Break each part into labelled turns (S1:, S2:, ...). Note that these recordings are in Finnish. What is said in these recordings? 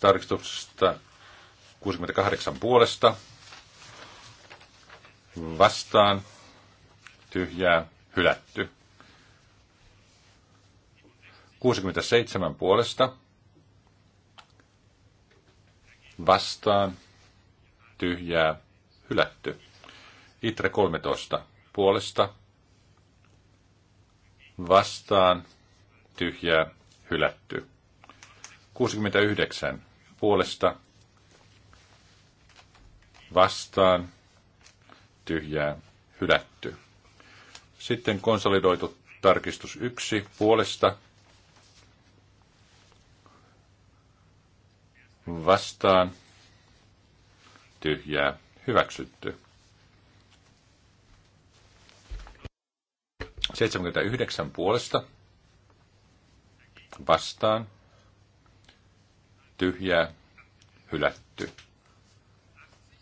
S1: tarkistuksesta 68 puolesta vastaan tyhjää hylätty. 67 puolesta vastaan tyhjää hylätty. Itre 13 puolesta vastaan tyhjää hylätty. 69 puolesta vastaan tyhjää hylätty. Sitten konsolidoitu tarkistus 1 puolesta vastaan tyhjää hyväksytty. 79 puolesta vastaan tyhjää, hylätty.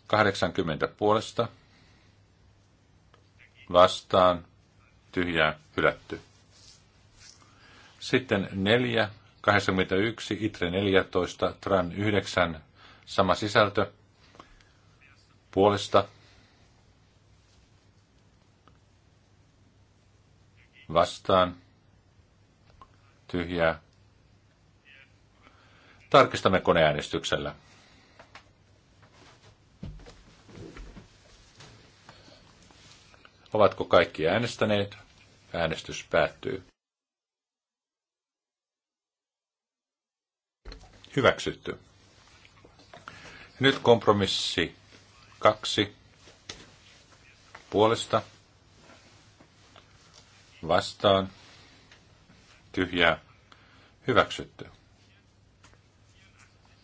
S1: 80 puolesta, vastaan, tyhjää, hylätty. Sitten 4, 81, ITRE 14, TRAN 9, sama sisältö, puolesta, vastaan, tyhjää, Tarkistamme koneäänestyksellä. Ovatko kaikki äänestäneet? Äänestys päättyy. Hyväksytty. Nyt kompromissi kaksi puolesta vastaan tyhjää hyväksytty.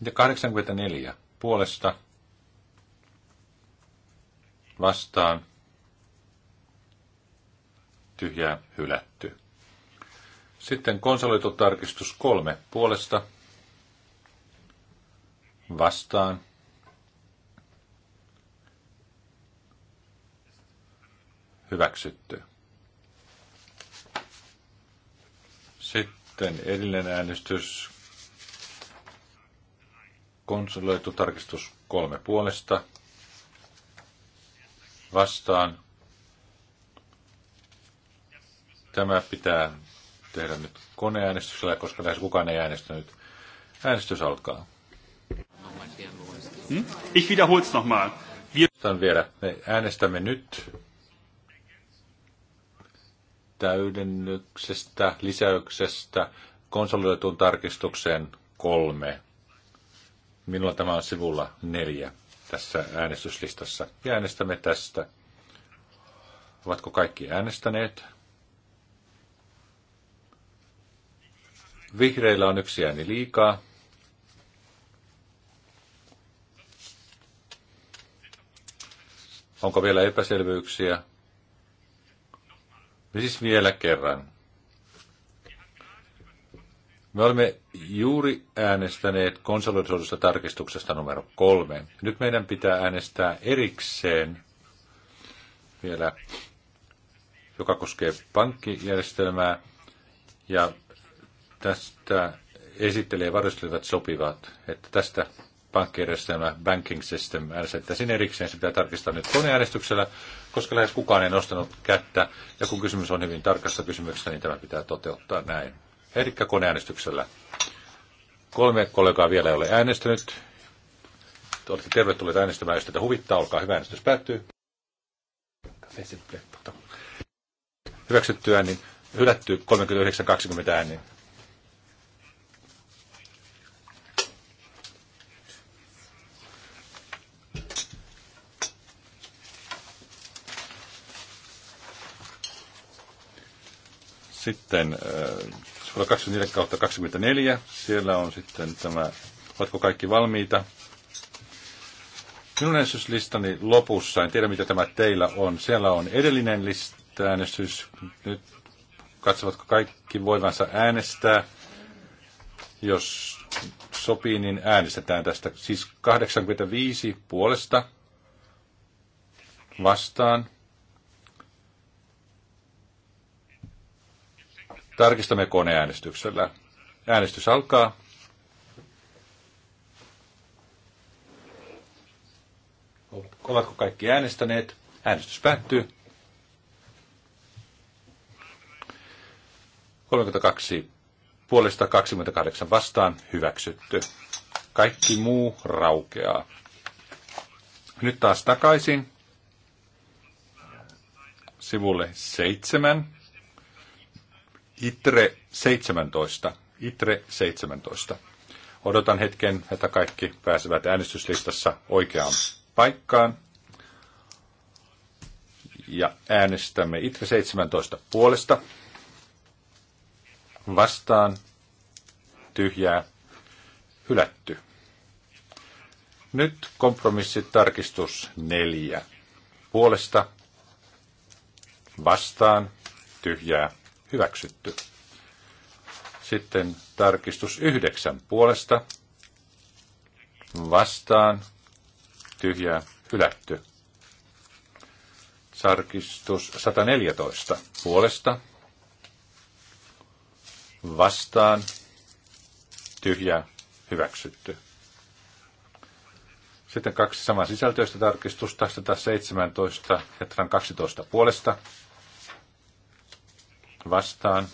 S1: Ja 84 puolesta vastaan tyhjää hylätty. Sitten konsolidoitu tarkistus kolme puolesta vastaan. Hyväksytty. Sitten edellinen äänestys Konsoloitu tarkistus kolme puolesta. Vastaan. Tämä pitää tehdä nyt koneäänestyksellä, koska lähes kukaan ei äänestänyt. Äänestys alkaa. Hmm? Ich wiederhol's nochmal. Wir vielä. Me äänestämme nyt täydennyksestä, lisäyksestä konsolidoituun tarkistukseen kolme Minulla tämä on sivulla neljä tässä äänestyslistassa. Ja äänestämme tästä. Ovatko kaikki äänestäneet? Vihreillä on yksi ääni liikaa. Onko vielä epäselvyyksiä? Ja siis vielä kerran. Me olemme juuri äänestäneet konsolidoidusta tarkistuksesta numero kolme. Nyt meidän pitää äänestää erikseen vielä, joka koskee pankkijärjestelmää. Ja tästä esittelee varustelivat sopivat, että tästä pankkijärjestelmä, banking system, äänestettäisiin erikseen. Se pitää tarkistaa nyt koneäänestyksellä, koska lähes kukaan ei nostanut kättä. Ja kun kysymys on hyvin tarkassa kysymyksestä, niin tämä pitää toteuttaa näin eli koneäänestyksellä. Kolme kollegaa vielä ei ole äänestänyt. Olette tervetulleet äänestämään, jos tätä huvittaa. Olkaa hyvä, äänestys päättyy. Hyväksytty ääni, hylätty 39-20 ääni. Sitten äh, sivulla 24 kautta 24. Siellä on sitten tämä, ovatko kaikki valmiita. Minun äänestyslistani lopussa, en tiedä mitä tämä teillä on, siellä on edellinen lista, äänestys. Nyt katsovatko kaikki voivansa äänestää. Jos sopii, niin äänestetään tästä. Siis 85 puolesta vastaan Tarkistamme koneäänestyksellä. Äänestys alkaa. Ovatko kaikki äänestäneet? Äänestys päättyy. 32 puolesta 28 vastaan hyväksytty. Kaikki muu raukeaa. Nyt taas takaisin sivulle 7. ITRE 17. ITRE 17. Odotan hetken, että kaikki pääsevät äänestyslistassa oikeaan paikkaan. Ja äänestämme ITRE 17 puolesta. Vastaan. Tyhjää. Hylätty. Nyt kompromissitarkistus neljä. Puolesta. Vastaan. Tyhjää hyväksytty. Sitten tarkistus yhdeksän puolesta vastaan tyhjää hylätty. Tarkistus 114 puolesta vastaan tyhjää hyväksytty. Sitten kaksi saman sisältöistä tarkistusta, 117 ja 12 puolesta vastaan,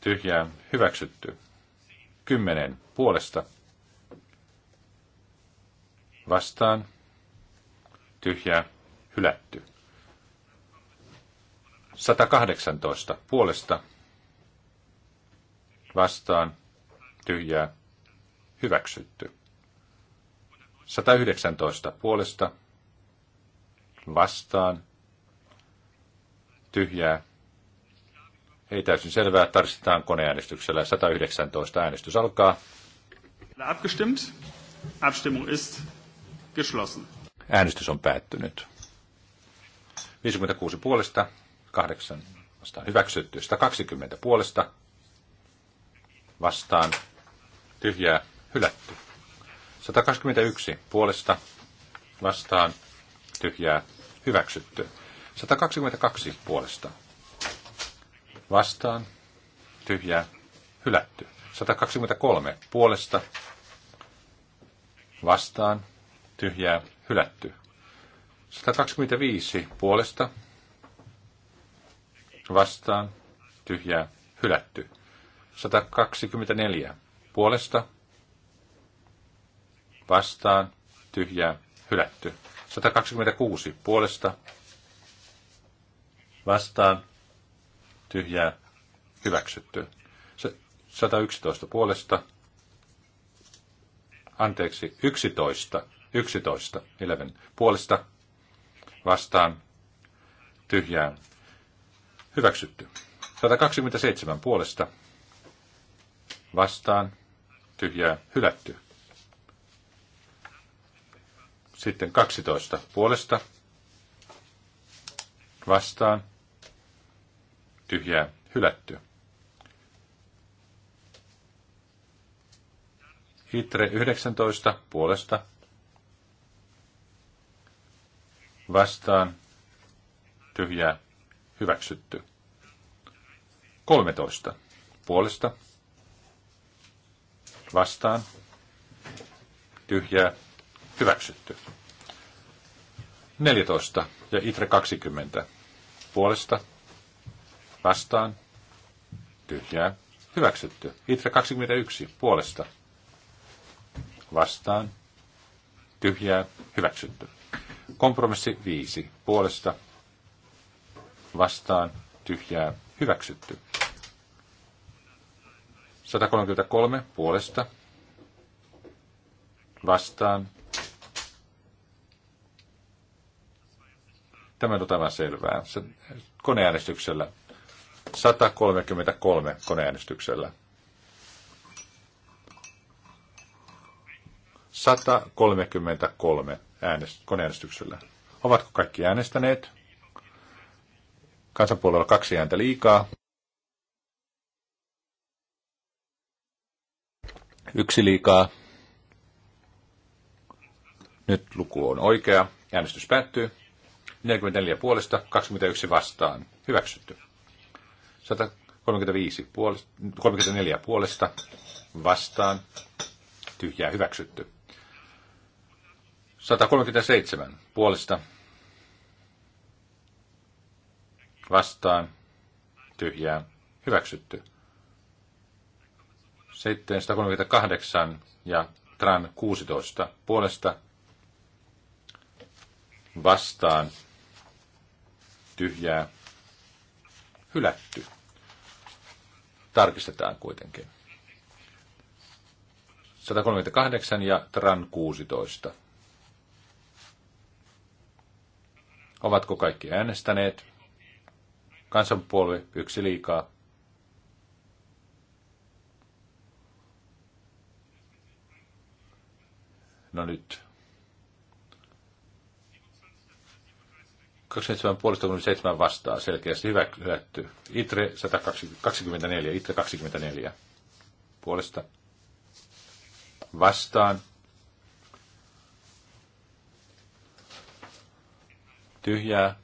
S1: tyhjää, hyväksytty. kymmenen puolesta, vastaan, tyhjää, hylätty. 118 puolesta, vastaan, tyhjää, hyväksytty. 119 puolesta, vastaan, tyhjää, ei täysin selvää, tarkistetaan koneäänestyksellä. 119 äänestys alkaa.
S2: Abgestimmt. Abstimmung ist geschlossen.
S1: Äänestys on päättynyt. 56 puolesta, 8 vastaan hyväksytty, 120 puolesta, vastaan, tyhjää, hylätty. 121 puolesta, vastaan, tyhjää, hyväksytty. 122 puolesta, vastaan, tyhjää, hylätty. 123 puolesta, vastaan, tyhjää, hylätty. 125 puolesta, vastaan, tyhjää, hylätty. 124 puolesta, vastaan, tyhjää, hylätty. 126 puolesta, vastaan, tyhjää hyväksytty. 111 puolesta, anteeksi, 11, 11, 11 puolesta vastaan tyhjää hyväksytty. 127 puolesta vastaan tyhjää hylätty. Sitten 12 puolesta vastaan tyhjää hylättyä. Hitre 19 puolesta vastaan tyhjää hyväksytty. 13 puolesta vastaan tyhjää hyväksytty. 14 ja Itre 20 puolesta Vastaan. Tyhjää. Hyväksytty. Itre 21. Puolesta. Vastaan. Tyhjää. Hyväksytty. Kompromissi 5. Puolesta. Vastaan. Tyhjää. Hyväksytty. 133. Puolesta. Vastaan. Tämä on aivan selvää. koneäänestyksellä 133 koneäänestyksellä. 133 äänest- koneäänestyksellä. Ovatko kaikki äänestäneet? Kansanpuolella kaksi ääntä liikaa. Yksi liikaa. Nyt luku on oikea. Äänestys päättyy. 44 puolesta, 21 vastaan. Hyväksytty. 135 puolesta, 34 puolesta vastaan. Tyhjää hyväksytty. 137 puolesta vastaan. Tyhjää hyväksytty. 738 ja Tran 16 puolesta vastaan tyhjää hylätty. Tarkistetaan kuitenkin. 138 ja TRAN 16. Ovatko kaikki äänestäneet? Kansanpuolue yksi liikaa. No nyt 27 puolesta 37 vastaa selkeästi hyvä, ITRE 124, ITRE 24 puolesta vastaan. Tyhjää.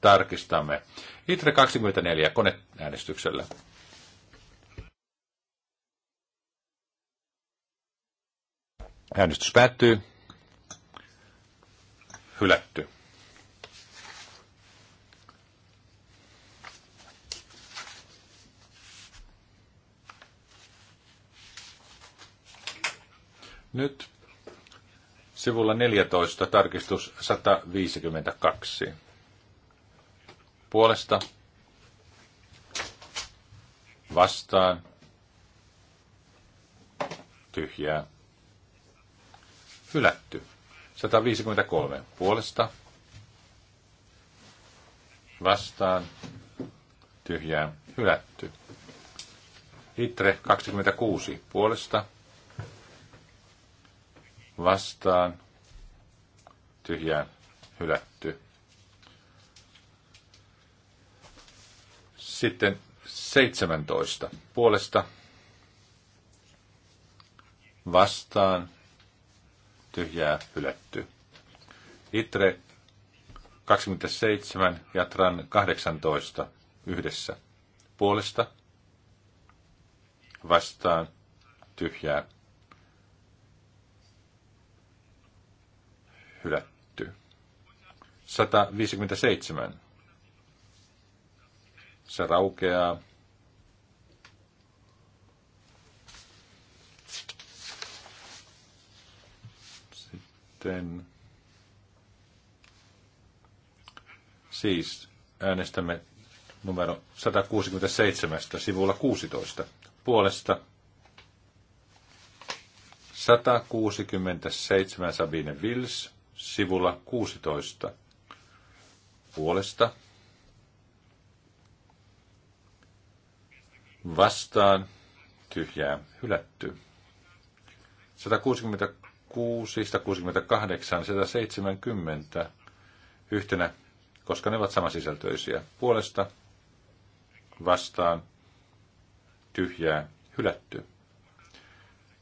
S1: Tarkistamme. ITRE 24 koneäänestyksellä. Äänestys päättyy. Hylätty. Nyt sivulla 14 tarkistus 152. Puolesta vastaan tyhjää hylätty. 153 puolesta vastaan tyhjää hylätty. Itre 26 puolesta vastaan tyhjää hylätty. Sitten 17 puolesta vastaan tyhjää hylätty. Itre 27 ja Tran 18 yhdessä. Puolesta vastaan tyhjää hylätty. 157. Se raukeaa Sitten siis äänestämme numero 167 sivulla 16 puolesta 167 Sabine Vils sivulla 16 puolesta vastaan tyhjää hylätty. 160 66, 68, 170 yhtenä, koska ne ovat samansisältöisiä. Puolesta, vastaan, tyhjää, hylätty.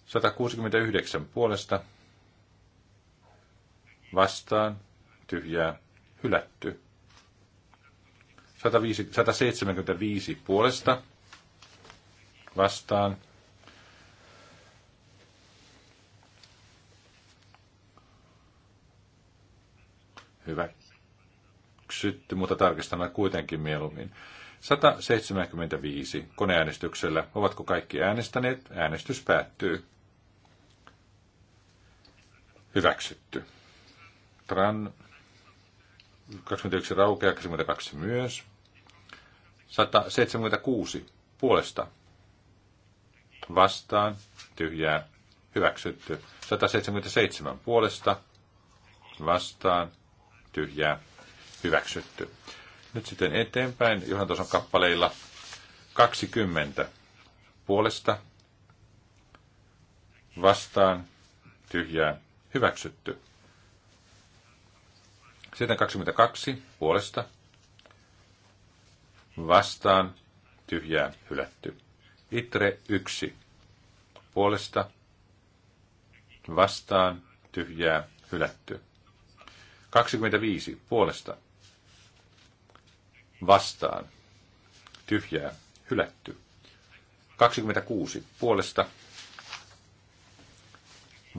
S1: 169 puolesta, vastaan, tyhjää, hylätty. 175 puolesta, vastaan, hyväksytty, mutta tarkistamme kuitenkin mieluummin. 175 koneäänestyksellä. Ovatko kaikki äänestäneet? Äänestys päättyy. Hyväksytty. Tran 21 raukeaa, 22 myös. 176 puolesta vastaan, tyhjää, hyväksytty. 177 puolesta vastaan, tyhjää hyväksytty. Nyt sitten eteenpäin on kappaleilla 20 puolesta vastaan tyhjää hyväksytty. Sitten 22 puolesta vastaan tyhjää hylätty. Itre 1 puolesta vastaan tyhjää hylätty. 25 puolesta vastaan tyhjää hylätty. 26 puolesta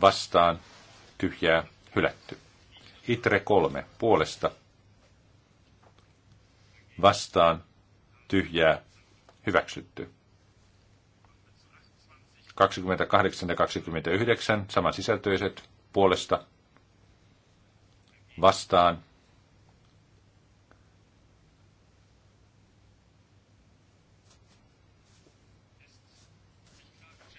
S1: vastaan tyhjää hylätty. Itre 3 puolesta vastaan tyhjää hyväksytty. 28 ja 29 samansisältöiset puolesta vastaan.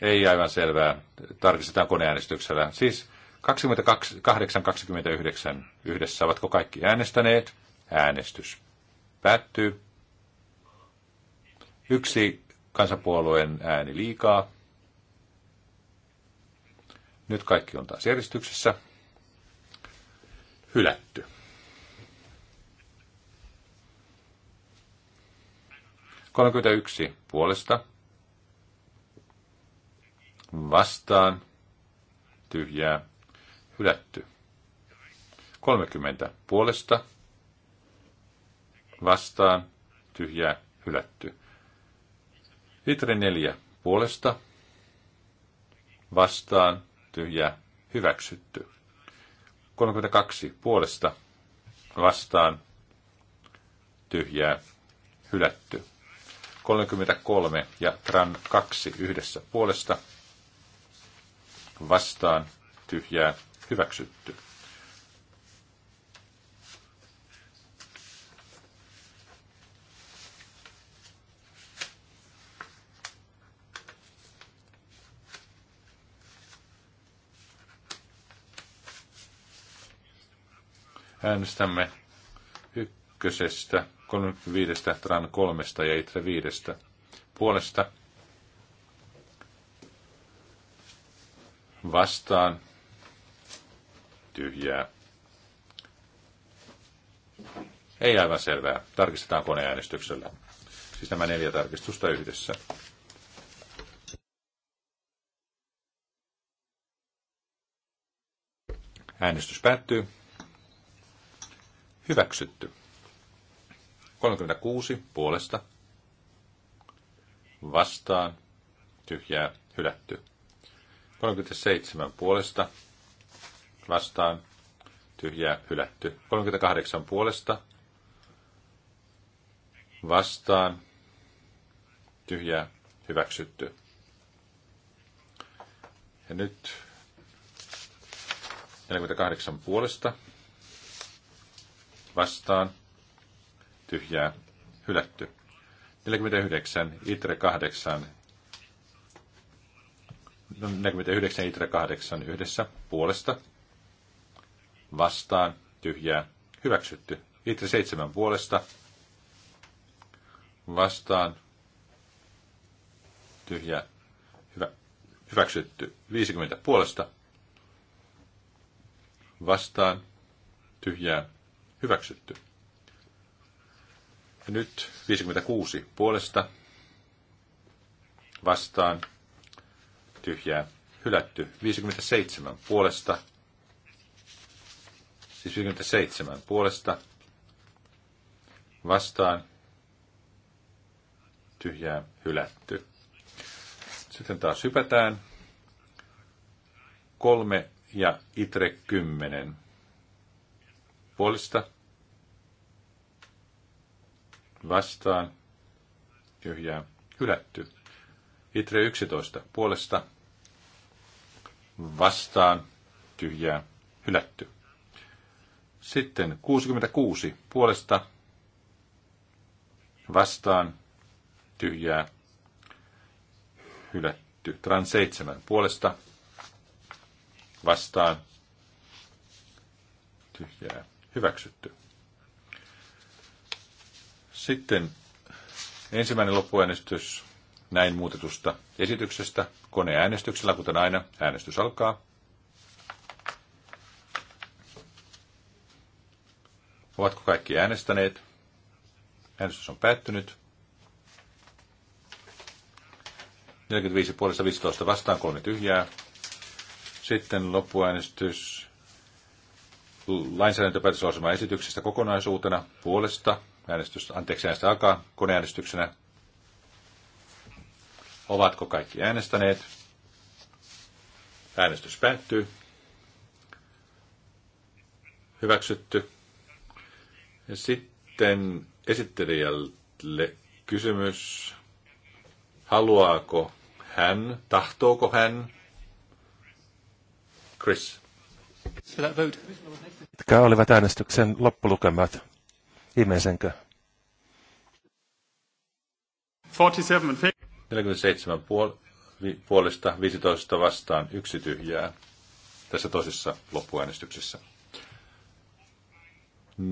S1: Ei aivan selvää. Tarkistetaan koneäänestyksellä. Siis 28-29 yhdessä. Ovatko kaikki äänestäneet? Äänestys päättyy. Yksi kansapuolueen ääni liikaa. Nyt kaikki on taas järjestyksessä hylätty. yksi puolesta vastaan tyhjää hylätty. Kolmekymmentä puolesta vastaan tyhjää hylätty. Litri neljä puolesta vastaan tyhjää hyväksytty. 32 puolesta vastaan tyhjää hylätty. 33 ja Tran 2 yhdessä puolesta vastaan tyhjää hyväksytty. Äänestämme ykkösestä, 35, tran kolmesta ja itse viidestä puolesta. Vastaan tyhjää. Ei aivan selvää. Tarkistetaan koneäänestyksellä. Siis nämä neljä tarkistusta yhdessä. Äänestys päättyy. Hyväksytty. 36 puolesta. Vastaan. Tyhjää. Hylätty. 37 puolesta. Vastaan. Tyhjää. Hylätty. 38 puolesta. Vastaan. Tyhjää. Hyväksytty. Ja nyt 48 puolesta vastaan, tyhjää, hylätty. 49, Itre 8, 49, no, Itre 8 yhdessä, puolesta, vastaan, tyhjää, hyväksytty. Itre 7 puolesta, vastaan, tyhjää, hyvä, hyväksytty. 50 puolesta, vastaan, tyhjää, Hyväksytty. Ja nyt 56 puolesta vastaan tyhjää hylätty. 57 puolesta, siis 57 puolesta vastaan tyhjää hylätty. Sitten taas hypätään. Kolme ja itre kymmenen puolesta vastaan tyhjää hylätty. Itre 11 puolesta vastaan tyhjää hylätty. Sitten 66 puolesta vastaan tyhjää hylätty. Trans 7 puolesta vastaan tyhjää hyväksytty. Sitten ensimmäinen loppuäänestys näin muutetusta esityksestä koneäänestyksellä, kuten aina. Äänestys alkaa. Ovatko kaikki äänestäneet? Äänestys on päättynyt. 45 puolesta 15 vastaan, kolme tyhjää. Sitten loppuäänestys lainsäädäntöpäätöslausuman esityksestä kokonaisuutena puolesta. Äänestys, anteeksi, äänestä alkaa koneäänestyksenä. Ovatko kaikki äänestäneet? Äänestys päättyy. Hyväksytty. Ja sitten esittelijälle kysymys. Haluaako hän, tahtooko hän? Chris.
S3: Mitkä olivat äänestyksen loppulukemat? Viimeisenkö?
S1: 47, puol- puolesta, 15 vastaan, yksi tyhjää tässä toisessa loppuäänestyksessä.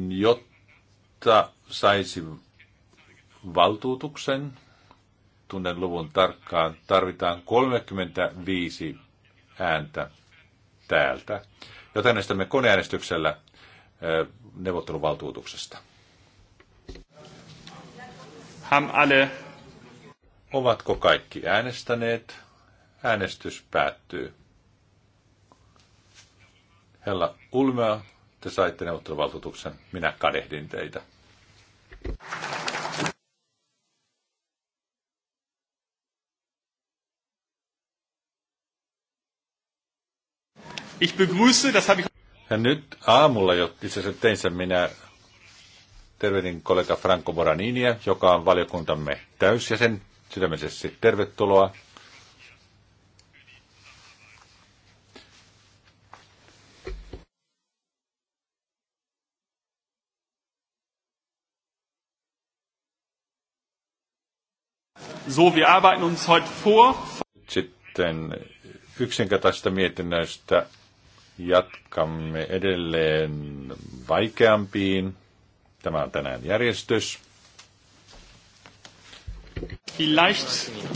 S1: Jotta saisi valtuutuksen, tunnen luvun tarkkaan, tarvitaan 35 ääntä täältä joten äänestämme koneäänestyksellä neuvotteluvaltuutuksesta. Ham alle. Ovatko kaikki äänestäneet? Äänestys päättyy. Hella Ulmea, te saitte neuvotteluvaltuutuksen. Minä kadehdin teitä. Ich begrüße, das habe ich... Ja nyt aamulla jo itse asiassa tein sen minä tervehdin kollega Franco Moraninia, joka on valiokuntamme täysjäsen. Sydämellisesti tervetuloa.
S2: So, wir arbeiten uns heute vor.
S1: Sitten yksinkertaisesta mietinnöistä Jatkamme edelleen vaikeampiin. Tämä on tänään järjestys. Vielleicht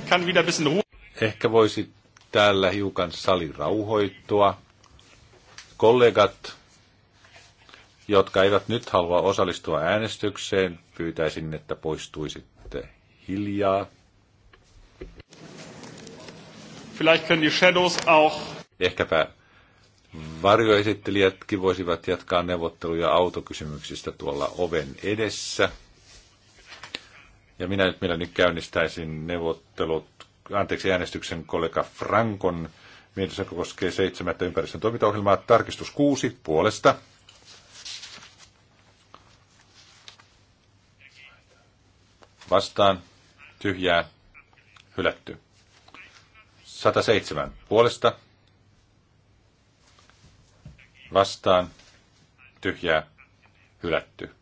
S1: kann wieder bisschen Ruhe. Ehkä voisi täällä hiukan sali rauhoittua. Kollegat, jotka eivät nyt halua osallistua äänestykseen, pyytäisin, että poistuisitte hiljaa.
S2: Vielleicht können die Shadows auch.
S1: Ehkäpä Varjoesittelijätkin voisivat jatkaa neuvotteluja autokysymyksistä tuolla oven edessä. Ja minä nyt mielelläni käynnistäisin neuvottelut, anteeksi äänestyksen kollega Frankon mielessä, joka koskee seitsemättä ympäristön toimintaohjelmaa, tarkistus kuusi puolesta. Vastaan tyhjää hylätty. 107 puolesta vastaan, tyhjää, hylätty.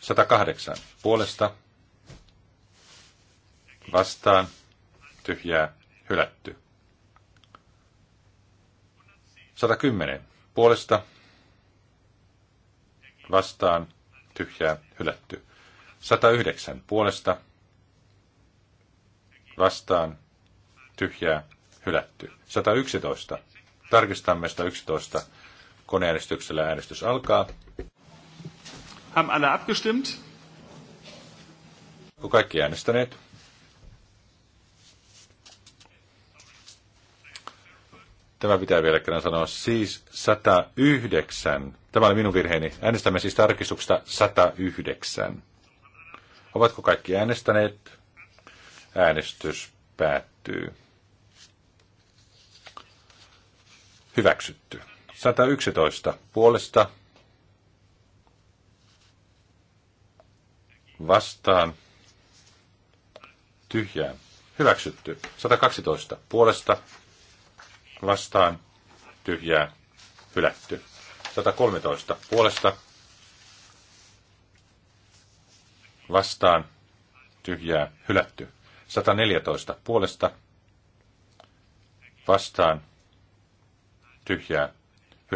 S1: 108 puolesta, vastaan, tyhjää, hylätty. 110 puolesta, vastaan, tyhjää, hylätty. 109 puolesta, vastaan, tyhjää, hylätty. 111. Tarkistamme 111. Koneäänestyksellä äänestys alkaa. Haben alle abgestimmt? Onko kaikki äänestäneet? Tämä pitää vielä kerran sanoa. Siis 109. Tämä oli minun virheeni. Äänestämme siis tarkistuksesta 109. Ovatko kaikki äänestäneet? Äänestys päättyy. Hyväksytty. 111 puolesta vastaan tyhjää. Hyväksytty. 112 puolesta vastaan tyhjää. Hylätty. 113 puolesta vastaan tyhjää. Hylätty. 114 puolesta vastaan tyhjää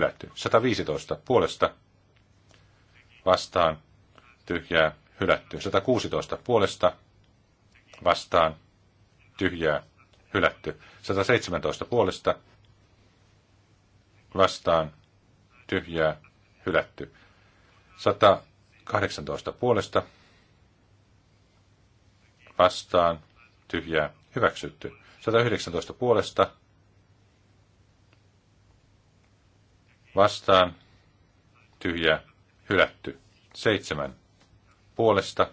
S1: hylätty. 115 puolesta vastaan tyhjää hylätty. 116 puolesta vastaan tyhjää hylätty. 117 puolesta vastaan tyhjää hylätty. 118 puolesta vastaan tyhjää hyväksytty. 119 puolesta vastaan, tyhjä hylätty. Seitsemän puolesta.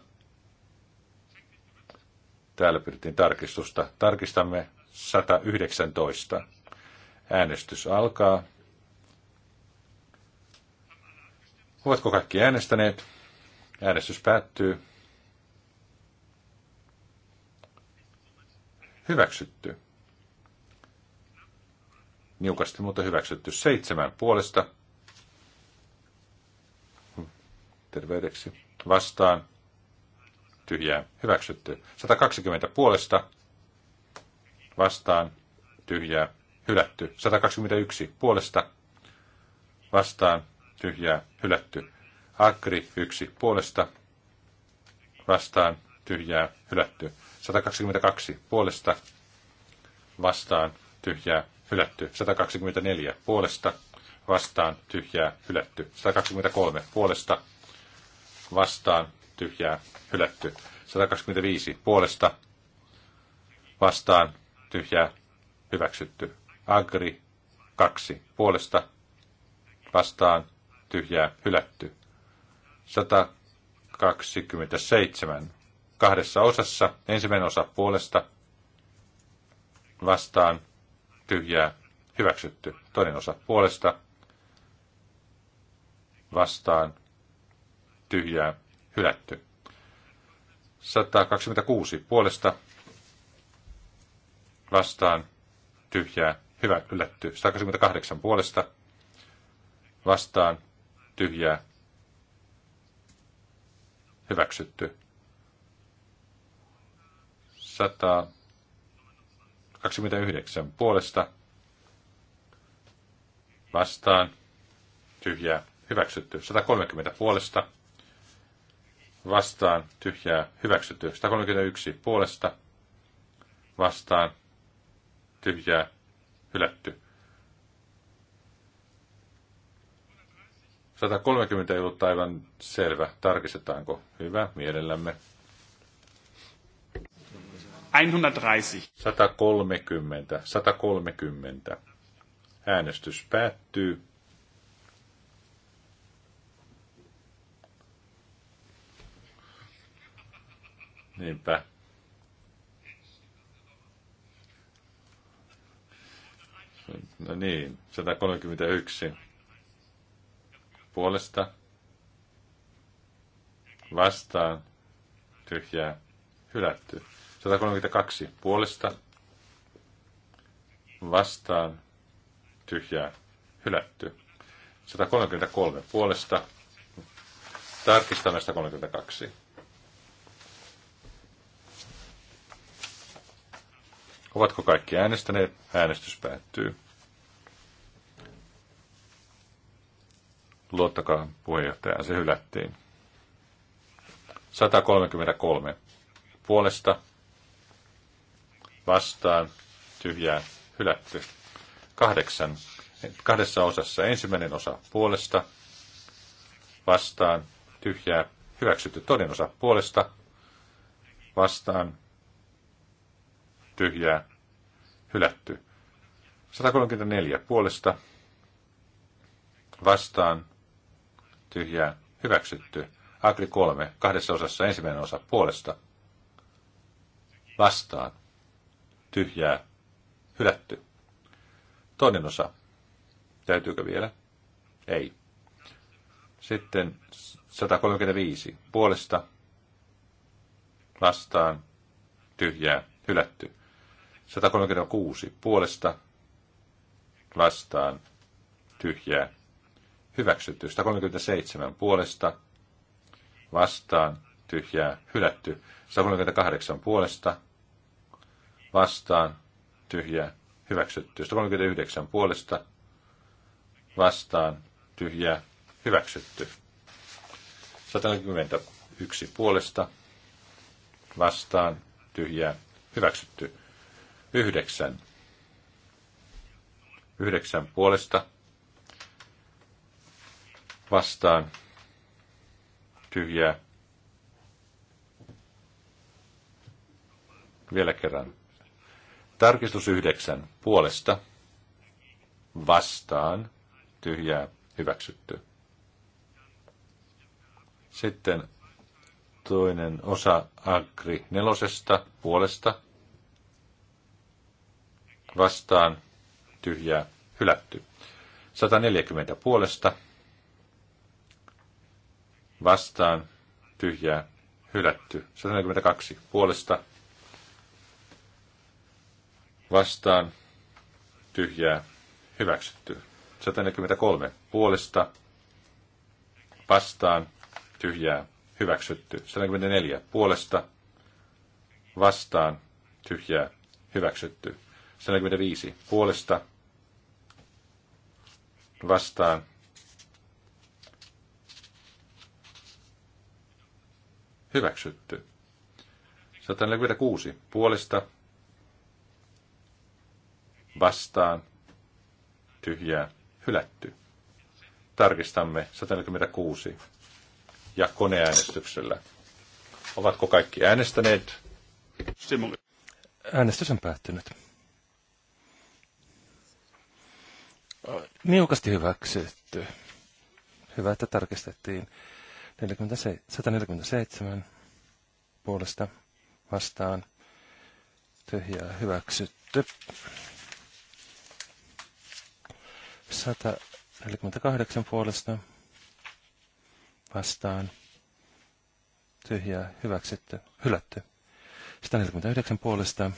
S1: Täällä pyrittiin tarkistusta. Tarkistamme 119. Äänestys alkaa. Ovatko kaikki äänestäneet? Äänestys päättyy. Hyväksytty niukasti, mutta hyväksytty. Seitsemän puolesta terveydeksi vastaan tyhjää hyväksytty. 120 puolesta vastaan tyhjää hylätty. 121 puolesta vastaan tyhjää hylätty. akri 1 puolesta vastaan tyhjää hylätty. 122 puolesta vastaan tyhjää hylätty. 124 puolesta vastaan tyhjää hylätty. 123 puolesta vastaan tyhjää hylätty. 125 puolesta vastaan tyhjää hyväksytty. Agri 2 puolesta vastaan tyhjää hylätty. 127 kahdessa osassa. Ensimmäinen osa puolesta vastaan tyhjää, hyväksytty. Toinen osa puolesta, vastaan, tyhjää, hylätty. 126 puolesta, vastaan, tyhjää, hyvä, hylätty. 128 puolesta, vastaan, tyhjää, hyväksytty. 100 29 puolesta vastaan tyhjää hyväksytty. 130 puolesta vastaan tyhjää hyväksytty. 131 puolesta vastaan tyhjää hylätty. 130 ei ollut aivan selvä. Tarkistetaanko? Hyvä, mielellämme. 130. 130. 130. Äänestys päättyy. Niinpä. No niin, 131. Puolesta. Vastaan. Tyhjää. Hylätty. 132 puolesta vastaan tyhjää hylätty. 133 puolesta tarkistamme 132. Ovatko kaikki äänestäneet? Äänestys päättyy. Luottakaa puheenjohtajaan, se hylättiin. 133 puolesta vastaan tyhjää hylätty. Kahdeksan. Kahdessa osassa ensimmäinen osa puolesta vastaan tyhjää hyväksytty. Toinen osa puolesta vastaan tyhjää hylätty. 134 puolesta vastaan tyhjää hyväksytty. Agri 3 kahdessa osassa ensimmäinen osa puolesta vastaan tyhjää, hylätty. Toinen osa. Täytyykö vielä? Ei. Sitten 135. Puolesta vastaan tyhjää, hylätty. 136. Puolesta vastaan tyhjää, hyväksytty. 137. Puolesta vastaan tyhjää, hylätty. 138. Puolesta vastaan, tyhjää, hyväksytty. 139 puolesta, vastaan, tyhjää, hyväksytty. 141 puolesta, vastaan, tyhjää, hyväksytty. 9. 9 puolesta, vastaan, tyhjää, vielä kerran Tarkistus yhdeksän. Puolesta. Vastaan. Tyhjää. Hyväksytty. Sitten toinen osa Agri nelosesta puolesta. Vastaan. Tyhjää. Hylätty. 140 puolesta. Vastaan. Tyhjää. Hylätty. 142 puolesta vastaan tyhjää hyväksytty. 143 puolesta vastaan tyhjää hyväksytty. 144 puolesta vastaan tyhjää hyväksytty. 145 puolesta vastaan hyväksytty. 146 puolesta vastaan, tyhjää, hylätty. Tarkistamme 146 ja koneäänestyksellä. Ovatko kaikki äänestäneet?
S3: Äänestys on päättynyt. Niukasti hyväksytty. Hyvä, että tarkistettiin. 147 puolesta vastaan tyhjää hyväksytty. 148 puolesta vastaan tyhjää hyväksytty, hylätty. 149 puolesta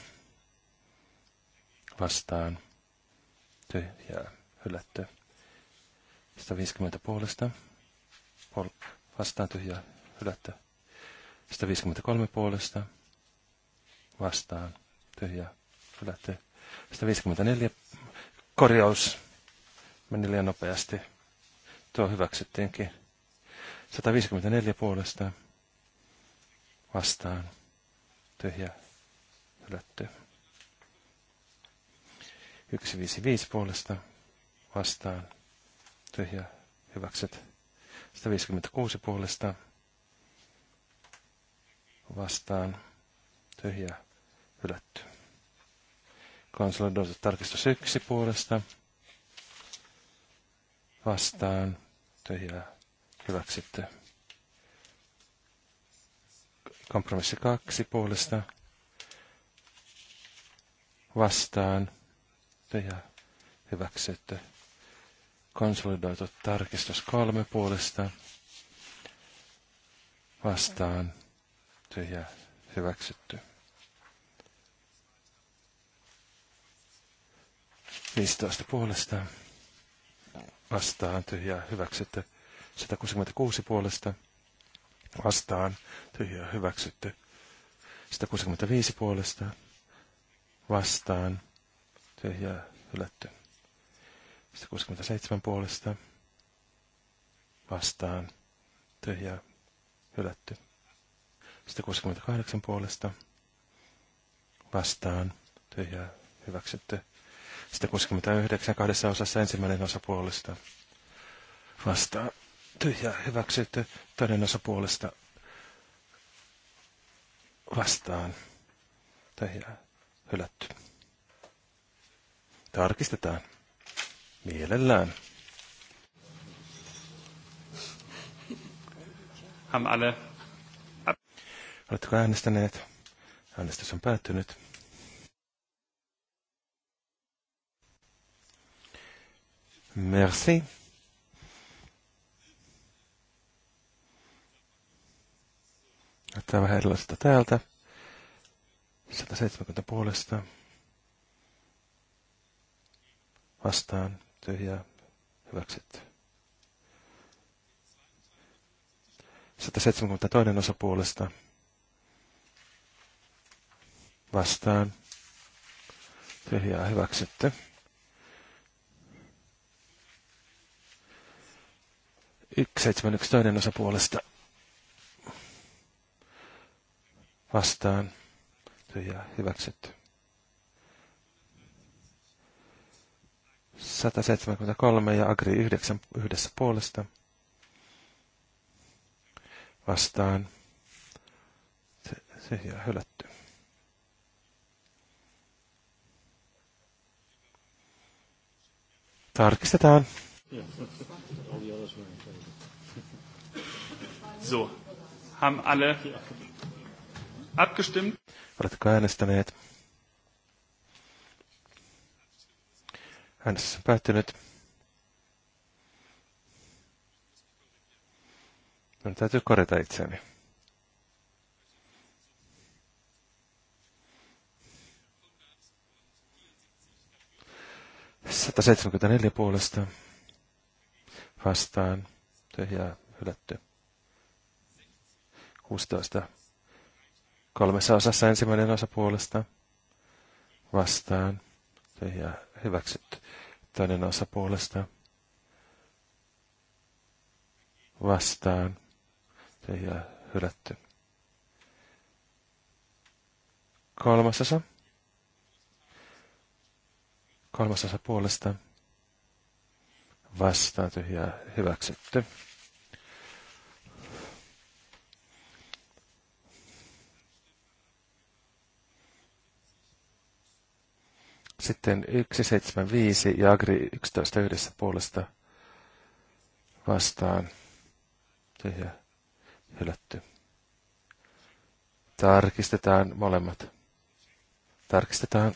S3: vastaan tyhjää hylätty. 150 puolesta pol- vastaan tyhjää hylätty. 153 puolesta vastaan tyhjää hylätty. 154 korjaus Meni liian nopeasti. Tuo hyväksyttiinkin. 154 puolesta vastaan. Tyhjä hylätty. 155 puolesta vastaan. Tyhjä hyväksyt. 156 puolesta vastaan. Tyhjä hylätty. Konsolidoitu tarkistus 1 puolesta vastaan ja hyväksytty. Kompromissi kaksi puolesta vastaan ja hyväksytty. Konsolidoitu tarkistus kolme puolesta vastaan ja hyväksytty. 15 puolestaan vastaan tyhjää hyväksytty. 166 puolesta vastaan tyhjää hyväksytty. 165 puolesta vastaan tyhjää hylätty. 167 puolesta vastaan tyhjää hylätty. 168 puolesta vastaan tyhjää hyväksytty. 169 kahdessa osassa ensimmäinen osa puolesta vastaa Tyhjää hyväksytty toinen osa puolesta vastaan. Tyhjää hylätty. Tarkistetaan. Mielellään. Oletteko äänestäneet? Äänestys on päättynyt. Merci. Näyttää vähän erilaista täältä. 170 puolesta. Vastaan tyhjää hyväksytty. 172 osa puolesta. Vastaan tyhjää hyväksytty. 171 toinen osa puolesta vastaan tyhjää hyväksytty. 173 ja Agri 9 yhdessä puolesta vastaan Se, se jää hylätty. Tarkistetaan. Yeah. So, haben alle abgestimmt? Oletko äänestäneet? Äänestys on päättynyt. Minun täytyy korjata itseäni. Sataseitsemänkymmentäneljä puolesta vastaan tyhjää hylätty. 16. Kolmessa osassa ensimmäinen osa puolesta vastaan. ja hyväksytty. Toinen osa puolesta vastaan. ja hylätty. Kolmas osa. Kolmas osa puolesta vastaan tyhjää hyväksytty. Sitten 175 ja Agri 11 yhdessä puolesta vastaan. Tyhjä. Hylätty. Tarkistetaan molemmat. Tarkistetaan.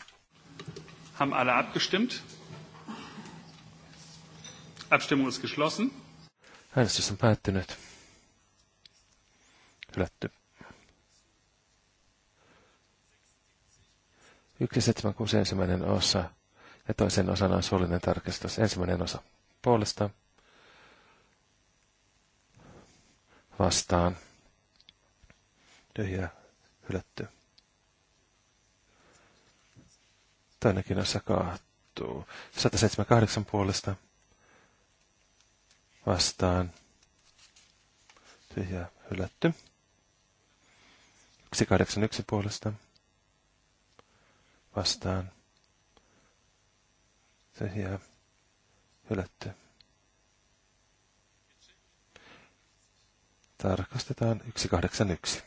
S2: Haben alle abgestimmt? Abstimmung ist geschlossen.
S3: Äänestys on päättynyt. Hylätty. 176 ensimmäinen osa ja toisen osana on suullinen tarkistus. Ensimmäinen osa puolesta vastaan. Tyhjä hylätty. Toinenkin osa kaattuu. 178 puolesta vastaan. Tyhjä hylätty. 181 puolesta vastaan. Se jää hylätty. Tarkastetaan 181.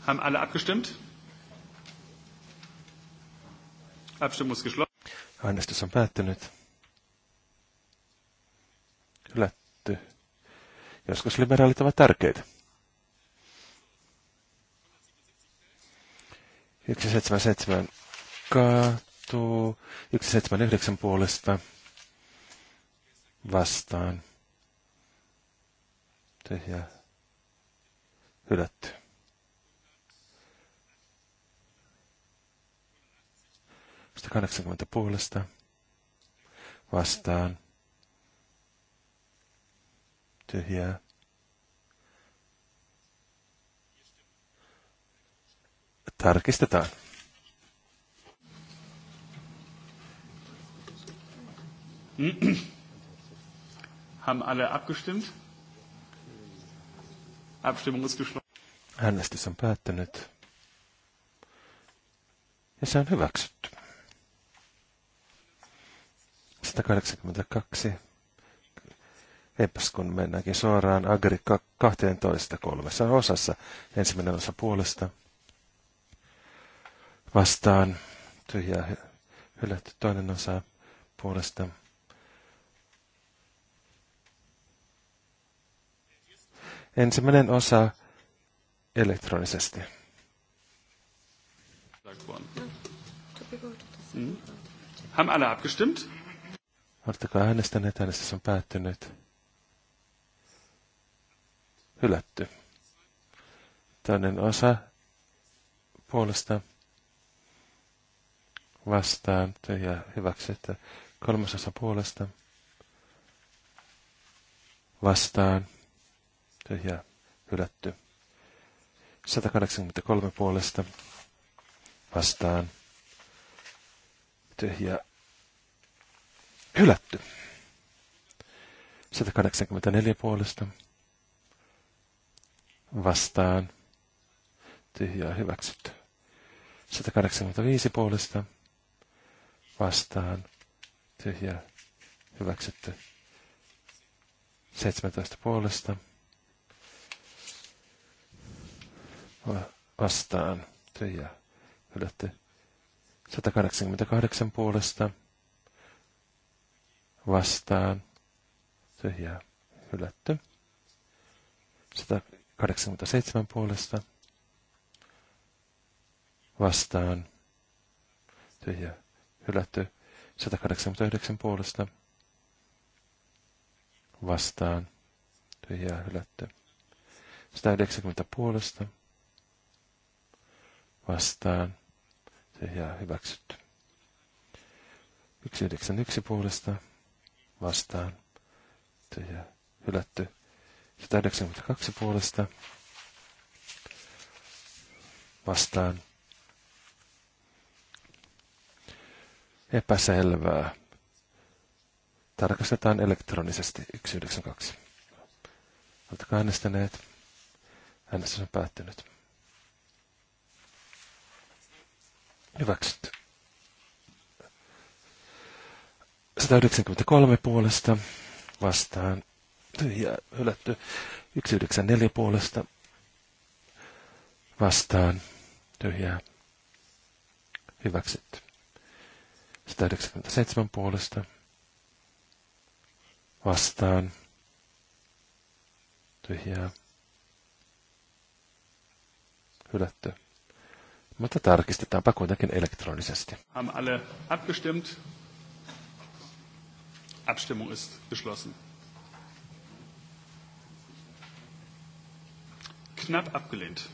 S2: Haben alle abgestimmt? Abstimmung ist geschlossen.
S3: Äänestys on päättynyt. Hylätty. Joskus liberaalit ovat tärkeitä. 177 kaatuu. 179 puolesta vastaan. Tyhjä. Hylätty. Sitä 80 puolesta vastaan. Tyhjää. Tarkistetaan.
S2: Haben alle abgestimmt? Abstimmung ist geschlossen.
S3: Äänestys on päättynyt. Ja se on hyväksytty. 182. Eipäs kun mennäänkin suoraan Agri 12.3. osassa. Ensimmäinen osa puolesta vastaan tyhjää hylätty. Toinen osa puolesta ensimmäinen osa elektronisesti.
S2: Haben alle abgestimmt?
S3: Oletteko äänestäneet? Äänestys on päättynyt. Hylätty. Toinen osa puolesta vastaan tyhjää hyväksytte Kolmasosa puolesta vastaan ja hylätty. 183 puolesta vastaan tyhjä hylätty. 184 puolesta vastaan tyhjää hyväksytty. 185 puolesta vastaan tyhjä hyväksytty. 17 puolesta vastaan tyhjä, hylätty. 188 puolesta vastaan tyhjä, hylätty. 187 puolesta vastaan tyhjä hylätty 189 puolesta vastaan tyhjää hylätty 190 puolesta vastaan tyhjää hyväksytty 191 puolesta vastaan tyhjää hylätty 192 puolesta vastaan epäselvää. Tarkastetaan elektronisesti 192. Oletteko äänestäneet? Äänestys on päättynyt. Hyväksytty. 193 puolesta vastaan tyhjää hylätty. 194 puolesta vastaan tyhjää hyväksytty. 197 puolesta vastaan tyhjää hylätty. Mutta tarkistetaanpa kuitenkin elektronisesti.
S2: Haben alle abgestimmt. Abstimmung ist geschlossen. Knapp abgelehnt.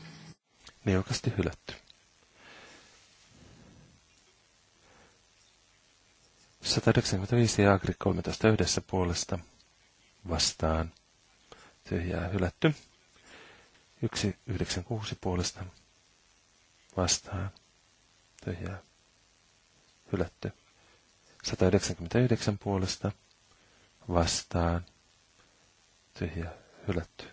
S3: Neukasti hylätty. 195 ja Agri 13 yhdessä puolesta vastaan. Tyhjää hylätty. 196 puolesta vastaan. Tyhjää hylätty. 199 puolesta vastaan. Tyhjää hylätty.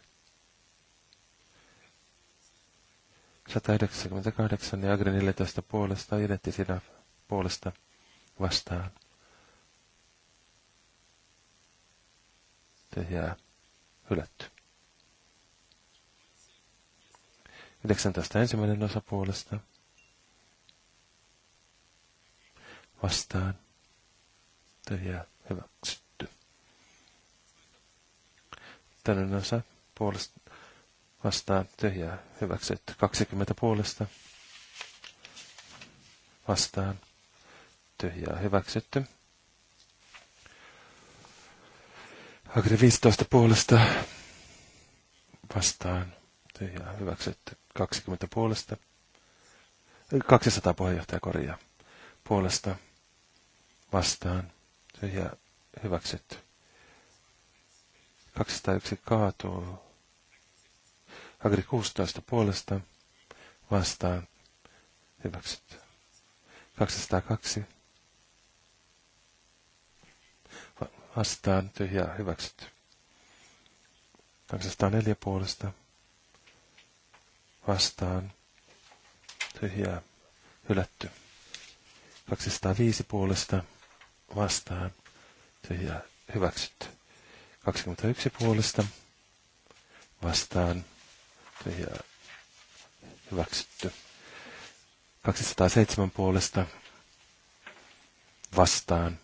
S3: 198 ja Agri 14 puolesta identtisinä puolesta vastaan sitten jää hylätty. 19 ensimmäinen osa puolesta. Vastaan. Tyhjää hyväksytty. Toinen osa puolesta. Vastaan tyhjää hyväksytty. 20 puolesta. Vastaan tyhjää hyväksytty. Hakri 15 puolesta vastaan. Tyhjää hyväksytty. 20 puolesta. 200 puheenjohtaja korjaa. Puolesta vastaan. Tyhjää hyväksytty. 201 kaatuu. Agri 16 puolesta vastaan hyväksytty. 202 vastaan tyhjää hyväksytty. 204 puolesta vastaan tyhjää hylätty. 205 puolesta vastaan tyhjää hyväksytty. 21 puolesta vastaan tyhjää hyväksytty. 207 puolesta vastaan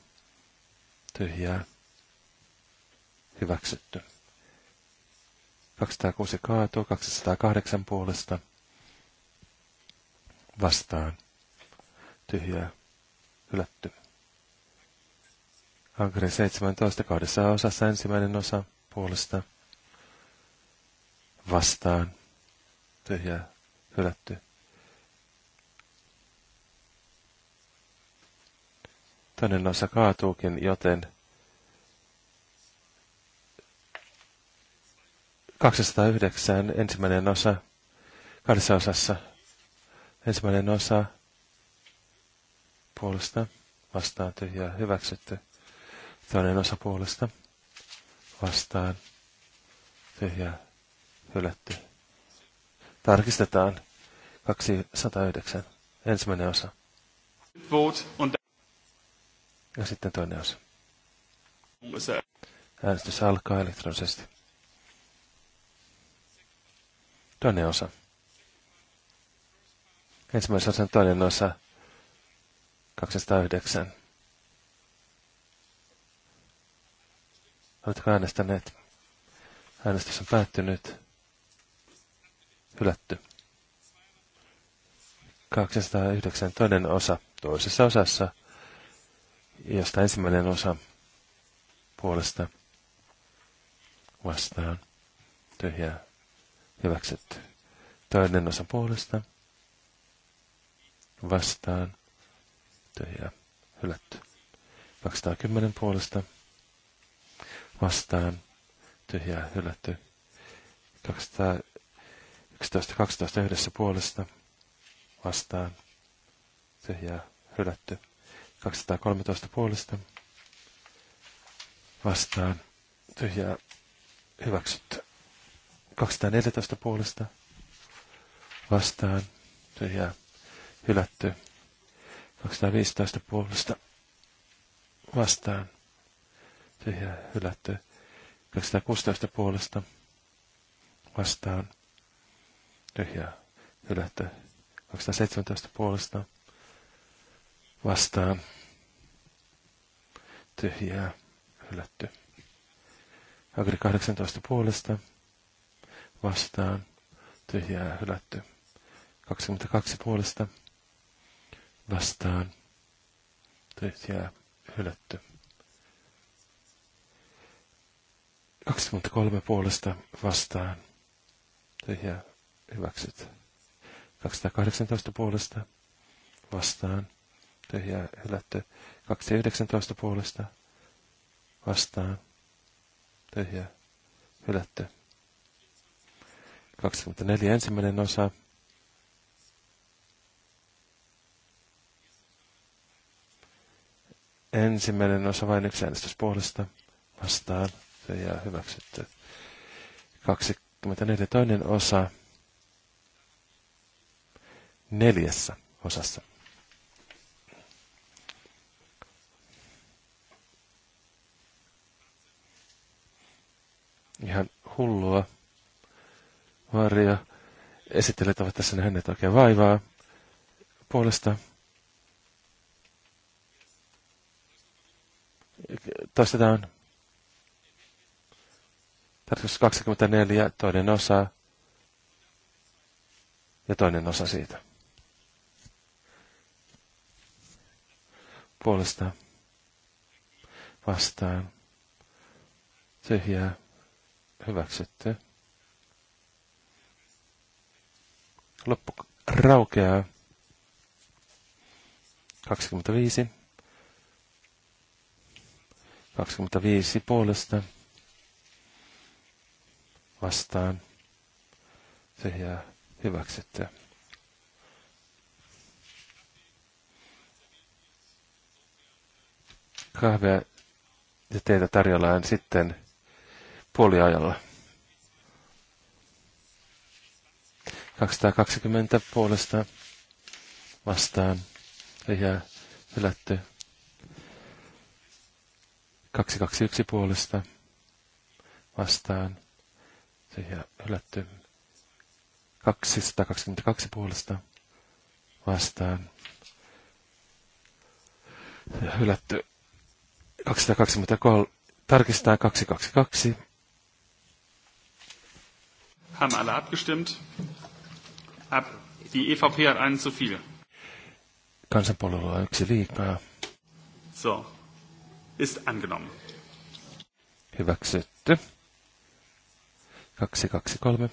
S3: tyhjää hyväksytty. 206 kaatuu, 208 puolesta vastaan, tyhjää, hylätty. Agri 17 kahdessa osassa ensimmäinen osa puolesta vastaan, tyhjää, hylätty. Toinen osa kaatuukin, joten 209 ensimmäinen osa kahdessa osassa. Ensimmäinen osa puolesta vastaan tyhjää hyväksytty. Toinen osa puolesta vastaan tyhjää hylätty. Tarkistetaan 209 ensimmäinen osa. Ja sitten toinen osa. Äänestys alkaa elektronisesti. Toinen osa. Ensimmäisen osan toinen osa 209. Oletko äänestäneet? Äänestys on päättynyt. Hylätty. 209 toinen osa toisessa osassa, josta ensimmäinen osa puolesta vastaan tyhjää hyväksytty. Toinen osa puolesta vastaan tyhjää hylätty. 210 puolesta vastaan tyhjää hylätty. 211 12 yhdessä puolesta vastaan tyhjää hylätty. 213 puolesta vastaan tyhjää hyväksytty. 214 puolesta vastaan tyhjää hylätty. 215 puolesta vastaan tyhjää hylätty. 216 puolesta vastaan tyhjää hylätty. 217 puolesta vastaan tyhjää hylätty. Agri 18 puolesta vastaan tyhjää hylätty. 22 puolesta vastaan tyhjää hylätty. 23 puolesta vastaan tyhjää hyväksyt. 218 puolesta vastaan tyhjää hylätty. 219 puolesta vastaan tyhjää hylätty. 24 ensimmäinen osa. Ensimmäinen osa vain yksi äänestys puolesta vastaan. Se jää hyväksytty. 24 toinen osa neljässä osassa. Ihan hullua varjo. Esittelijät ovat tässä nähneet oikein vaivaa puolesta. Toistetaan. Tarkoitus 24, toinen osa ja toinen osa siitä. Puolesta vastaan tyhjää hyväksytty. loppu raukeaa. 25. 25 puolesta vastaan. Se jää hyväksyttyä. Kahvia ja teitä tarjollaan sitten puoliajalla. 220 puolesta vastaan Eli jää hylätty. 221 puolesta vastaan Se jää hylätty. 222 puolesta vastaan ja hylätty 223, tarkistaa 222.
S2: Haben alle abgestimmt? Die EVP hat einen zu viel.
S3: Kansanpuolella on yksi liikaa.
S2: So. Ist angenommen.
S3: Hyväksytty. 223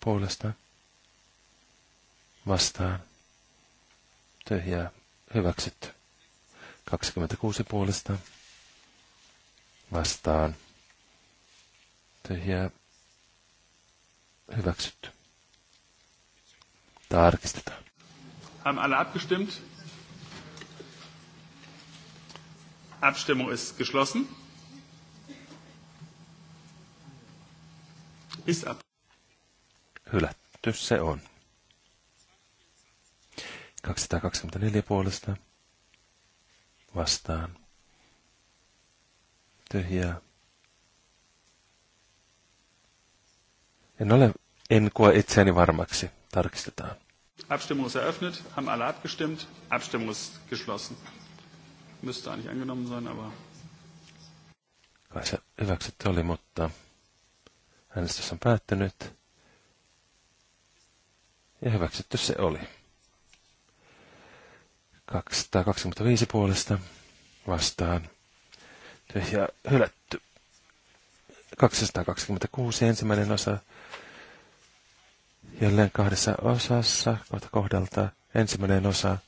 S3: puolesta vastaan. Tyhjää hyväksytty. 26 puolesta vastaan. Tyhjää hyväksytty. Tarkistetaan.
S2: Haben alle abgestimmt? Abstimmung ist geschlossen. Ist ab.
S3: Hylätty se on. 224 puolesta vastaan. Tyhjää. En ole, en koe itseäni varmaksi. Tarkistetaan.
S2: Abstimmung ist eröffnet. Haben alle abgestimmt. Abstimmung ist geschlossen. Müsste eigentlich angenommen sein, aber...
S3: Kai se hyväksytty oli, mutta äänestys on päättynyt. Ja hyväksytty se oli. 225 puolesta vastaan. Tyhjä hylätty. 226 ensimmäinen osa jälleen kahdessa osassa, kohta kohdalta. Ensimmäinen osa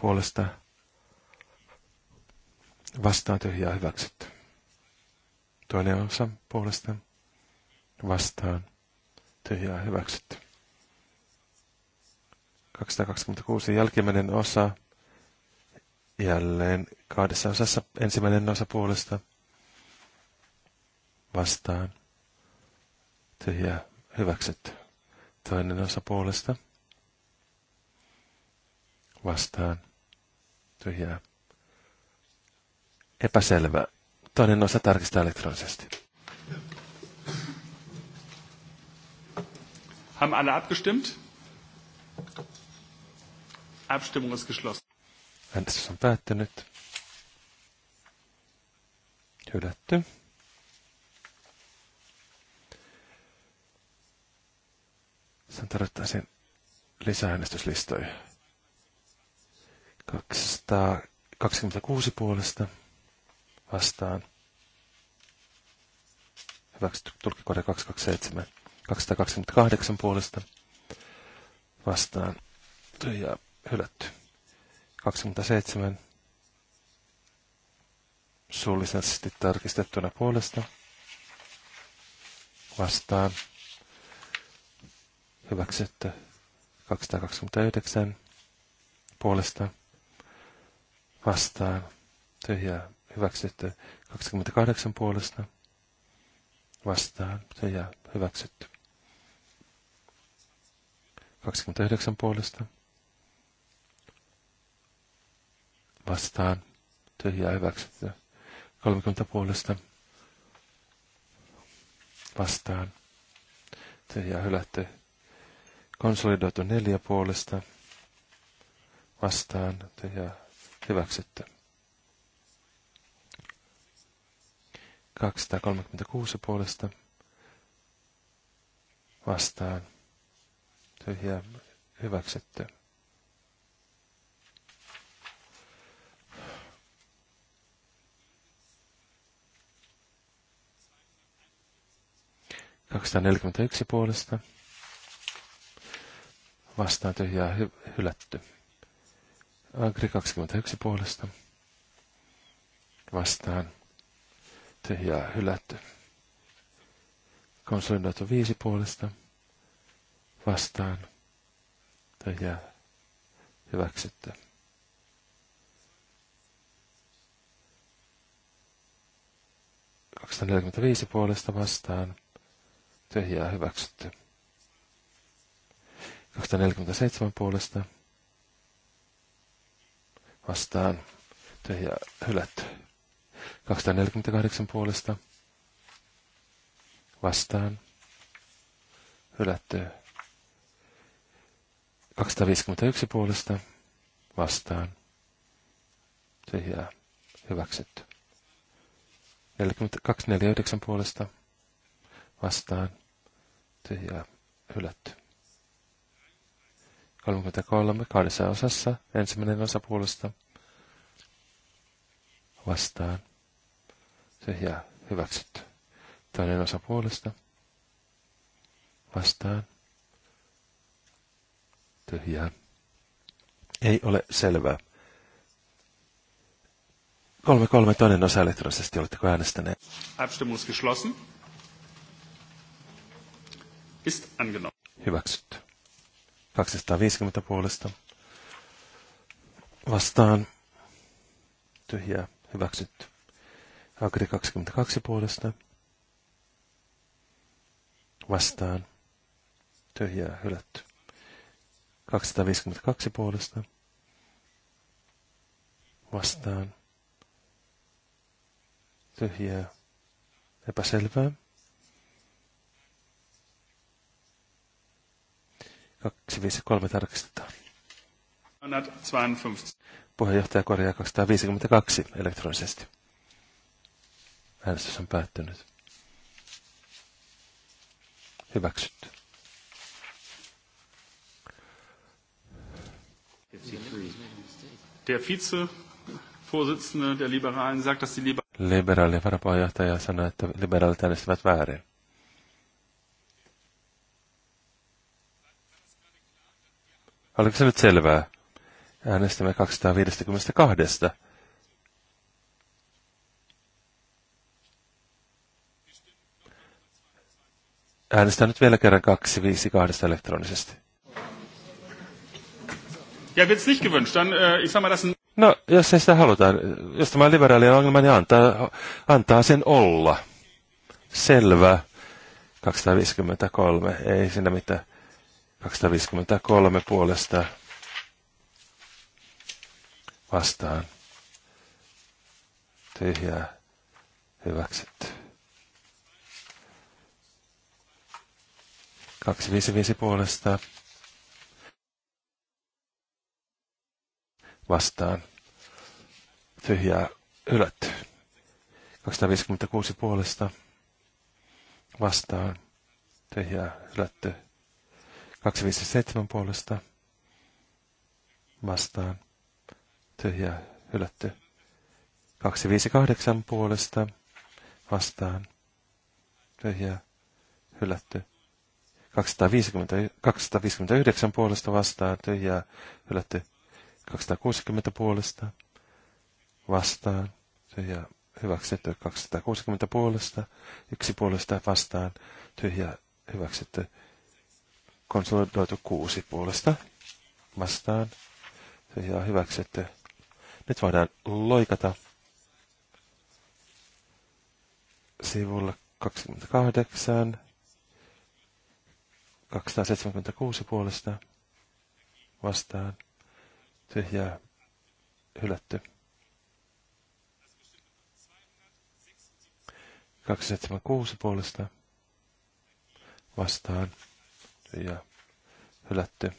S3: puolesta vastaan tyhjää hyväksytty. Toinen osa puolesta vastaan tyhjää hyväksytty. 226 jälkimmäinen osa jälleen kahdessa osassa ensimmäinen osa puolesta vastaan tyhjää hyväkset Toinen osa puolesta vastaan tyhjää epäselvä. Toinen osa tarkistaa elektronisesti.
S2: Haben alle abgestimmt? Abstimmung ist geschlossen.
S3: Äänestys on päättynyt. Hylätty. tarvittaisiin lisääänestyslistoja. 226 puolesta vastaan. Hyväksytty tulkkikorja 227. 228 puolesta vastaan. Ja hylätty. 27 suullisesti tarkistettuna puolesta vastaan hyväksytty. 229 puolesta vastaan tyhjä hyväksytty. 28 puolesta vastaan tyhjä hyväksytty. 29 puolesta vastaan tyhjä hyväksytty. 30 puolesta vastaan tyhjää hylätty. Konsolidoitu neljä puolesta vastaan ja hyväksytty. 236 puolesta vastaan tyhjä hyväksytty. Kaksisataaneljäkymmentäyksi puolesta vastaan tyhjää hy- hylätty. Agri 21 puolesta vastaan tyhjää hylätty. Konsolidoitu 5 puolesta vastaan tyhjää hyväksytty. viisi puolesta vastaan tyhjää hyväksytty. 247 puolesta vastaan tyhjä hylätty. 248 puolesta vastaan hylätty. 251 puolesta vastaan tyhjää hyväksytty. 249 puolesta vastaan tyhjää hylätty. 33 kahdessa osassa. Ensimmäinen osa puolesta vastaan. Se jää hyväksytty. Toinen osa puolesta vastaan. Tyhjää. Ei ole selvää. Kolme kolme toinen osa elektronisesti, oletteko äänestäneet?
S2: Abstimmung geschlossen.
S3: Ist angenommen. Hyväksytty. 250 puolesta vastaan tyhjää hyväksytty. Agri 22 puolesta vastaan tyhjää hylätty. 252 puolesta vastaan tyhjää epäselvää. 253 tarkistetaan. Puheenjohtaja korjaa 252 elektronisesti. Äänestys on päättynyt. Hyväksytty.
S2: Der Vize-Vorsitzende der Liberalen sagt, dass die Liberalen...
S3: Liberaali varapuheenjohtaja sanoi, että liberaalit äänestivät väärin. Oliko se nyt selvää? Äänestämme 252. Äänestän nyt vielä kerran 252 elektronisesti.
S2: Ja wird's nicht gewünscht, dann äh, ich sag mal, das
S3: No, jos ei sitä halutaan, jos tämä on liberaalien ongelma, niin antaa, antaa sen olla. Selvä. 253, ei siinä mitään. 253 puolesta vastaan. Tyhjää hyväksytty. 255 puolesta vastaan. Tyhjää hylätty. 256 puolesta vastaan. Tyhjää hylätty. 257 puolesta vastaan. tyhjä hylätty. 258 puolesta vastaan. tyhjä hylätty. 250, 259 puolesta vastaan. tyhjä hylätty. 260 puolesta vastaan. tyhjä hyväksytty. 260 puolesta. Yksi puolesta vastaan. tyhjä hyväksytty konsolidoitu kuusi puolesta vastaan. hyväksi, että Nyt voidaan loikata sivulla 28, 276 puolesta vastaan, tyhjää hylätty. 276 puolesta vastaan, ja hylätty.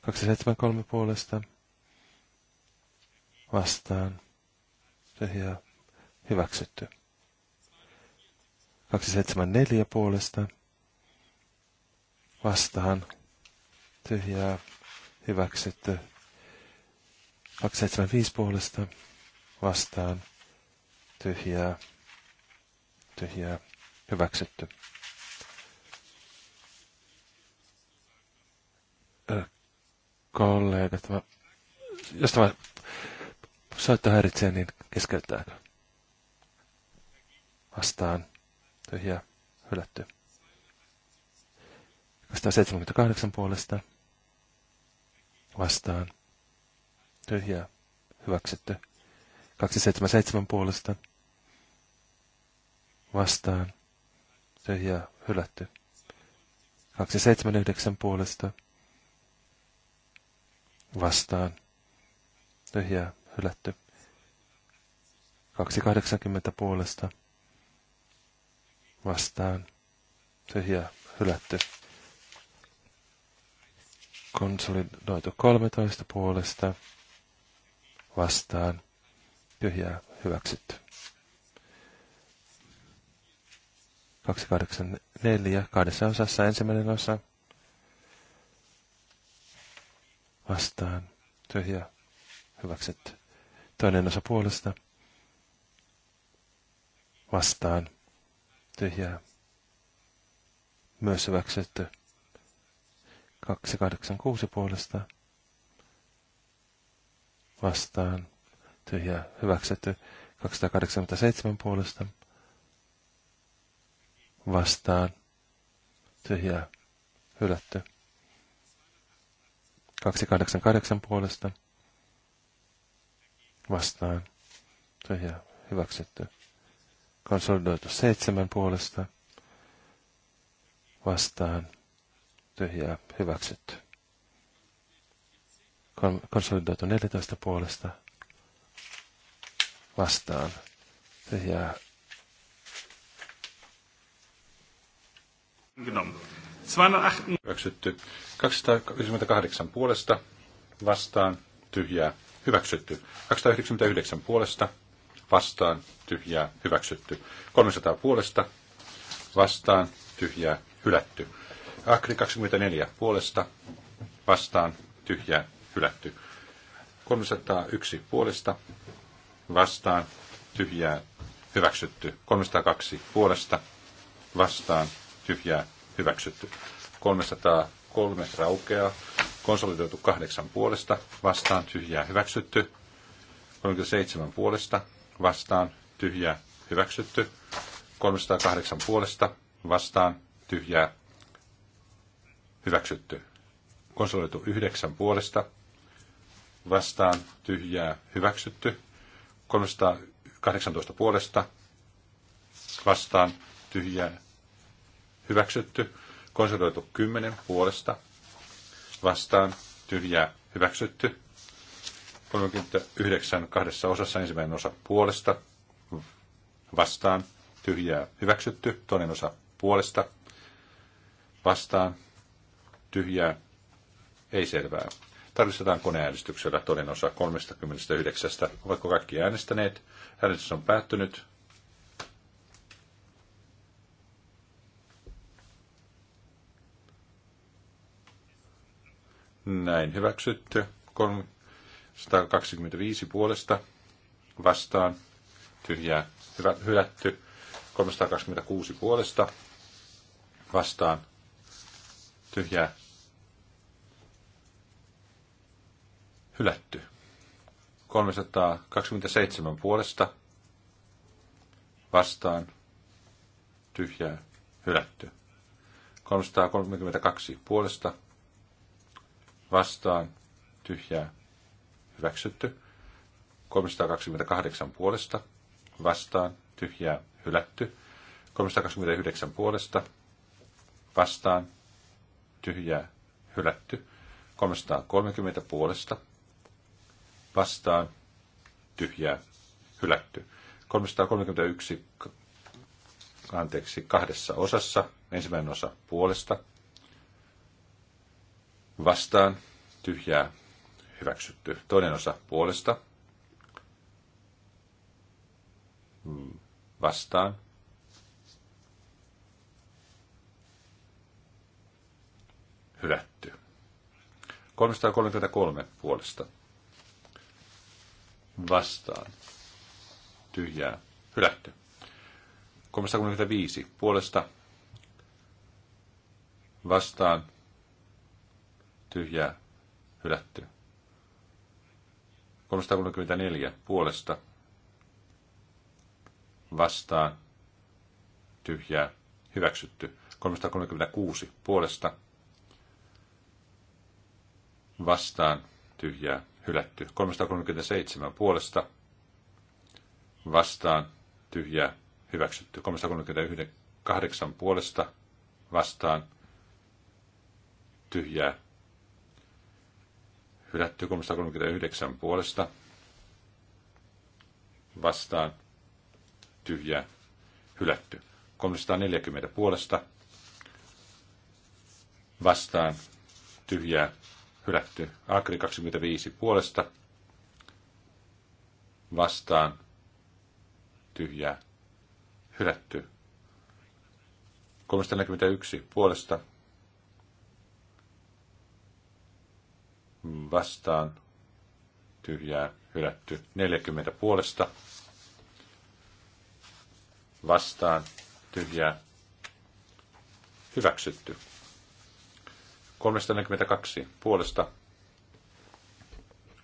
S3: 273 puolesta vastaan ja hyväksytty. 274 puolesta vastaan tyhjää hyväksytty. 275 puolesta vastaan tyhjää tyhjää hyväksytty. kollegat, jos tämä soitto häiritsee, niin keskeyttääkö? Vastaan. Tyhjä. Hylätty. 278 puolesta. Vastaan. Tyhjä. Hyväksytty. 277 puolesta. Vastaan. Tyhjä. Hylätty. 279 puolesta vastaan. Tyhjää hylätty. 280 puolesta vastaan. Tyhjää hylätty. Konsolidoitu 13 puolesta vastaan. Tyhjää hyväksytty. 284 kahdessa osassa ensimmäinen osa vastaan, tyhjä, hyväkset Toinen osa puolesta, vastaan, tyhjää, myös hyväksytty. 286 puolesta, vastaan, tyhjä, hyväksytty. 287 puolesta, vastaan, tyhjää, hylätty. 288 puolesta. Vastaan. Se on Hyväksytty. Konsolidoitu 7 puolesta. Vastaan. Tyhjää. Hyväksytty. Konsolidoitu 14 puolesta. Vastaan. Tyhjää.
S1: Genommen. Hyväksytty. 258 puolesta vastaan tyhjää. Hyväksytty. 299 puolesta vastaan tyhjää. Hyväksytty. 300 puolesta vastaan tyhjää. Hylätty. Akri 24 puolesta vastaan tyhjää. Hylätty. 301 puolesta vastaan tyhjää. Hyväksytty. 302 puolesta vastaan tyhjää hyväksytty. 303 raukeaa, konsolidoitu kahdeksan puolesta, vastaan tyhjää hyväksytty. 37 puolesta, vastaan tyhjää hyväksytty. 308 puolesta, vastaan tyhjää hyväksytty. Konsolidoitu yhdeksän puolesta, vastaan tyhjää hyväksytty. 318 puolesta, vastaan tyhjää hyväksytty. Konsolidoitu 10 puolesta vastaan tyhjää hyväksytty. 39 kahdessa osassa ensimmäinen osa puolesta vastaan tyhjää hyväksytty. Toinen osa puolesta vastaan tyhjää ei selvää. Tarkistetaan koneäänestyksellä toinen osa 39. Ovatko kaikki äänestäneet? Äänestys on päättynyt. Näin hyväksytty. 325 puolesta vastaan. Tyhjää hyvä, hylätty. 326 puolesta vastaan. Tyhjää hylätty. 327 puolesta vastaan tyhjää hylätty. 332 puolesta vastaan tyhjää hyväksytty. 328 puolesta vastaan tyhjää hylätty. 329 puolesta vastaan tyhjää hylätty. 330 puolesta vastaan tyhjää hylätty. 331 anteeksi kahdessa osassa. Ensimmäinen osa puolesta vastaan, tyhjää, hyväksytty. Toinen osa puolesta, vastaan. Hylätty. 333 puolesta. Vastaan. Tyhjää. Hylätty. 335 puolesta. Vastaan tyhjää, hylätty. 334 puolesta vastaan tyhjää, hyväksytty. 336 puolesta vastaan tyhjää, hylätty. 337 puolesta vastaan tyhjää, hyväksytty. 338 puolesta vastaan tyhjää, Hylätty 339 puolesta. Vastaan. tyhjä Hylätty. 340 puolesta. Vastaan. Tyhjää. Hylätty. Agri 25 puolesta. Vastaan. Tyhjää. Hylätty. 341 puolesta vastaan tyhjää hylätty 40 puolesta vastaan tyhjää hyväksytty. 342 puolesta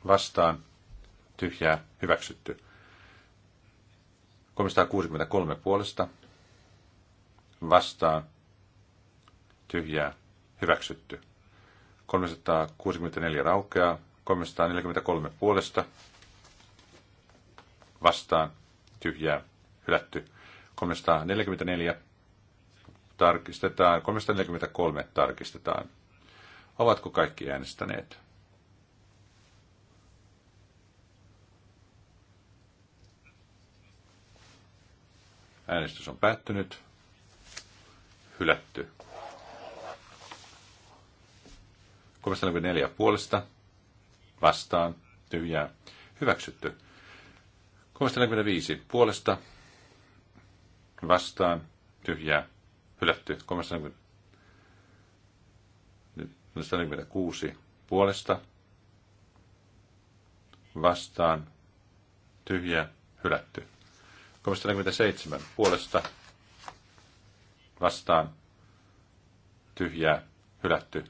S1: vastaan tyhjää hyväksytty. 363 puolesta vastaan tyhjää hyväksytty. 364 raukeaa, 343 puolesta vastaan tyhjää hylätty. 344 tarkistetaan, 343 tarkistetaan. Ovatko kaikki äänestäneet? Äänestys on päättynyt. Hylätty. 344 puolesta vastaan tyhjää hyväksytty. 345 puolesta vastaan tyhjää hylätty. 346 puolesta vastaan tyhjää hylätty. 347 puolesta vastaan tyhjää hylätty.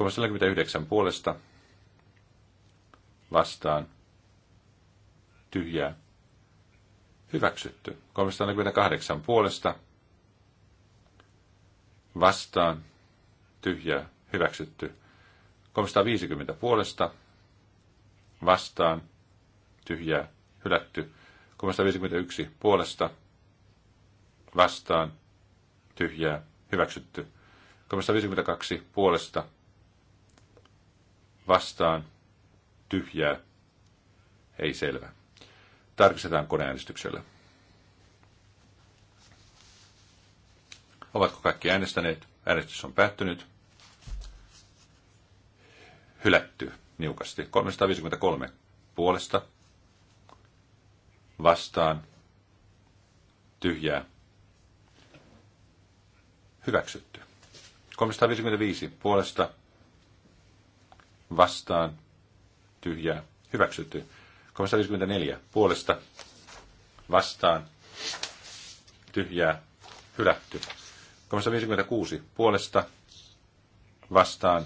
S1: 349 puolesta vastaan tyhjää hyväksytty. 348 puolesta vastaan tyhjää hyväksytty. 350 puolesta vastaan tyhjää hylätty. 351 puolesta vastaan tyhjää hyväksytty. 352 puolesta vastaan, tyhjää, ei selvä. Tarkistetaan koneäänestyksellä. Ovatko kaikki äänestäneet? Äänestys on päättynyt. Hylätty niukasti. 353 puolesta. Vastaan. Tyhjää. Hyväksytty. 355 puolesta vastaan, tyhjää, hyväksytty. 354 puolesta, vastaan, tyhjää, hylätty. 356 puolesta, vastaan,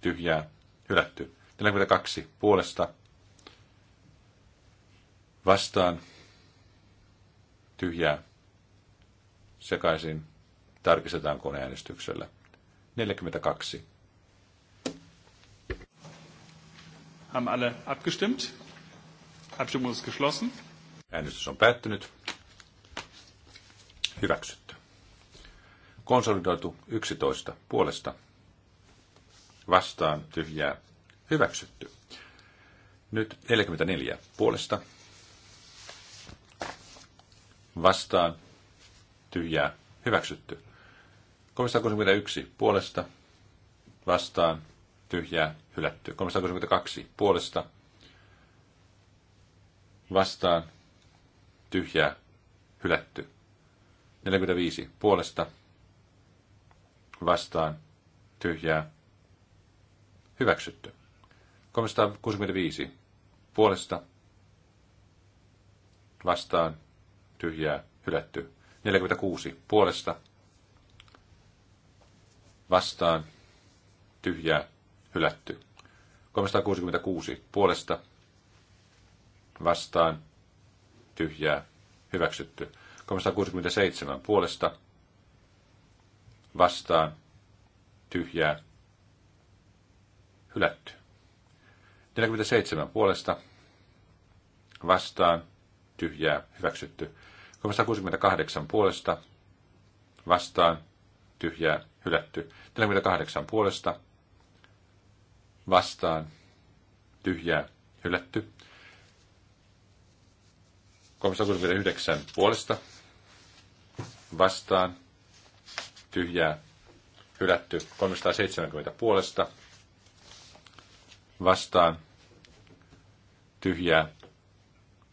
S1: tyhjää, hylätty. 42 puolesta, vastaan, tyhjää, sekaisin, tarkistetaan koneäänestyksellä. 42
S2: Haben alle abgestimmt? Abstimmung ist geschlossen.
S1: Äänestys on päättynyt. Hyväksytty. Konsolidoitu 11 puolesta. Vastaan tyhjää. Hyväksytty. Nyt 44 puolesta. Vastaan tyhjää. Hyväksytty. 361 puolesta. Vastaan tyhjää, hylätty. 362 puolesta vastaan, tyhjää, hylätty. 45 puolesta vastaan, tyhjää, hyväksytty. 365 puolesta vastaan, tyhjää, hylätty. 46 puolesta vastaan, tyhjää, hylätty. 366 puolesta vastaan tyhjää hyväksytty. 367 puolesta vastaan tyhjää hylätty. 47 puolesta vastaan tyhjää hyväksytty. 368 puolesta vastaan tyhjää hylätty. 48 puolesta vastaan tyhjää hylätty. 369 puolesta vastaan tyhjää hylätty. 370 puolesta vastaan tyhjää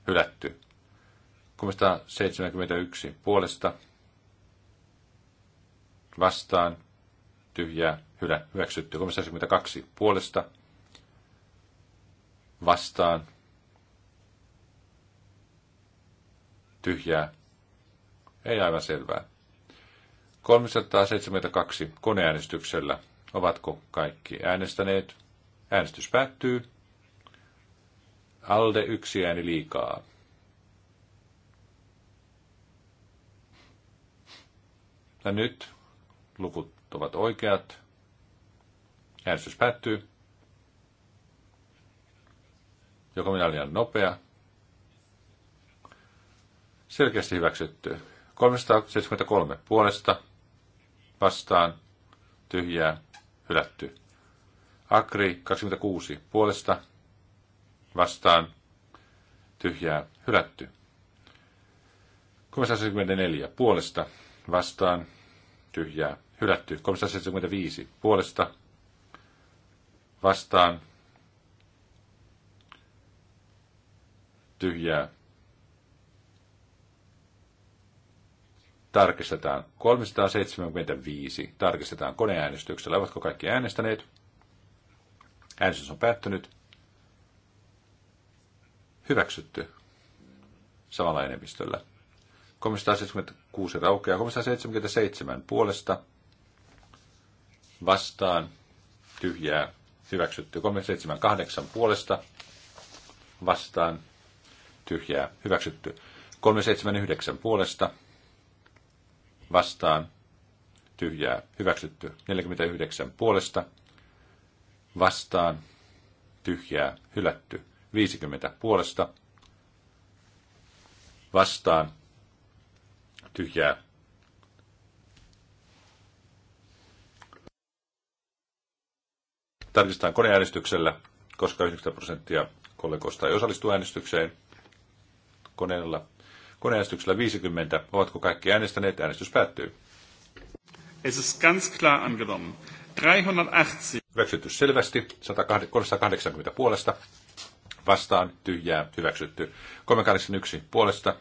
S1: hylätty. 371 puolesta vastaan tyhjää hyväksytty. 372 puolesta vastaan tyhjää. Ei aivan selvää. 372 koneäänestyksellä. Ovatko kaikki äänestäneet? Äänestys päättyy. Alde yksi ääni liikaa. Ja nyt lukut ovat oikeat. Äänestys päättyy. Joko minä liian nopea. Selkeästi hyväksytty. 373 puolesta vastaan tyhjää hylätty. Akri 26 puolesta vastaan tyhjää hylätty. 374 puolesta vastaan tyhjää hylätty. 375 puolesta vastaan tyhjää. Tarkistetaan 375. Tarkistetaan koneäänestyksellä. Ovatko kaikki äänestäneet? Äänestys on päättynyt. Hyväksytty samalla enemmistöllä. 376 raukeaa. 377 puolesta vastaan tyhjää hyväksytty. 378 puolesta vastaan tyhjää hyväksytty. 379 puolesta vastaan tyhjää hyväksytty. 49 puolesta vastaan tyhjää hylätty. 50 puolesta vastaan tyhjää Tarkistetaan koneäänestyksellä, koska 90 prosenttia kollegoista ei osallistu äänestykseen. Koneella, koneäänestyksellä 50. Ovatko kaikki äänestäneet? Äänestys päättyy. Es ist ganz klar angenommen. 380. Hyväksytty selvästi. 380 puolesta. Vastaan tyhjää hyväksytty. 381 puolesta.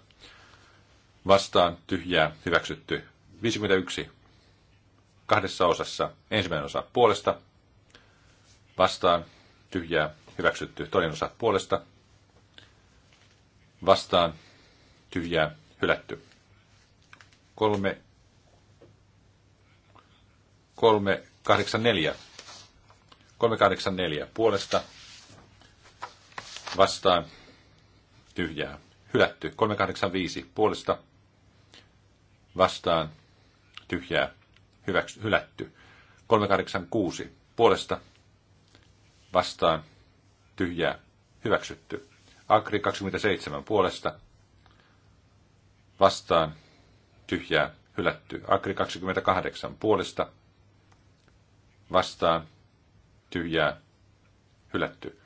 S1: Vastaan tyhjää hyväksytty. 51 kahdessa osassa. Ensimmäinen osa puolesta vastaan, tyhjää, hyväksytty. Toinen osa puolesta, vastaan, tyhjää, hylätty. Kolme, kolme, kahdeksan, neljä. Kolme, kahdeksan, neljä puolesta, vastaan, tyhjää, hylätty. viisi puolesta vastaan tyhjää hyväksy, hylätty. kuusi puolesta vastaan tyhjää hyväksytty. Agri 27 puolesta vastaan tyhjää hylätty. Agri 28 puolesta vastaan tyhjää hylätty.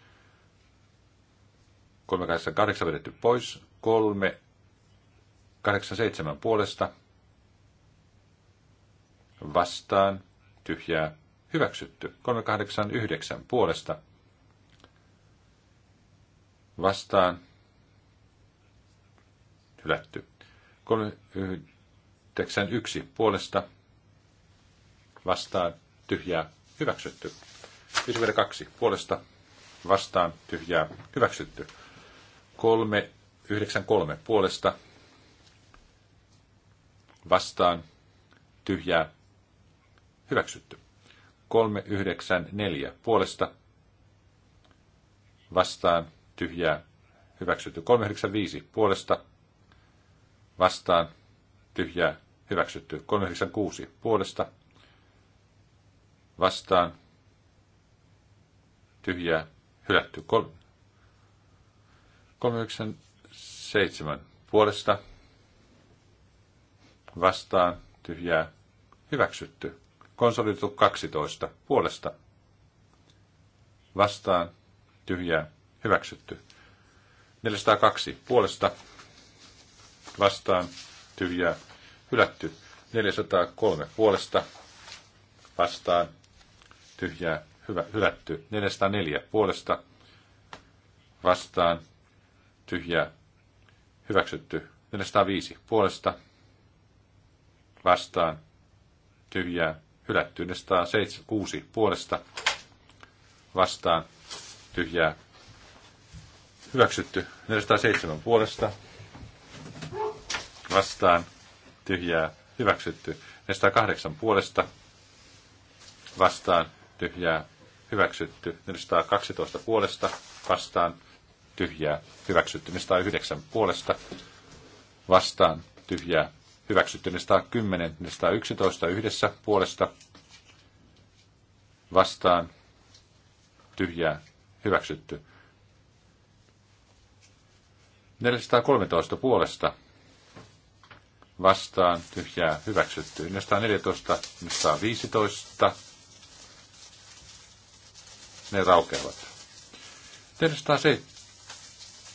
S1: 38 vedetty pois. 3 87 puolesta vastaan tyhjää Hyväksytty. 389 puolesta. Vastaan. Hylätty. 391 puolesta. Vastaan. Tyhjää. Hyväksytty. 52 puolesta. Vastaan. Tyhjää. Hyväksytty. 393 puolesta. Vastaan. Tyhjää. Hyväksytty. 394 puolesta vastaan tyhjää hyväksytty. 395 puolesta vastaan tyhjää hyväksytty. 396 puolesta vastaan tyhjää hylätty. 397 puolesta vastaan tyhjää hyväksytty. Konsolidoitu 12. Puolesta. Vastaan. Tyhjää. Hyväksytty. 402. Puolesta. Vastaan. Tyhjää. Hylätty. 403. Puolesta. Vastaan. Tyhjää. Hyvä, hylätty. 404. Puolesta. Vastaan. Tyhjää. Hyväksytty. 405. Puolesta. Vastaan. Tyhjää hylättyyn 106 puolesta vastaan tyhjää hyväksytty. 407 puolesta vastaan tyhjää hyväksytty. 408 puolesta vastaan tyhjää hyväksytty. 412 puolesta vastaan tyhjää hyväksytty. 409 puolesta vastaan tyhjää Hyväksytty 410, 111 yhdessä puolesta vastaan tyhjää hyväksytty. 413 puolesta vastaan tyhjää hyväksytty. 414, 415 ne raukeavat.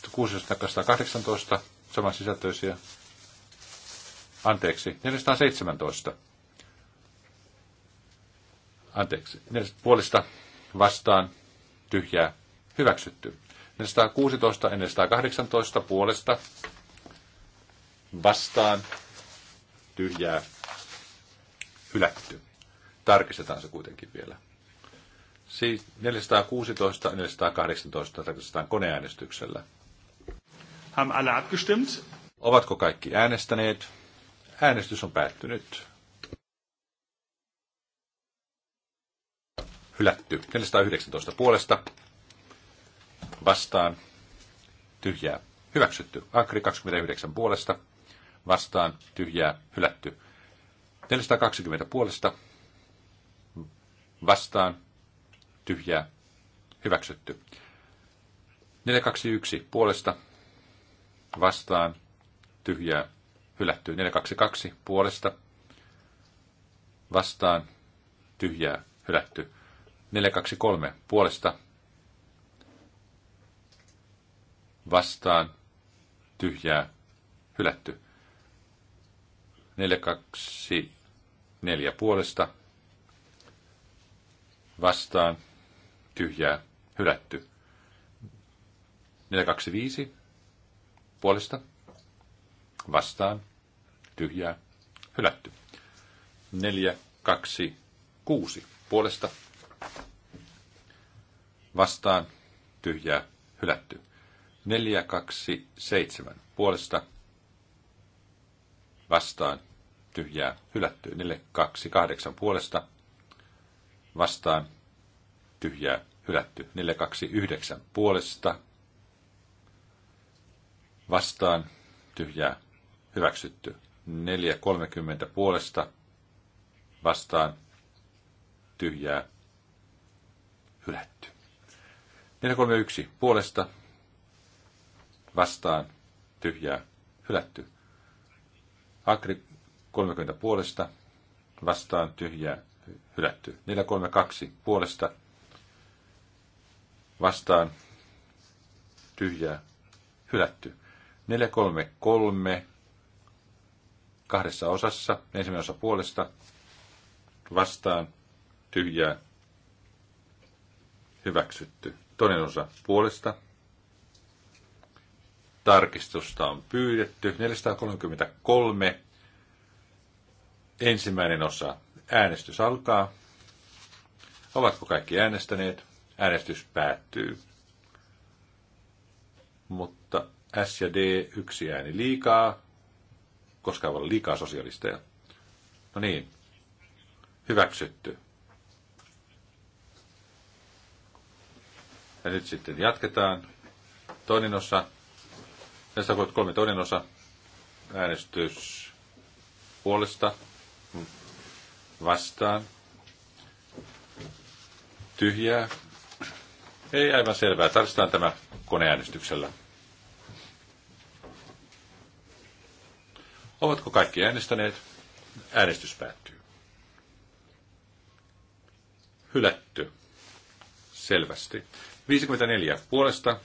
S1: 418 saman sisältöisiä Anteeksi, 417. Anteeksi, puolista vastaan tyhjää hyväksytty. 416 ja 418 puolesta vastaan tyhjää hylätty. Tarkistetaan se kuitenkin vielä. Siis 416 ja 418 tarkistetaan koneäänestyksellä. Haben alle abgestimmt? Ovatko kaikki äänestäneet? Äänestys on päättynyt. Hylätty. 419 puolesta. Vastaan. Tyhjää. Hyväksytty. Akri 29 puolesta. Vastaan. Tyhjää. Hylätty. 420 puolesta. Vastaan. Tyhjää. Hyväksytty. 421 puolesta. Vastaan. Tyhjää hylättyy 422 puolesta vastaan tyhjää hylätty. 423 puolesta vastaan tyhjää hylätty. 424 puolesta vastaan tyhjää hylätty. 425 puolesta vastaan tyhjää, hylätty. 4, 2, 6 puolesta vastaan tyhjää, hylätty. 4, 2, 7 puolesta vastaan tyhjää, hylätty. 4, 2, 8 puolesta vastaan tyhjää, hylätty. 4, 2, 9 puolesta vastaan tyhjää, hyväksytty. 4.30 puolesta vastaan tyhjää hylätty. 4.31 puolesta vastaan tyhjää hylätty. Akri 30 puolesta vastaan tyhjää hylätty. 432 puolesta vastaan tyhjää hylätty. 433 kahdessa osassa. Ensimmäinen osa puolesta vastaan tyhjää hyväksytty. Toinen osa puolesta. Tarkistusta on pyydetty. 433. Ensimmäinen osa. Äänestys alkaa. Ovatko kaikki äänestäneet? Äänestys päättyy. Mutta S ja D yksi ääni liikaa koskaan olla liikaa sosialisteja. No niin, hyväksytty. Ja nyt sitten jatketaan. Toinen osa, kolme toinen osa, äänestys puolesta, vastaan, tyhjää, ei aivan selvää. Tarvitaan tämä koneäänestyksellä. Ovatko kaikki äänestäneet? Äänestys päättyy. Hylätty. Selvästi. 54 puolesta.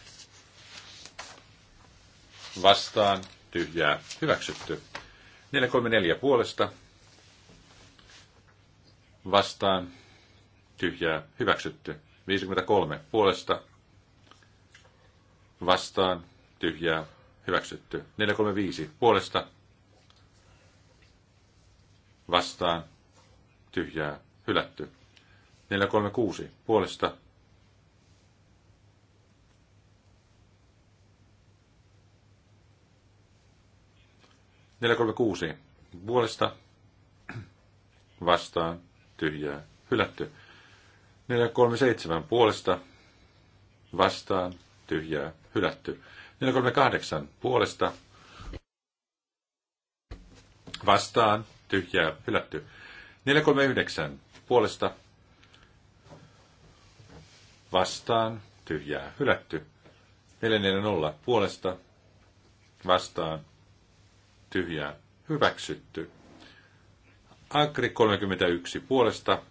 S1: Vastaan. Tyhjää. Hyväksytty. 434 puolesta. Vastaan. Tyhjää. Hyväksytty. 53 puolesta. Vastaan. Tyhjää. Hyväksytty. 435 puolesta vastaan, tyhjää, hylätty. 436 puolesta, Neljä kolme kuusi. Puolesta vastaan tyhjää hylätty. kolme seitsemän puolesta vastaan tyhjää hylätty. kolme kahdeksan puolesta vastaan tyhjää hylätty. 439 puolesta vastaan tyhjää hylätty. 440 puolesta vastaan tyhjää hyväksytty. Agri 31 puolesta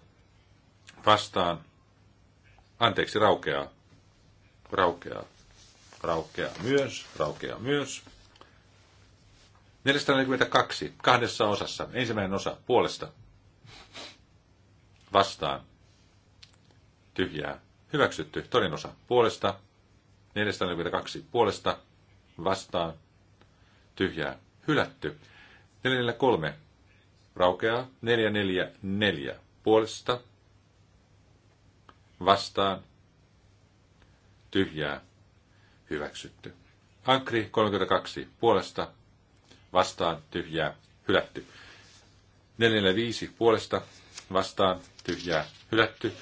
S1: vastaan, anteeksi, raukeaa, raukeaa, raukeaa myös, raukeaa myös. 442, kahdessa osassa. Ensimmäinen osa puolesta. Vastaan. Tyhjää. Hyväksytty. Toinen osa puolesta. 442 puolesta. Vastaan. Tyhjää. Hylätty. 443 raukeaa. 444 puolesta. Vastaan. Tyhjää. Hyväksytty. Ankri 32 puolesta vastaan tyhjää hylätty. 45 puolesta vastaan tyhjää hylätty.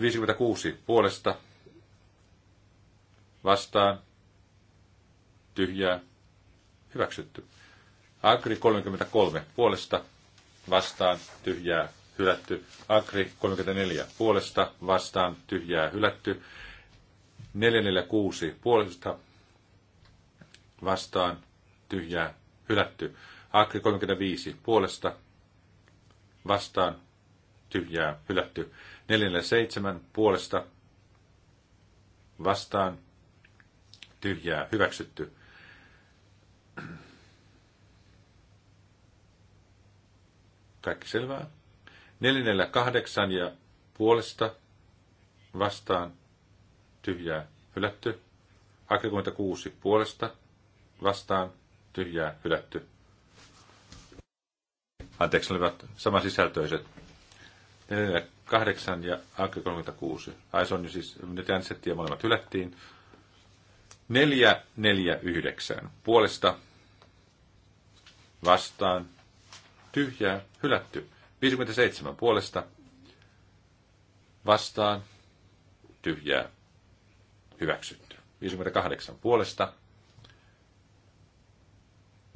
S1: 56 puolesta vastaan tyhjää hyväksytty. Agri 33 puolesta vastaan tyhjää hylätty. Agri 34 puolesta vastaan tyhjää hylätty. 446 puolesta vastaan tyhjää hylätty. Akri 35 puolesta vastaan tyhjää hylätty. 47 puolesta vastaan tyhjää hyväksytty. Kaikki selvää. 448 ja puolesta vastaan tyhjää hylätty. 36 puolesta vastaan tyhjää, hylätty. Anteeksi, ne olivat samansisältöiset. 48 öö, ja AK36. Ai se on jo siis, nyt äänestettiin ja molemmat hylättiin. 449. Puolesta vastaan tyhjää, hylätty. 57 puolesta vastaan tyhjää, hyväksytty. 58 puolesta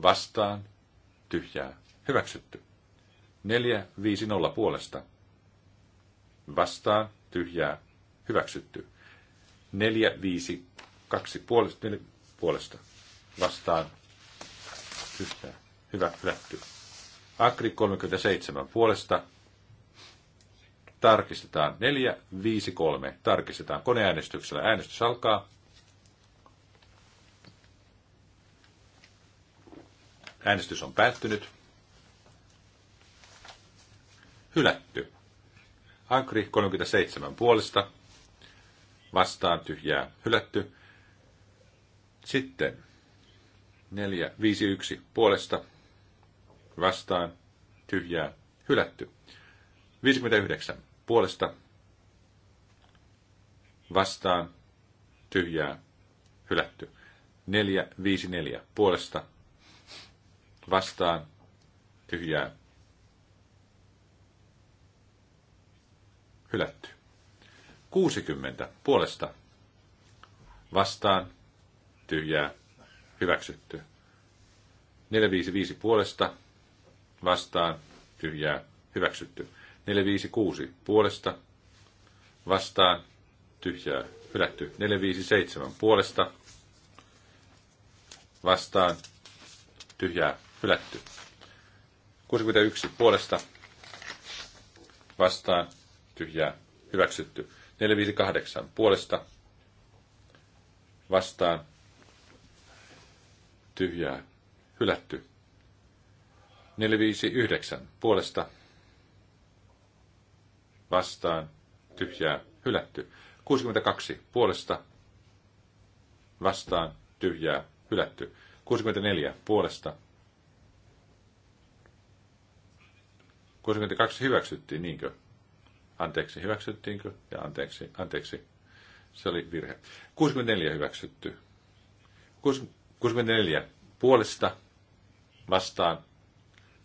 S1: vastaan, tyhjää, hyväksytty. 450 puolesta, vastaan, tyhjää, hyväksytty. 452 puolesta, Neljä, puolesta vastaan, tyhjää, hyvä, hylätty. Akri 37 puolesta, tarkistetaan 453. tarkistetaan koneäänestyksellä, äänestys alkaa. Äänestys on päättynyt. Hylätty. Ankri 37 puolesta. Vastaan tyhjää. Hylätty. Sitten 451 puolesta. Vastaan tyhjää. Hylätty. 59 puolesta. Vastaan tyhjää. Hylätty. 454 puolesta vastaan tyhjää hylätty. 60 puolesta vastaan tyhjää hyväksytty. 455 puolesta vastaan tyhjää hyväksytty. 456 puolesta vastaan tyhjää hylätty. 457 puolesta vastaan tyhjää Hylätty. 61 puolesta vastaan tyhjää hyväksytty. 458 puolesta vastaan tyhjää hylätty. 459 puolesta vastaan tyhjää hylätty. 62 puolesta vastaan tyhjää hylätty. 64 puolesta 62 hyväksyttiin, niinkö? Anteeksi, hyväksyttiinkö? Ja anteeksi, anteeksi. Se oli virhe. 64 hyväksytty. 64 puolesta vastaan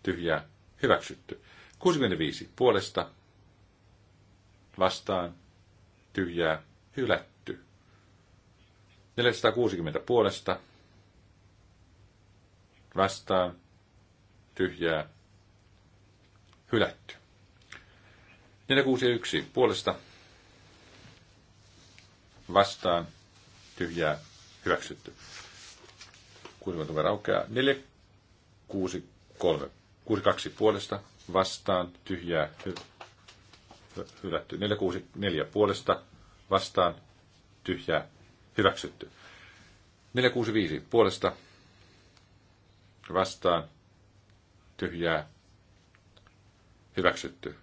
S1: tyhjää hyväksytty. 65 puolesta vastaan tyhjää hylätty. 460 puolesta vastaan tyhjää hylätty. 461 puolesta vastaan tyhjää hyväksytty. 60 raukeaa. 463. 62 puolesta vastaan tyhjää hy- hylätty. 464 puolesta vastaan tyhjää hyväksytty. 465 puolesta vastaan tyhjää hyväksytty.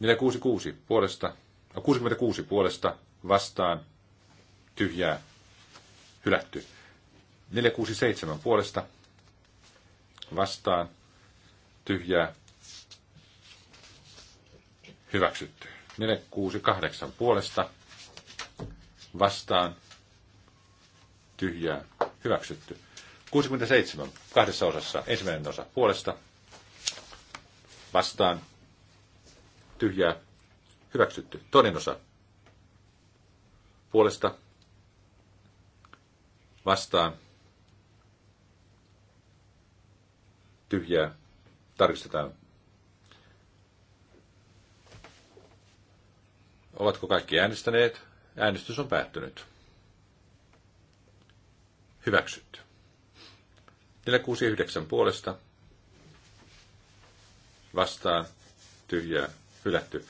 S1: 466 puolesta, no 66 puolesta vastaan tyhjää hylätty. 467 puolesta vastaan tyhjää hyväksytty. 468 puolesta vastaan tyhjää hyväksytty. 67 kahdessa osassa ensimmäinen osa puolesta vastaan tyhjää hyväksytty. Toinen osa puolesta vastaan tyhjää tarkistetaan. Ovatko kaikki äänestäneet? Äänestys on päättynyt. Hyväksytty. 469 puolesta vastaan tyhjää hylätty.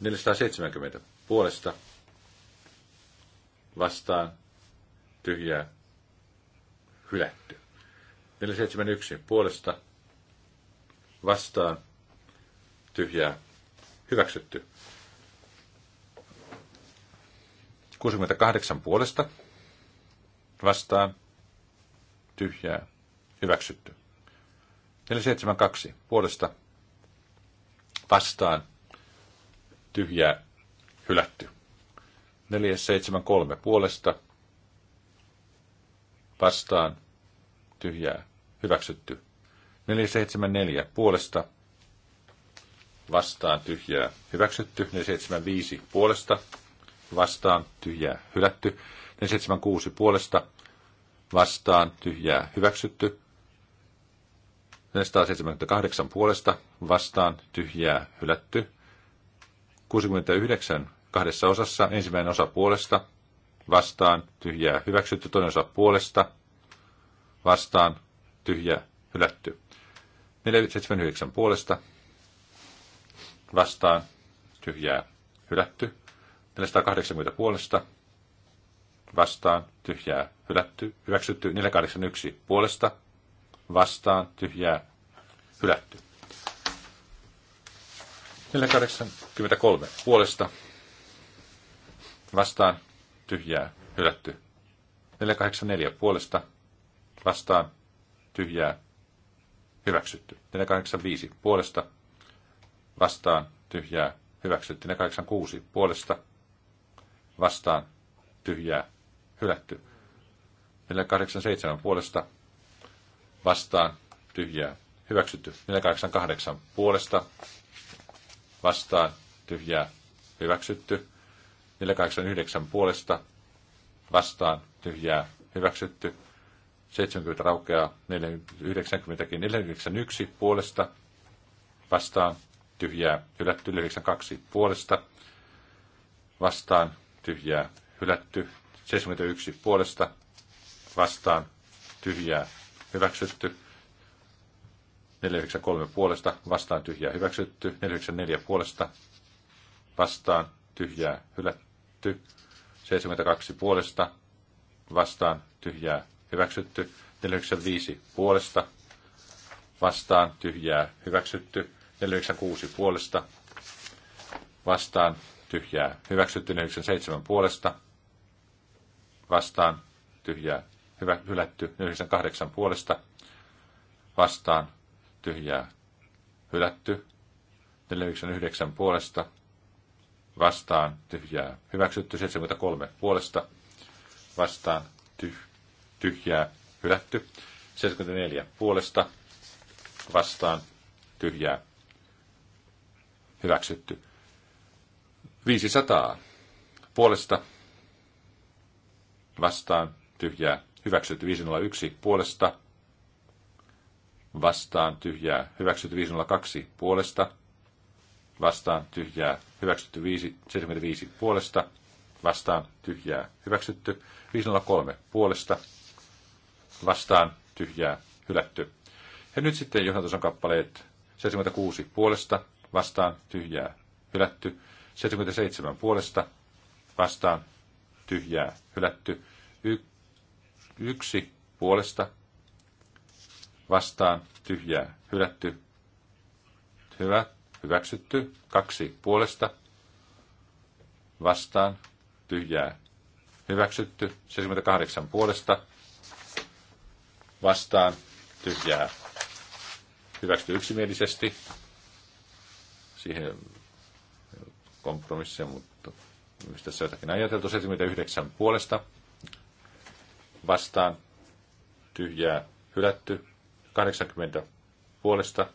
S1: 470 puolesta vastaan tyhjää hylätty. 471 puolesta vastaan tyhjää hyväksytty. 68 puolesta vastaan tyhjää hyväksytty. 472 puolesta vastaan tyhjää hylätty. 473 puolesta vastaan tyhjää hyväksytty. 474 puolesta vastaan tyhjää hyväksytty. 475 puolesta vastaan tyhjää hylätty. 476 puolesta vastaan tyhjää hyväksytty. 478 puolesta vastaan tyhjää hylätty. 69 kahdessa osassa ensimmäinen osa puolesta vastaan tyhjää hyväksytty, toinen osa puolesta vastaan tyhjä hylätty. 479 puolesta vastaan tyhjää hylätty. 480 puolesta vastaan tyhjää hylätty. Hyväksytty 481 puolesta vastaan tyhjää hylätty. 483 puolesta vastaan tyhjää hylätty. 484 puolesta vastaan tyhjää hyväksytty. 485 puolesta vastaan tyhjää hyväksytty. 486 puolesta vastaan tyhjää hylätty. 487 puolesta vastaan tyhjää hyväksytty. 488 puolesta vastaan tyhjää hyväksytty. 489 puolesta vastaan tyhjää hyväksytty. 70 raukeaa 490 491 puolesta vastaan tyhjää hylätty 92 puolesta vastaan tyhjää hylätty 71 puolesta vastaan tyhjää hyväksytty. 493 puolesta vastaan tyhjää hyväksytty. 494 puolesta vastaan tyhjää hylätty. 72 puolesta vastaan tyhjää hyväksytty. 495 puolesta vastaan tyhjää hyväksytty. 496 puolesta vastaan tyhjää hyväksytty. 497 puolesta vastaan tyhjää hyvä, hylätty 98 puolesta vastaan tyhjää hylätty 499 puolesta vastaan tyhjää hyväksytty 73 puolesta vastaan tyh- tyhjää hylätty 74 puolesta vastaan tyhjää hyväksytty 500 puolesta vastaan tyhjää hyväksytty 501 puolesta, vastaan tyhjää, hyväksytty 502 puolesta, vastaan tyhjää, hyväksytty 5, 75 puolesta, vastaan tyhjää, hyväksytty 503 puolesta, vastaan tyhjää, hylätty. Ja nyt sitten johdatuson kappaleet 76 puolesta, vastaan tyhjää, hylätty, 77 puolesta, vastaan tyhjää, hylätty, yksi puolesta vastaan tyhjää hylätty. Hyvä, hyväksytty. Kaksi puolesta vastaan tyhjää hyväksytty. 78 puolesta vastaan tyhjää hyväksytty yksimielisesti. Siihen kompromissia, mutta mistä se jotakin ajateltu. 79 puolesta vastaan tyhjää hylätty. 80 puolesta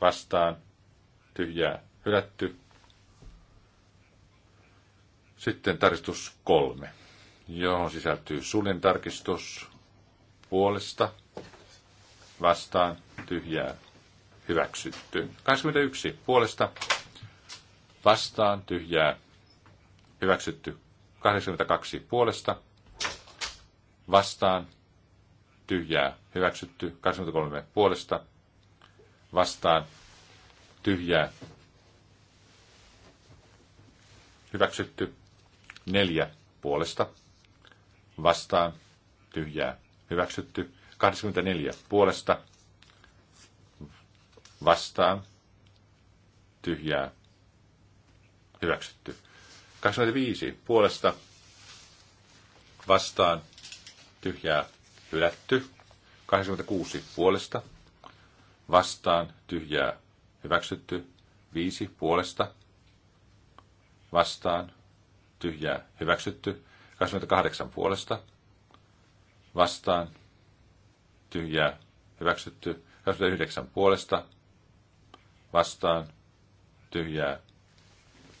S1: vastaan tyhjää hylätty. Sitten tarkistus kolme, johon sisältyy suljen tarkistus puolesta vastaan tyhjää hyväksytty. 21 puolesta vastaan tyhjää hyväksytty. 82 puolesta vastaan, tyhjää, hyväksytty. 23 puolesta, vastaan, tyhjää, hyväksytty. neljä puolesta, vastaan, tyhjää, hyväksytty. 24 puolesta, vastaan, tyhjää, hyväksytty. 25 puolesta, vastaan, tyhjää hylätty. 86 puolesta vastaan tyhjää hyväksytty. 5 puolesta vastaan tyhjää hyväksytty. 28 puolesta vastaan tyhjää hyväksytty. 29 puolesta vastaan tyhjää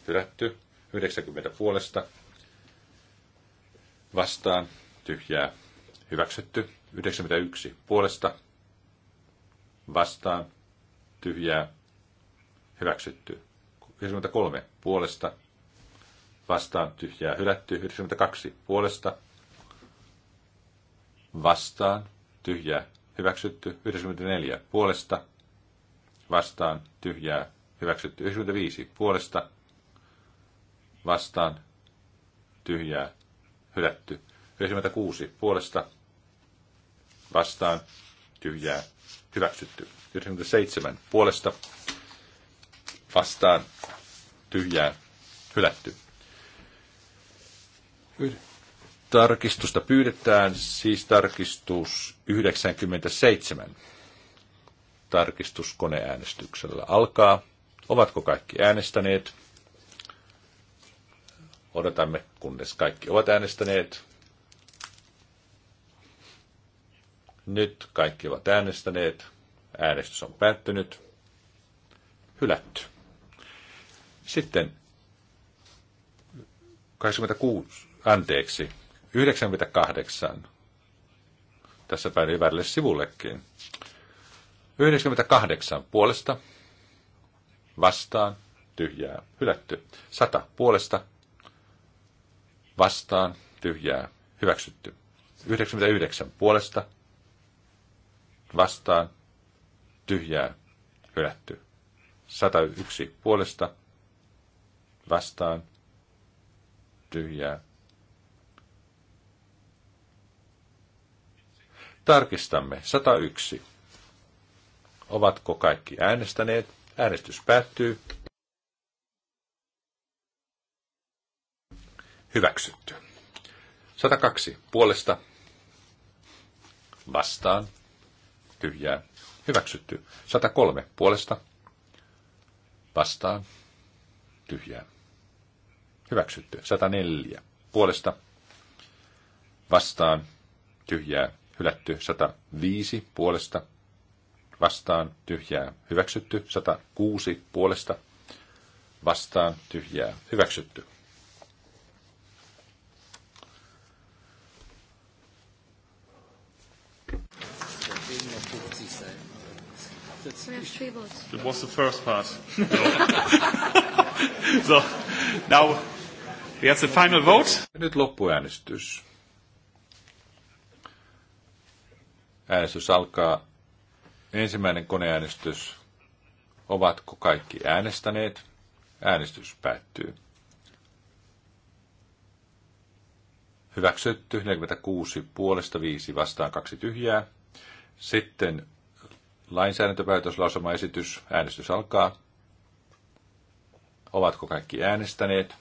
S1: hylätty. 90 puolesta vastaan tyhjää Hyväksytty. 91 puolesta. Vastaan. Tyhjää. Hyväksytty. 93 puolesta. Vastaan. Tyhjää. Hylätty. 92 puolesta. Vastaan. Tyhjää. Hyväksytty. 94 puolesta. Vastaan. Tyhjää. Hyväksytty. 95 puolesta. Vastaan. Tyhjää. Hylätty. 96 puolesta vastaan tyhjää hyväksytty. 97 puolesta vastaan tyhjää hylätty. Tarkistusta pyydetään, siis tarkistus 97. Tarkistus koneäänestyksellä alkaa. Ovatko kaikki äänestäneet? Odotamme, kunnes kaikki ovat äänestäneet. Nyt kaikki ovat äänestäneet. Äänestys on päättynyt. Hylätty. Sitten 86, anteeksi, 98. Tässä päin hyvälle sivullekin. 98 puolesta, vastaan, tyhjää, hylätty. 100 puolesta, vastaan, tyhjää, hyväksytty. 99 puolesta, vastaan, tyhjää, hylätty. 101 puolesta, vastaan, tyhjää. Tarkistamme 101. Ovatko kaikki äänestäneet? Äänestys päättyy. Hyväksytty. 102 puolesta vastaan tyhjää, hyväksytty. 103 puolesta, vastaan, tyhjää, hyväksytty. 104 puolesta, vastaan, tyhjää, hylätty. 105 puolesta, vastaan, tyhjää, hyväksytty. 106 puolesta, vastaan, tyhjää, hyväksytty. So we have three votes. It
S2: was the first part.
S1: so, now we have the final vote. Nyt loppuäänestys. Äänestys alkaa. Ensimmäinen koneäänestys. Ovatko kaikki äänestäneet? Äänestys päättyy. Hyväksytty 46 puolesta 5 vastaan 2 tyhjää. Sitten Lainsäädäntöpäätöslausumaesitys. Äänestys alkaa. Ovatko kaikki äänestäneet?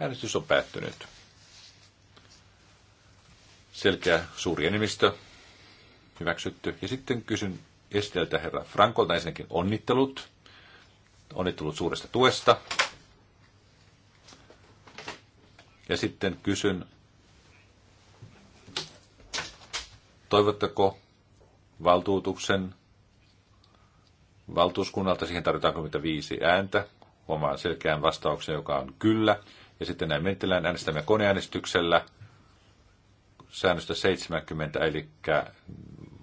S1: Äänestys on päättynyt. Selkeä suuri enemmistö hyväksytty. Ja sitten kysyn esiteltä herra Frankolta ensinnäkin onnittelut. Onnittelut suuresta tuesta. Ja sitten kysyn, toivottako valtuutuksen valtuuskunnalta. Siihen tarvitaan 35 ääntä. Huomaan selkeän vastauksen, joka on kyllä. Ja sitten näin menettelään äänestämme koneäänestyksellä säännöstä 70, eli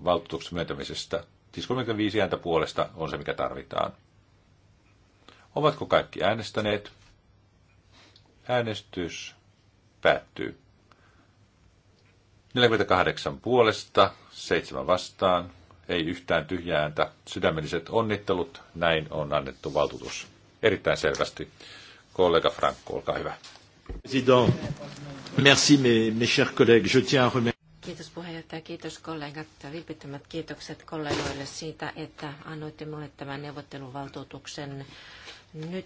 S1: valtuutuksen myöntämisestä. Siis 35 ääntä puolesta on se, mikä tarvitaan. Ovatko kaikki äänestäneet? Äänestys päättyy. 48 puolesta, 7 vastaan, ei yhtään tyhjääntä. Sydämelliset onnittelut, näin on annettu valtuutus. Erittäin selvästi. Kollega Franco, olkaa hyvä. President,
S4: merci mes, chers collègues. Je tiens Kiitos puheenjohtaja, kiitos kollegat. Vilpittömät kiitokset kollegoille siitä, että annoitte minulle tämän neuvotteluvaltuutuksen. Nyt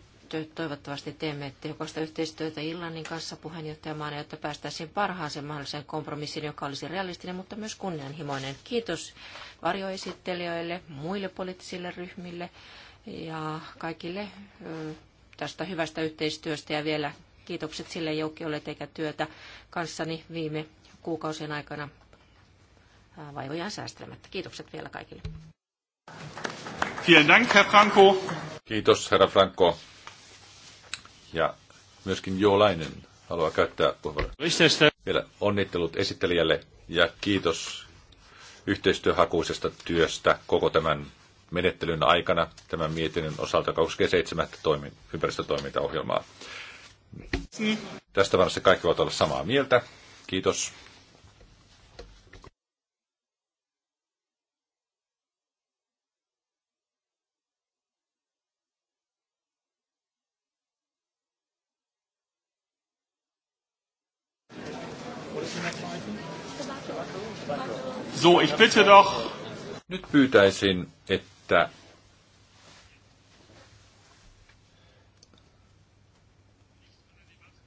S4: Toivottavasti teemme tehokasta yhteistyötä Irlannin kanssa puheenjohtajamaana, jotta päästäisiin parhaaseen mahdolliseen kompromissiin, joka olisi realistinen, mutta myös kunnianhimoinen. Kiitos varjoesittelijöille, muille poliittisille ryhmille ja kaikille tästä hyvästä yhteistyöstä ja vielä kiitokset sille, joukkiolle olet työtä kanssani viime kuukausien aikana vaivojaan säästelemättä. Kiitokset vielä kaikille.
S1: Vielen Dank, Herr Franco. Kiitos, herra Franco. Ja myöskin Joolainen haluaa käyttää puheenvuoron. Vielä onnittelut esittelijälle ja kiitos yhteistyöhakuisesta työstä koko tämän menettelyn aikana tämän mietinnön osalta 27. Toimi, ympäristötoimintaohjelmaa. Mm. Tästä varmasti kaikki voivat olla samaa mieltä. Kiitos. So, ich bitte doch. Nyt pyytäisin, että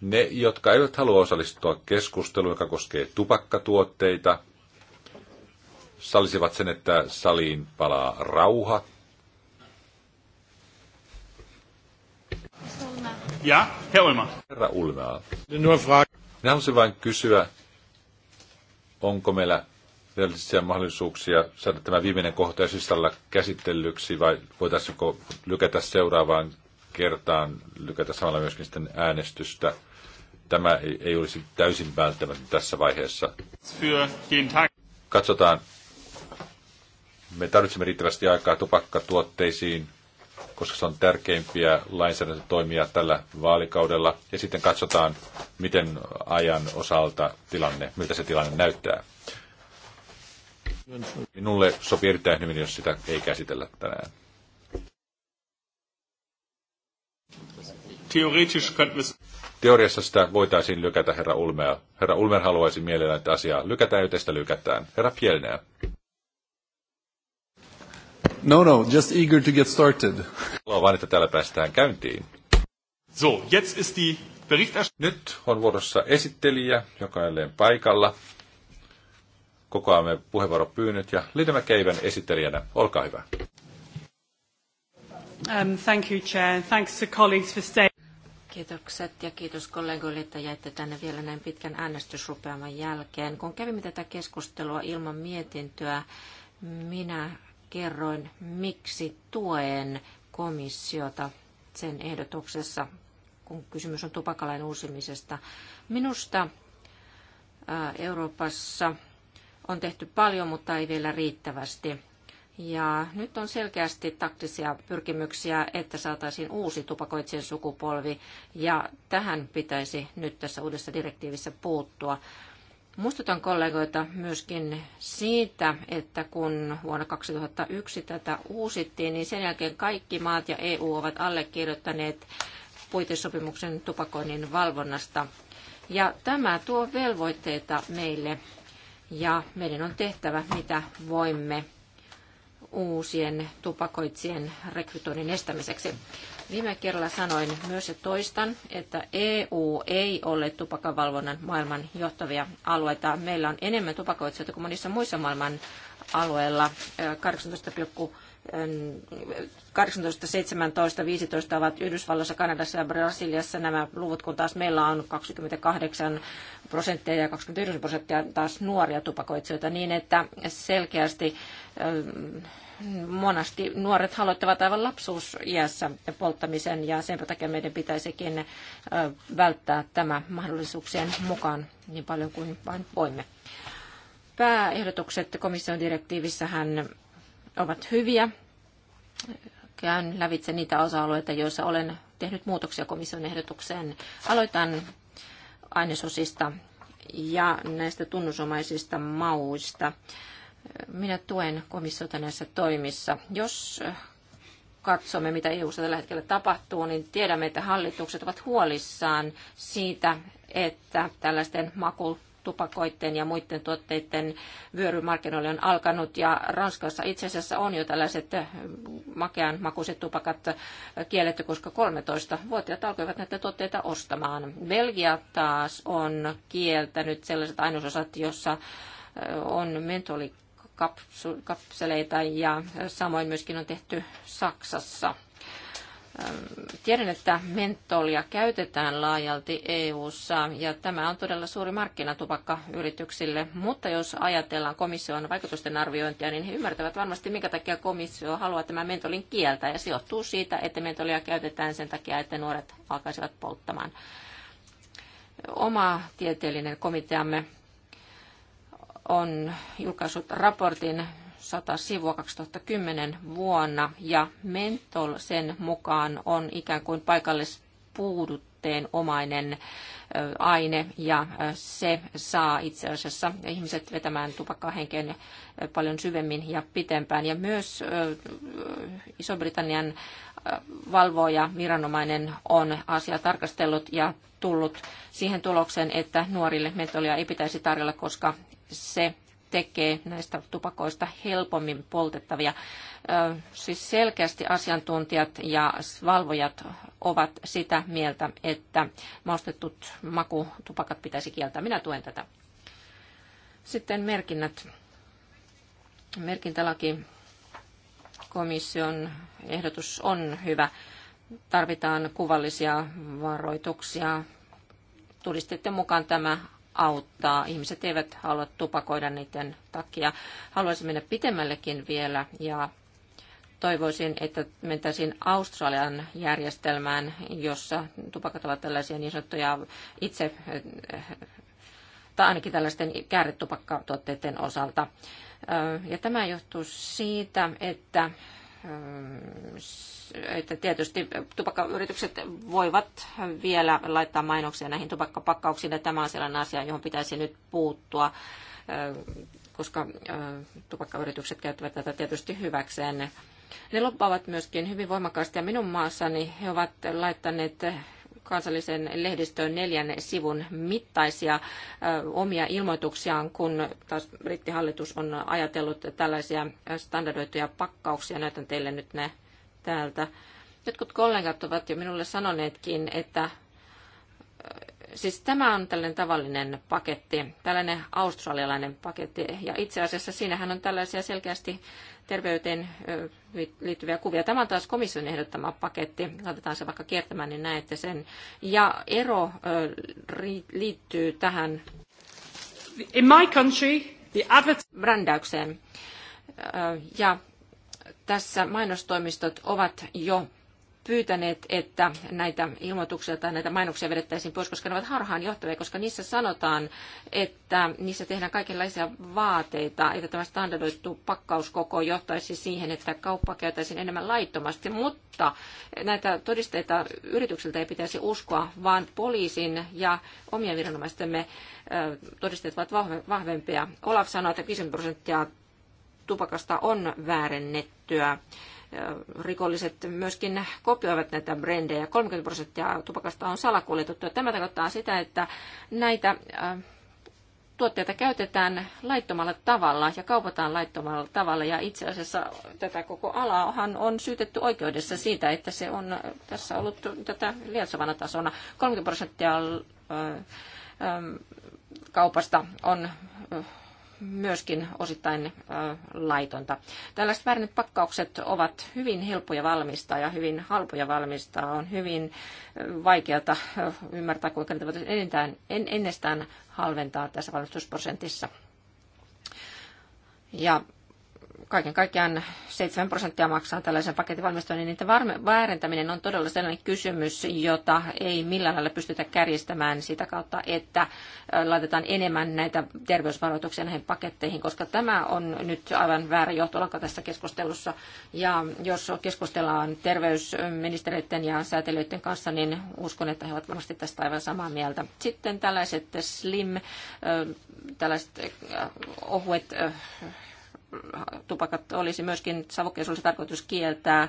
S1: ne, jotka eivät halua osallistua keskusteluun, joka koskee tupakkatuotteita, salisivat sen, että saliin palaa rauha. Ja, Herr Ulma. Herra Ulmaa. Minä haluaisin vain kysyä, onko meillä realistisia mahdollisuuksia saada tämä viimeinen kohta sisällä käsitellyksi vai voitaisiinko lykätä seuraavaan kertaan, lykätä samalla myöskin sitten äänestystä? Tämä ei, ei olisi täysin välttämätön tässä vaiheessa. Katsotaan. Me tarvitsemme riittävästi aikaa tupakkatuotteisiin, koska se on tärkeimpiä lainsäädäntötoimia tällä vaalikaudella. Ja sitten katsotaan, miten ajan osalta tilanne, miltä se tilanne näyttää. Minulle sopii erittäin hyvin, jos sitä ei käsitellä tänään. Teoriassa sitä voitaisiin lykätä herra Ulmea. Herra Ulmer haluaisi mielellään, että asiaa lykätään, joten sitä lykätään. Herra Pielnää.
S2: No, no, just eager to get started.
S1: Haluan vain, että täällä päästään käyntiin. So, jetzt ist die Nyt on vuorossa esittelijä, joka on jälleen paikalla kokoamme puheenvuoropyynnöt ja Linda McCaven esittelijänä. Olkaa hyvä.
S4: Um, thank you, Chair. Thanks to colleagues for staying. Kiitokset ja kiitos kollegoille, että jäitte tänne vielä näin pitkän äänestysrupeaman jälkeen. Kun kävimme tätä keskustelua ilman mietintöä, minä kerroin, miksi tuen komissiota sen ehdotuksessa, kun kysymys on tupakalain uusimisesta. Minusta Euroopassa on tehty paljon, mutta ei vielä riittävästi. Ja nyt on selkeästi taktisia pyrkimyksiä, että saataisiin uusi tupakoitsijan sukupolvi, ja tähän pitäisi nyt tässä uudessa direktiivissä puuttua. Muistutan kollegoita myöskin siitä, että kun vuonna 2001 tätä uusittiin, niin sen jälkeen kaikki maat ja EU ovat allekirjoittaneet puitesopimuksen tupakoinnin valvonnasta. Ja tämä tuo velvoitteita meille ja meidän on tehtävä, mitä voimme uusien tupakoitsien rekrytoinnin estämiseksi. Viime kerralla sanoin myös ja toistan, että EU ei ole tupakavalvonnan maailman johtavia alueita. Meillä on enemmän tupakoitsijoita kuin monissa muissa maailman alueilla, 18, 17, 15 ovat Yhdysvalloissa, Kanadassa ja Brasiliassa nämä luvut, kun taas meillä on 28 prosenttia ja 29 prosenttia taas nuoria tupakoitsijoita, niin että selkeästi monasti nuoret aloittavat aivan lapsuusiässä polttamisen ja sen takia meidän pitäisikin välttää tämä mahdollisuuksien mukaan niin paljon kuin vain voimme. Pääehdotukset komission direktiivissähän ovat hyviä. Käyn lävitse niitä osa-alueita, joissa olen tehnyt muutoksia komission ehdotukseen. Aloitan ainesosista ja näistä tunnusomaisista mauista. Minä tuen komissiota näissä toimissa. Jos katsomme, mitä EU:ssa tällä hetkellä tapahtuu, niin tiedämme, että hallitukset ovat huolissaan siitä, että tällaisten makul tupakoitteen ja muiden tuotteiden vyörymarkkinoille on alkanut ja Ranskassa itse asiassa on jo tällaiset eh, makean makuiset tupakat kielletty, koska 13-vuotiaat alkoivat näitä tuotteita ostamaan. Belgia taas on kieltänyt sellaiset ainoisosat, jossa eh, on mentolikapseleita ja samoin myöskin on tehty Saksassa. Tiedän, että mentolia käytetään laajalti EU:ssa ja tämä on todella suuri markkinatupakka yrityksille, mutta jos ajatellaan komission vaikutusten arviointia, niin he ymmärtävät varmasti, minkä takia komissio haluaa tämän mentolin kieltää ja se johtuu siitä, että mentolia käytetään sen takia, että nuoret alkaisivat polttamaan. Oma tieteellinen komiteamme on julkaissut raportin 100 sivua 2010 vuonna ja Mentol sen mukaan on ikään kuin paikallispuudutteen omainen aine ja se saa itse asiassa ihmiset vetämään tupakkaa henkeen paljon syvemmin ja pitempään. Ja myös Iso-Britannian valvoja viranomainen on asia tarkastellut ja tullut siihen tulokseen, että nuorille mentolia ei pitäisi tarjolla, koska se tekee näistä tupakoista helpommin poltettavia. Siis selkeästi asiantuntijat ja valvojat ovat sitä mieltä, että maustetut makutupakat pitäisi kieltää. Minä tuen tätä. Sitten merkinnät. Merkintälaki komission ehdotus on hyvä. Tarvitaan kuvallisia varoituksia. Tulistitte mukaan tämä auttaa. Ihmiset eivät halua tupakoida niiden takia. Haluaisin mennä pitemmällekin vielä ja toivoisin, että mentäisiin Australian järjestelmään, jossa tupakat ovat tällaisia niin sanottuja itse, tai ainakin tällaisten kääretupakkatuotteiden osalta. Ja tämä johtuu siitä, että Öö, että tietysti tupakkayritykset voivat vielä laittaa mainoksia näihin tupakkapakkauksiin, ja tämä on sellainen asia, johon pitäisi nyt puuttua, öö, koska öö, tupakkayritykset käyttävät tätä tietysti hyväkseen. Ne lobbaavat myöskin hyvin voimakkaasti, ja minun maassani he ovat laittaneet kansallisen lehdistön neljän sivun mittaisia omia ilmoituksiaan, kun taas brittihallitus on ajatellut tällaisia standardoituja pakkauksia. Näytän teille nyt ne täältä. Jotkut kollegat ovat jo minulle sanoneetkin, että Siis tämä on tällainen tavallinen paketti, tällainen australialainen paketti, ja itse asiassa siinähän on tällaisia selkeästi terveyteen liittyviä kuvia. Tämä on taas komission ehdottama paketti, laitetaan se vaikka kiertämään, niin näette sen. Ja ero liittyy tähän In my country, the brändäykseen. Ja tässä mainostoimistot ovat jo pyytäneet, että näitä ilmoituksia tai näitä mainoksia vedettäisiin pois, koska ne ovat harhaanjohtavia, koska niissä sanotaan, että niissä tehdään kaikenlaisia vaateita, että tämä standardoitu pakkauskoko johtaisi siihen, että kauppaa käytäisiin enemmän laittomasti, mutta näitä todisteita yrityksiltä ei pitäisi uskoa, vaan poliisin ja omien viranomaistemme todisteet ovat vahvempia. Olaf sanoo, että 50 prosenttia tupakasta on väärennettyä rikolliset myöskin kopioivat näitä brendejä. 30 prosenttia tupakasta on salakuljetettu. Tämä tarkoittaa sitä, että näitä äh, tuotteita käytetään laittomalla tavalla ja kaupataan laittomalla tavalla. Ja itse asiassa tätä koko alaa on syytetty oikeudessa siitä, että se on tässä ollut tätä lietsovana tasona. 30 prosenttia äh, äh, kaupasta on myöskin osittain laitonta. Tällaiset väärinnet pakkaukset ovat hyvin helppoja valmistaa ja hyvin halpoja valmistaa. On hyvin vaikeata ymmärtää, kuinka ne voivat en, ennestään halventaa tässä valmistusprosentissa. Ja kaiken kaikkiaan 7 prosenttia maksaa tällaisen paketin valmistuminen, niin niiden väärentäminen on todella sellainen kysymys, jota ei millään lailla pystytä kärjistämään sitä kautta, että laitetaan enemmän näitä terveysvaroituksia näihin paketteihin, koska tämä on nyt aivan väärä johtolanka tässä keskustelussa. Ja jos keskustellaan terveysministeriöiden ja säätelyiden kanssa, niin uskon, että he ovat varmasti tästä aivan samaa mieltä. Sitten tällaiset slim, tällaiset ohuet tupakat olisi myöskin savukkeessa olisi tarkoitus kieltää.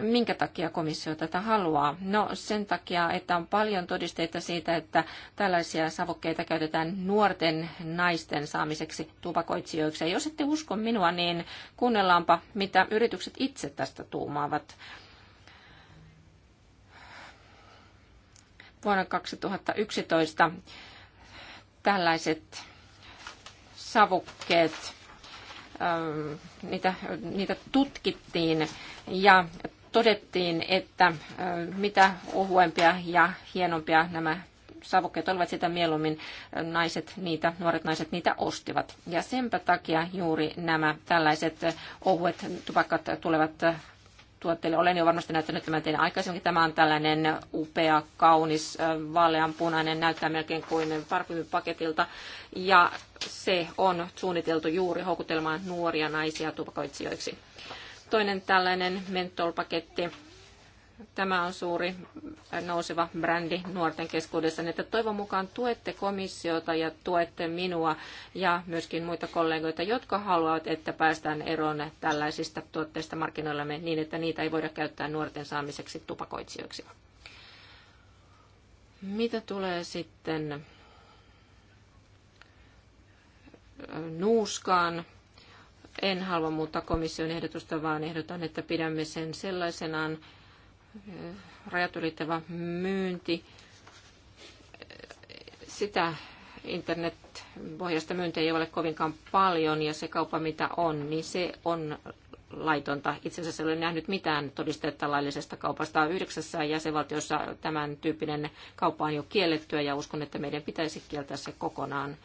S4: Minkä takia komissio tätä haluaa? No sen takia, että on paljon todisteita siitä, että tällaisia savukkeita käytetään nuorten naisten saamiseksi tupakoitsijoiksi. Ja jos ette usko minua, niin kuunnellaanpa, mitä yritykset itse tästä tuumaavat. Vuonna 2011 tällaiset savukkeet niitä, niitä tutkittiin ja todettiin, että mitä ohuempia ja hienompia nämä savukkeet olivat sitä mieluummin naiset niitä, nuoret naiset niitä ostivat. Ja senpä takia juuri nämä tällaiset ohuet tupakat tulevat tuotteille. Olen jo varmasti näyttänyt tämän teidän aikaisemmin. Tämä on tällainen upea, kaunis, vaaleanpunainen, näyttää melkein kuin parfymipaketilta. Ja se on suunniteltu juuri houkuttelemaan nuoria naisia tupakoitsijoiksi. Toinen tällainen mentolpaketti Tämä on suuri nouseva brändi nuorten keskuudessa, että toivon mukaan tuette komissiota ja tuette minua ja myöskin muita kollegoita, jotka haluavat, että päästään eroon tällaisista tuotteista markkinoillamme niin, että niitä ei voida käyttää nuorten saamiseksi tupakoitsijoiksi. Mitä tulee sitten nuuskaan? En halua muuttaa komission ehdotusta, vaan ehdotan, että pidämme sen sellaisenaan, rajat ylittävä myynti, sitä internet-pohjasta myyntiä ei ole kovinkaan paljon ja se kauppa, mitä on, niin se on laitonta. Itse asiassa ei ole nähnyt mitään todistetta laillisesta kaupasta. Yhdeksässä jäsenvaltiossa tämän tyyppinen kauppa on jo kiellettyä ja uskon, että meidän pitäisi kieltää se kokonaan.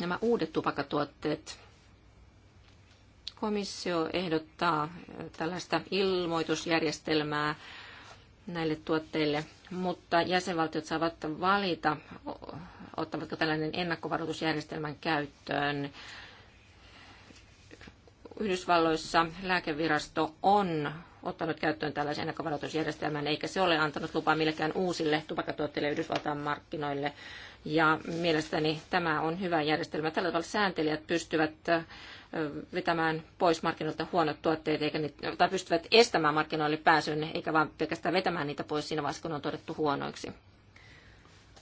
S4: Nämä uudet tupakatuotteet, Komissio ehdottaa tällaista ilmoitusjärjestelmää näille tuotteille, mutta jäsenvaltiot saavat valita, ottavatko tällainen ennakkovaroitusjärjestelmän käyttöön. Yhdysvalloissa lääkevirasto on ottanut käyttöön tällaisen ennakkovaroitusjärjestelmän, eikä se ole antanut lupaa millekään uusille tupakatuotteille Yhdysvaltain markkinoille. Ja mielestäni tämä on hyvä järjestelmä. Tällä tavalla sääntelijät pystyvät vetämään pois markkinoilta huonot tuotteet, eikä niitä, tai pystyvät estämään markkinoille pääsyn, eikä vain pelkästään vetämään niitä pois siinä vaiheessa, kun ne on todettu huonoiksi.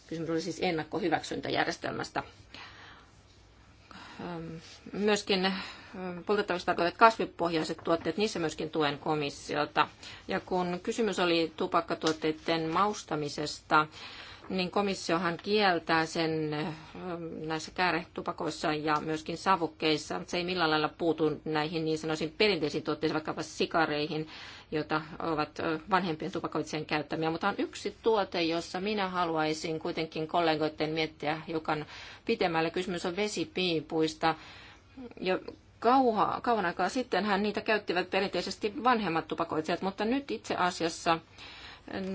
S4: Kysymys oli siis ennakkohyväksyntäjärjestelmästä. Myöskin poltettavista tarkoitetut kasvipohjaiset tuotteet, niissä myöskin tuen komissiota. Ja kun kysymys oli tupakkatuotteiden maustamisesta, niin komissiohan kieltää sen ähm, näissä kääretupakoissa ja myöskin savukkeissa. Se ei millään lailla puutu näihin niin sanoisin perinteisiin tuotteisiin, vaikkapa sikareihin, joita ovat äh, vanhempien tupakoitsijan käyttämiä. Mutta on yksi tuote, jossa minä haluaisin kuitenkin kollegoiden miettiä hiukan pitemmälle. Kysymys on vesipiipuista. Jo kauha, kauan aikaa sittenhän niitä käyttivät perinteisesti vanhemmat tupakoitsijat, mutta nyt itse asiassa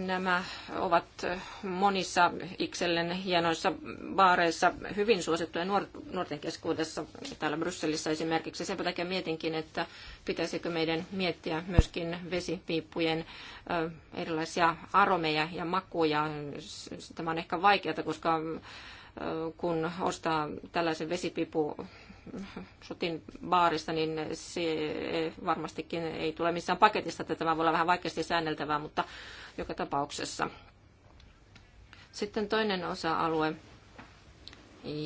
S4: Nämä ovat monissa Ikselen hienoissa baareissa hyvin suosittuja nuorten keskuudessa täällä Brysselissä esimerkiksi. Sen takia mietinkin, että pitäisikö meidän miettiä myöskin vesipiippujen erilaisia aromeja ja makuja. Tämä on ehkä vaikeaa, koska kun ostaa tällaisen vesipipu shotin baarissa, niin se varmastikin ei tule missään paketista, että tämä voi olla vähän vaikeasti säänneltävää, mutta joka tapauksessa. Sitten toinen osa-alue,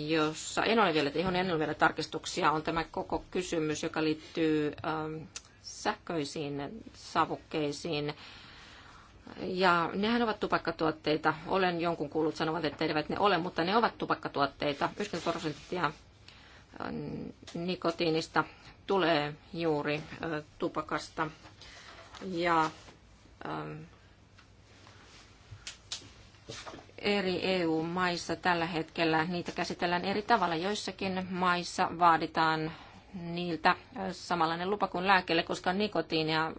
S4: jossa en ole vielä, johon en ole vielä tarkistuksia, on tämä koko kysymys, joka liittyy ähm, sähköisiin savukkeisiin. Ja nehän ovat tupakkatuotteita. Olen jonkun kuullut sanovat, että eivät ne ole, mutta ne ovat tupakkatuotteita. 90 prosenttia nikotiinista tulee juuri tupakasta. Ja ähm, eri EU-maissa tällä hetkellä niitä käsitellään eri tavalla. Joissakin maissa vaaditaan niiltä samanlainen lupa kuin lääkkeelle, koska nikotiinia,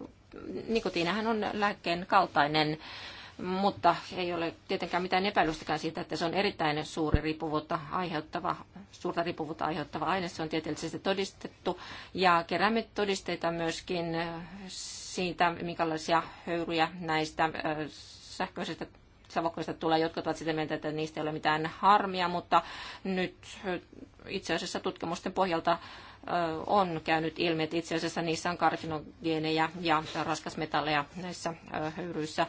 S4: nikotiinahan on lääkkeen kaltainen mutta ei ole tietenkään mitään epäilystäkään siitä, että se on erittäin suuri riippuvuutta aiheuttava, suurta riippuvuutta aiheuttava aine. Se on tieteellisesti todistettu ja keräämme todisteita myöskin äh, siitä, minkälaisia höyryjä näistä äh, sähköisistä savokkoista tulee. Jotkut ovat sitä mieltä, että niistä ei ole mitään harmia, mutta nyt äh, itse asiassa tutkimusten pohjalta on käynyt ilmi, että itse asiassa niissä on karsinogeenejä ja raskasmetalleja näissä höyryissä.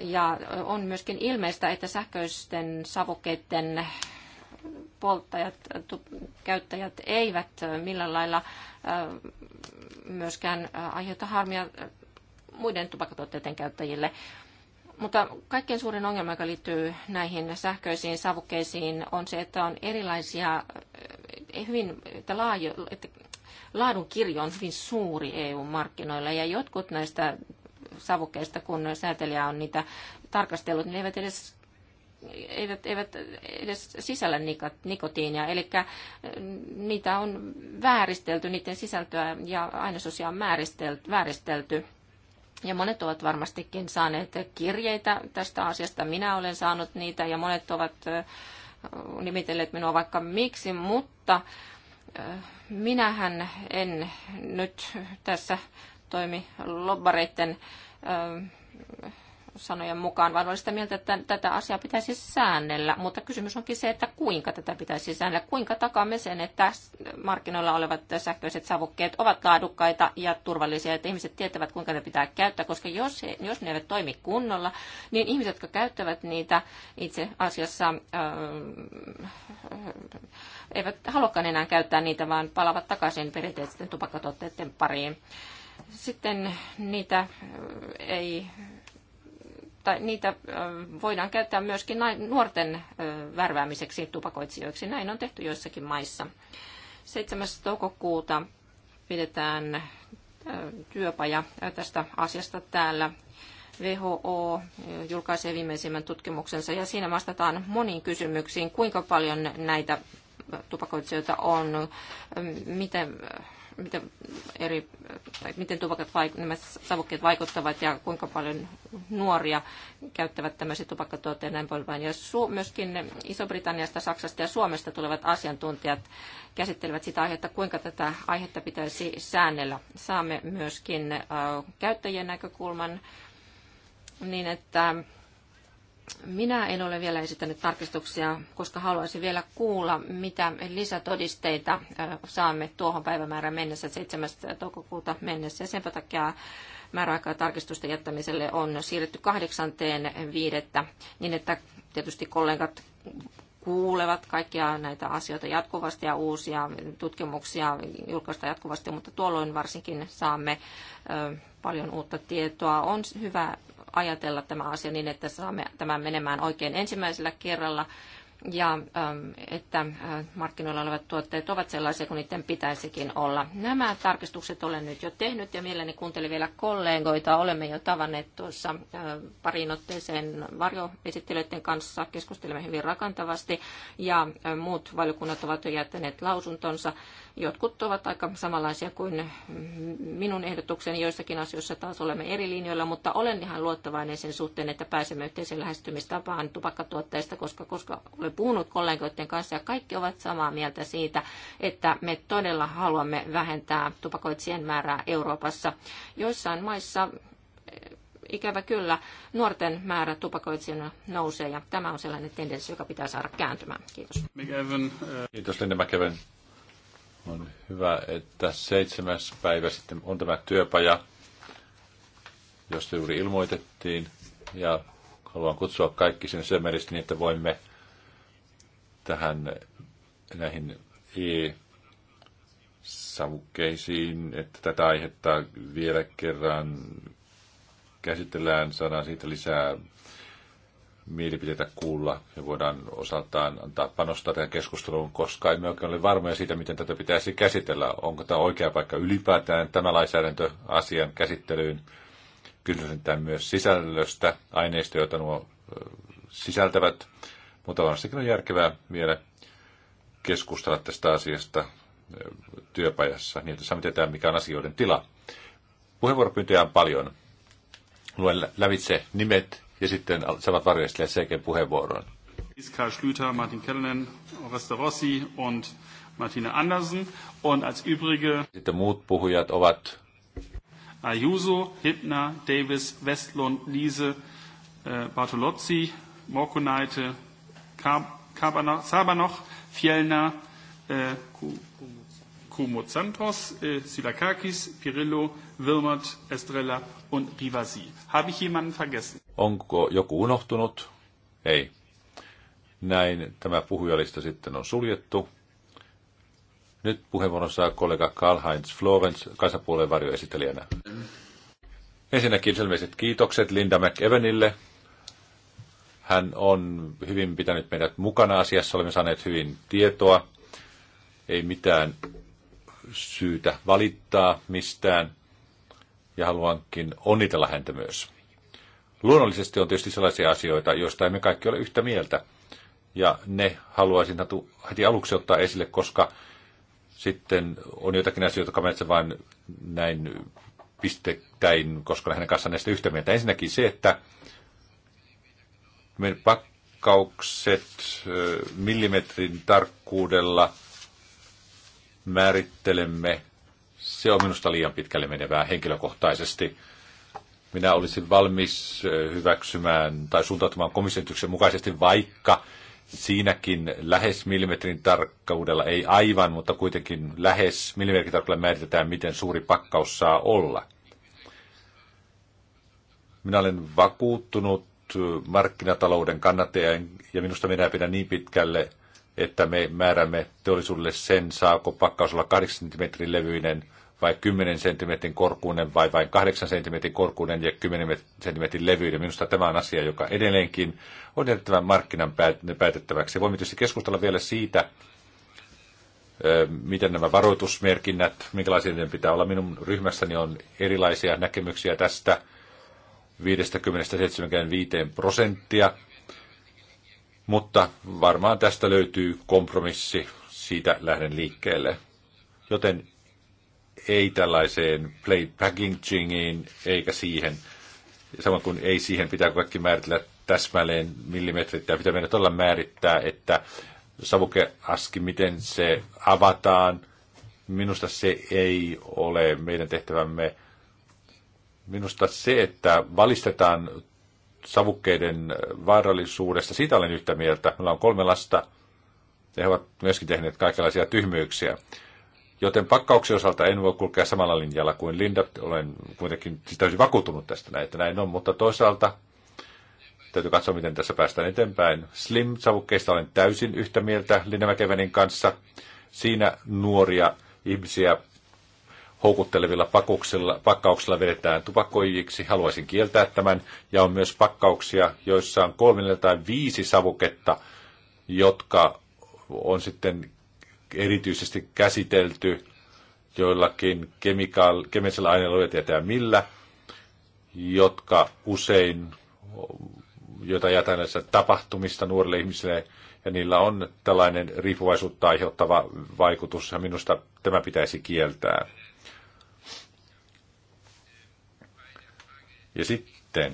S4: Ja on myöskin ilmeistä, että sähköisten savukkeiden polttajat, käyttäjät eivät millään lailla myöskään aiheuta harmia muiden tupakatuotteiden käyttäjille. Mutta kaikkein suurin ongelma, joka liittyy näihin sähköisiin savukkeisiin, on se, että on erilaisia, hyvin, että, että laadun kirjo on hyvin suuri EU-markkinoilla ja jotkut näistä savukkeista, kun säätelijä on niitä tarkastellut, niin eivät edes eivät, eivät edes sisällä nikotiinia, eli niitä on vääristelty, niiden sisältöä ja ainesosia on vääristelty. Ja monet ovat varmastikin saaneet kirjeitä tästä asiasta. Minä olen saanut niitä ja monet ovat nimitelleet minua vaikka miksi, mutta minähän en nyt tässä toimi lobbareiden sanojen mukaan, vaan olen sitä mieltä, että tätä asiaa pitäisi säännellä. Mutta kysymys onkin se, että kuinka tätä pitäisi säännellä. Kuinka takaamme sen, että markkinoilla olevat sähköiset savukkeet ovat laadukkaita ja turvallisia, että ihmiset tietävät, kuinka ne pitää käyttää. Koska jos, he, jos ne eivät toimi kunnolla, niin ihmiset, jotka käyttävät niitä itse asiassa, eivät haluakaan enää käyttää niitä, vaan palavat takaisin perinteisten tupakkatuotteiden pariin. Äh, sitten niitä ei tai niitä voidaan käyttää myöskin nuorten värväämiseksi tupakoitsijoiksi. Näin on tehty joissakin maissa. 7. toukokuuta pidetään työpaja tästä asiasta täällä. WHO julkaisee viimeisimmän tutkimuksensa ja siinä vastataan moniin kysymyksiin, kuinka paljon näitä tupakoitsijoita on, miten Miten eri, tai miten tupakat, nämä savukkeet vaikuttavat ja kuinka paljon nuoria käyttävät tämmöisiä tupakkatuotteita näin poin Ja su, myöskin Iso-Britanniasta, Saksasta ja Suomesta tulevat asiantuntijat käsittelevät sitä aihetta, kuinka tätä aihetta pitäisi säännellä. Saamme myöskin äh, käyttäjien näkökulman niin, että minä en ole vielä esittänyt tarkistuksia, koska haluaisin vielä kuulla, mitä lisätodisteita saamme tuohon päivämäärään mennessä 7. toukokuuta mennessä. Sen takia määräaikaa tarkistusten jättämiselle on siirretty kahdeksanteen niin että tietysti kollegat kuulevat kaikkia näitä asioita jatkuvasti ja uusia tutkimuksia julkaista jatkuvasti, mutta tuolloin varsinkin saamme paljon uutta tietoa. On hyvä ajatella tämä asia niin, että saamme tämän menemään oikein ensimmäisellä kerralla ja ähm, että äh, markkinoilla olevat tuotteet ovat sellaisia kuin niiden pitäisikin olla. Nämä tarkistukset olen nyt jo tehnyt ja mielelläni kuuntelin vielä kollegoita. Olemme jo tavanneet tuossa äh, pariin otteeseen varjoesittelyiden kanssa, keskustelemme hyvin rakantavasti ja äh, muut valiokunnat ovat jo jättäneet lausuntonsa Jotkut ovat aika samanlaisia kuin minun ehdotukseni, joissakin asioissa taas olemme eri linjoilla, mutta olen ihan luottavainen sen suhteen, että pääsemme yhteiseen lähestymistapaan tupakkatuotteista, koska, koska olen puhunut kollegoiden kanssa ja kaikki ovat samaa mieltä siitä, että me todella haluamme vähentää tupakoitsien määrää Euroopassa. Joissain maissa eh, ikävä kyllä nuorten määrä tupakoitsijana nousee ja tämä on sellainen tendenssi, joka pitää saada kääntymään. Kiitos.
S1: Eh? Kiitos Linda McEvan. On hyvä, että seitsemäs päivä sitten on tämä työpaja, josta juuri ilmoitettiin. Ja haluan kutsua kaikki sinne semeristä niin, että voimme tähän näihin e-savukkeisiin, että tätä aihetta vielä kerran käsitellään, saadaan siitä lisää mielipiteitä kuulla ja voidaan osaltaan antaa panosta tähän keskusteluun, koska emme oikein ole varmoja siitä, miten tätä pitäisi käsitellä. Onko tämä oikea paikka ylipäätään tämä lainsäädäntöasian käsittelyyn? Kysyn myös sisällöstä, aineistoja, joita nuo sisältävät, mutta varmastikin on järkevää vielä keskustella tästä asiasta työpajassa, niin että saamme tietää, mikä on asioiden tila. Puheenvuoropyyntöjä on paljon. Luen lävitse nimet ja sitten saavat varjoistelijat selkeän puheenvuoron.
S2: Karl Schlüter, Martin Kellinen, Oreste Rossi und Martina Andersen. Und als übrige
S1: sitten muut puhujat ovat
S2: Ayuso, Hibner, Davis, Westlund, Liese, äh, Bartolozzi, Morkunaite, Sabanoch, Fjellner, äh, Santos, äh, Silakakis, Pirillo, Wilmot, Estrella und Rivasi. Habe ich jemanden vergessen?
S1: Onko joku unohtunut? Ei. Näin tämä puhujalista sitten on suljettu. Nyt puheenvuoron saa kollega Karl-Heinz Florence kansanpuolen varjoesittelijänä. Ensinnäkin selmeiset kiitokset Linda McEvenille. Hän on hyvin pitänyt meidät mukana asiassa, olemme saaneet hyvin tietoa. Ei mitään syytä valittaa mistään. Ja haluankin onnitella häntä myös. Luonnollisesti on tietysti sellaisia asioita, joista emme kaikki ole yhtä mieltä. Ja ne haluaisin heti aluksi ottaa esille, koska sitten on jotakin asioita, jotka mainitsen vain näin pistettäin, koska hänen kanssaan näistä yhtä mieltä. Ensinnäkin se, että meidän pakkaukset millimetrin tarkkuudella määrittelemme, se on minusta liian pitkälle menevää henkilökohtaisesti – minä olisin valmis hyväksymään tai suuntautumaan komission mukaisesti, vaikka siinäkin lähes millimetrin tarkkaudella, ei aivan, mutta kuitenkin lähes millimetrin tarkkaudella määritetään, miten suuri pakkaus saa olla. Minä olen vakuuttunut markkinatalouden kannattaja ja minusta minä pidä niin pitkälle, että me määrämme teollisuudelle sen, saako pakkaus olla 8 cm levyinen – vai 10 senttimetrin korkuinen vai vain 8 senttimetrin korkuinen ja 10 cm levyinen. Minusta tämä on asia, joka edelleenkin on jätettävän markkinan päätettäväksi. Voimme tietysti keskustella vielä siitä, miten nämä varoitusmerkinnät, minkälaisia ne pitää olla. Minun ryhmässäni on erilaisia näkemyksiä tästä 50-75 prosenttia, mutta varmaan tästä löytyy kompromissi, siitä lähden liikkeelle. Joten ei tällaiseen play packagingiin eikä siihen. Samoin kuin ei siihen pitää kaikki määritellä täsmälleen millimetrit ja pitää meidän todella määrittää, että savukeaski, miten se avataan. Minusta se ei ole meidän tehtävämme. Minusta se, että valistetaan savukkeiden vaarallisuudesta, siitä olen yhtä mieltä. Meillä on kolme lasta he ovat myöskin tehneet kaikenlaisia tyhmyyksiä. Joten pakkauksen osalta en voi kulkea samalla linjalla kuin Linda. Olen kuitenkin siis täysin vakuutunut tästä näin, että näin on, mutta toisaalta täytyy katsoa, miten tässä päästään eteenpäin. Slim-savukkeista olen täysin yhtä mieltä McEvenin kanssa. Siinä nuoria ihmisiä houkuttelevilla pakuksilla, pakkauksilla vedetään tupakoijiksi. Haluaisin kieltää tämän. Ja on myös pakkauksia, joissa on kolme tai viisi savuketta, jotka on sitten erityisesti käsitelty joillakin kemikaal- kemisellä aineella tietää millä, jotka usein, joita jätän näissä tapahtumista nuorille ihmisille, ja niillä on tällainen riippuvaisuutta aiheuttava vaikutus, ja minusta tämä pitäisi kieltää. Ja sitten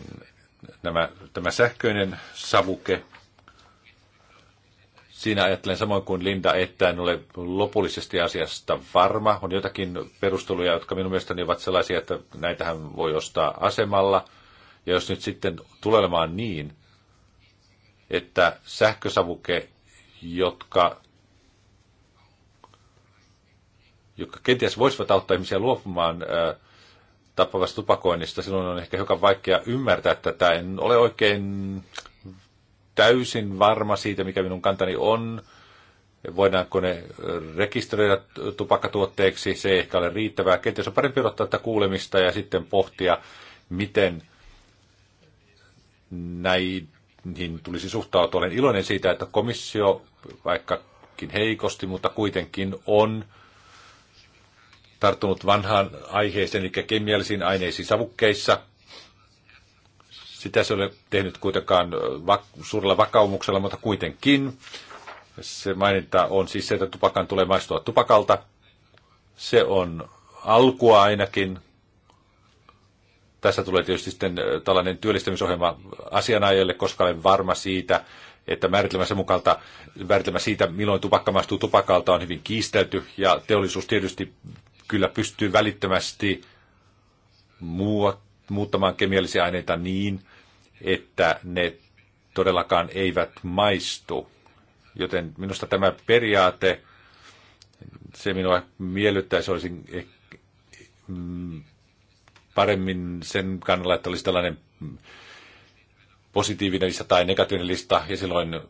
S1: nämä, tämä sähköinen savuke, Siinä ajattelen samoin kuin Linda, että en ole lopullisesti asiasta varma. On jotakin perusteluja, jotka minun mielestäni ovat sellaisia, että näitähän voi ostaa asemalla. Ja jos nyt sitten tulelemaan niin, että sähkösavuke, jotka, jotka kenties voisivat auttaa ihmisiä luopumaan tappavasta tupakoinnista, silloin on ehkä hiukan vaikea ymmärtää tätä. En ole oikein täysin varma siitä, mikä minun kantani on. Voidaanko ne rekisteröidä tupakkatuotteeksi, se ei ehkä ole riittävää. Kenties on parempi odottaa tätä kuulemista ja sitten pohtia, miten näihin tulisi suhtautua. Olen iloinen siitä, että komissio, vaikkakin heikosti, mutta kuitenkin on tarttunut vanhaan aiheeseen, eli kemiallisiin aineisiin savukkeissa – sitä se oli tehnyt kuitenkaan suurella vakaumuksella, mutta kuitenkin. Se maininta on siis se, että tupakan tulee maistua tupakalta. Se on alkua ainakin. Tässä tulee tietysti sitten tällainen työllistämisohjelma asianajalle, koska olen varma siitä, että se mukalta, määritelmä siitä, milloin tupakka maistuu tupakalta, on hyvin kiistelty, ja teollisuus tietysti kyllä pystyy välittömästi muuttamaan kemiallisia aineita niin, että ne todellakaan eivät maistu. Joten minusta tämä periaate, se minua miellyttäisi, olisin eh, mm, paremmin sen kannalla, että olisi tällainen positiivinen lista tai negatiivinen lista, ja silloin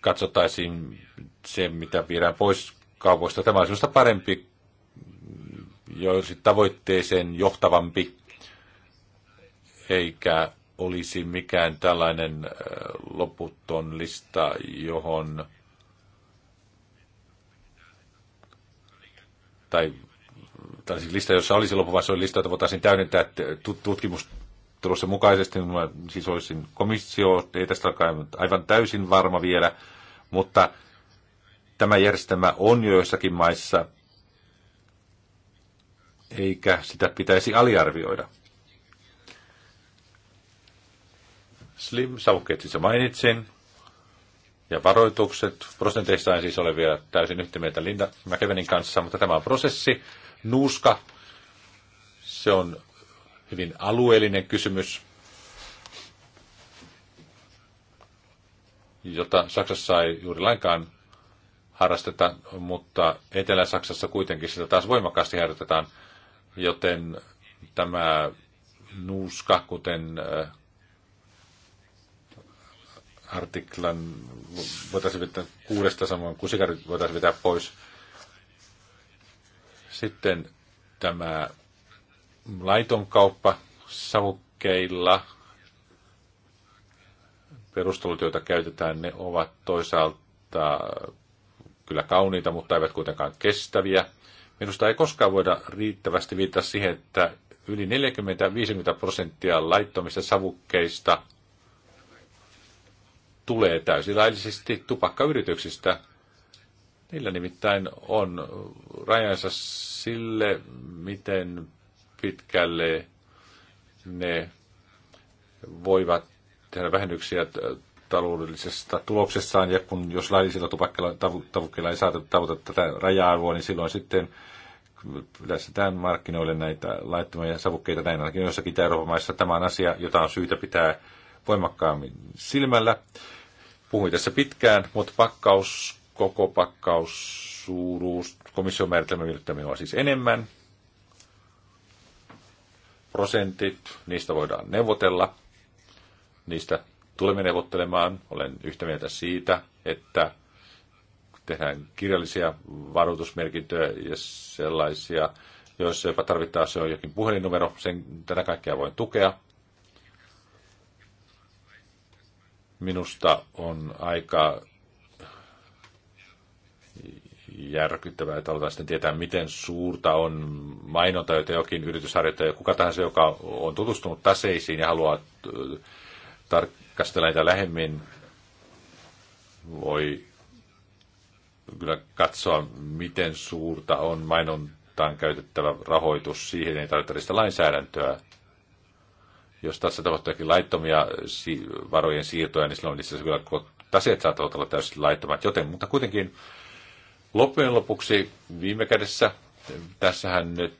S1: katsottaisiin se, mitä viedään pois kaupoista. Tämä on sellaista parempi, mm, jo tavoitteeseen johtavampi eikä olisi mikään tällainen äh, loputon lista, johon tai, tai siis lista, jossa olisi loppu, vaan se oli lista, jota voitaisiin täydentää tutkimustulossa mukaisesti. Mä siis olisin komissio, ei tästä ole aivan täysin varma vielä, mutta tämä järjestelmä on jo joissakin maissa, eikä sitä pitäisi aliarvioida. Slim-savukkeet siis mainitsin, ja varoitukset. Prosenteista en siis ole vielä täysin yhtä mieltä Linda Mäkevenin kanssa, mutta tämä on prosessi. Nuuska, se on hyvin alueellinen kysymys, jota Saksassa ei juuri lainkaan harrasteta, mutta Etelä-Saksassa kuitenkin sitä taas voimakkaasti harjoitetaan, joten tämä nuuska, kuten äh, artiklan voitaisiin vetää kuudesta samoin kuin sikarit voitaisiin vetää pois. Sitten tämä laiton kauppa savukkeilla, perustelut, joita käytetään, ne ovat toisaalta kyllä kauniita, mutta eivät kuitenkaan kestäviä. Minusta ei koskaan voida riittävästi viittaa siihen, että yli 40-50 prosenttia laittomista savukkeista – tulee täysin laillisesti tupakkayrityksistä. Niillä nimittäin on rajansa sille, miten pitkälle ne voivat tehdä vähennyksiä taloudellisesta tuloksessaan, ja kun jos laillisilla tupakkeilla ei saata tavoitetta tätä raja-arvoa, niin silloin sitten yleistetään markkinoille näitä laittomia savukkeita, näin ainakin joissakin Euroopan maissa. Tämä on asia, jota on syytä pitää voimakkaammin silmällä. Puhuin tässä pitkään, mutta pakkaus, koko pakkaus, suuruus, komission määritelmä miellyttää on siis enemmän. Prosentit, niistä voidaan neuvotella. Niistä tulemme neuvottelemaan. Olen yhtä mieltä siitä, että tehdään kirjallisia varoitusmerkintöjä ja sellaisia, joissa jopa tarvittaessa on jokin puhelinnumero. Sen, tätä kaikkea voin tukea. Minusta on aika järkyttävää, että halutaan sitten tietää, miten suurta on mainonta, joita jokin yritys harjoittaa. Kuka tahansa, joka on tutustunut taseisiin ja haluaa äh, tarkastella niitä lähemmin, voi kyllä katsoa, miten suurta on mainontaan käytettävä rahoitus. Siihen ei tarvitse sitä lainsäädäntöä jos tässä tapahtuukin laittomia varojen siirtoja, niin silloin itse asiassa kyllä taseet saattavat olla täysin laittomat. Joten, mutta kuitenkin loppujen lopuksi viime kädessä tässähän nyt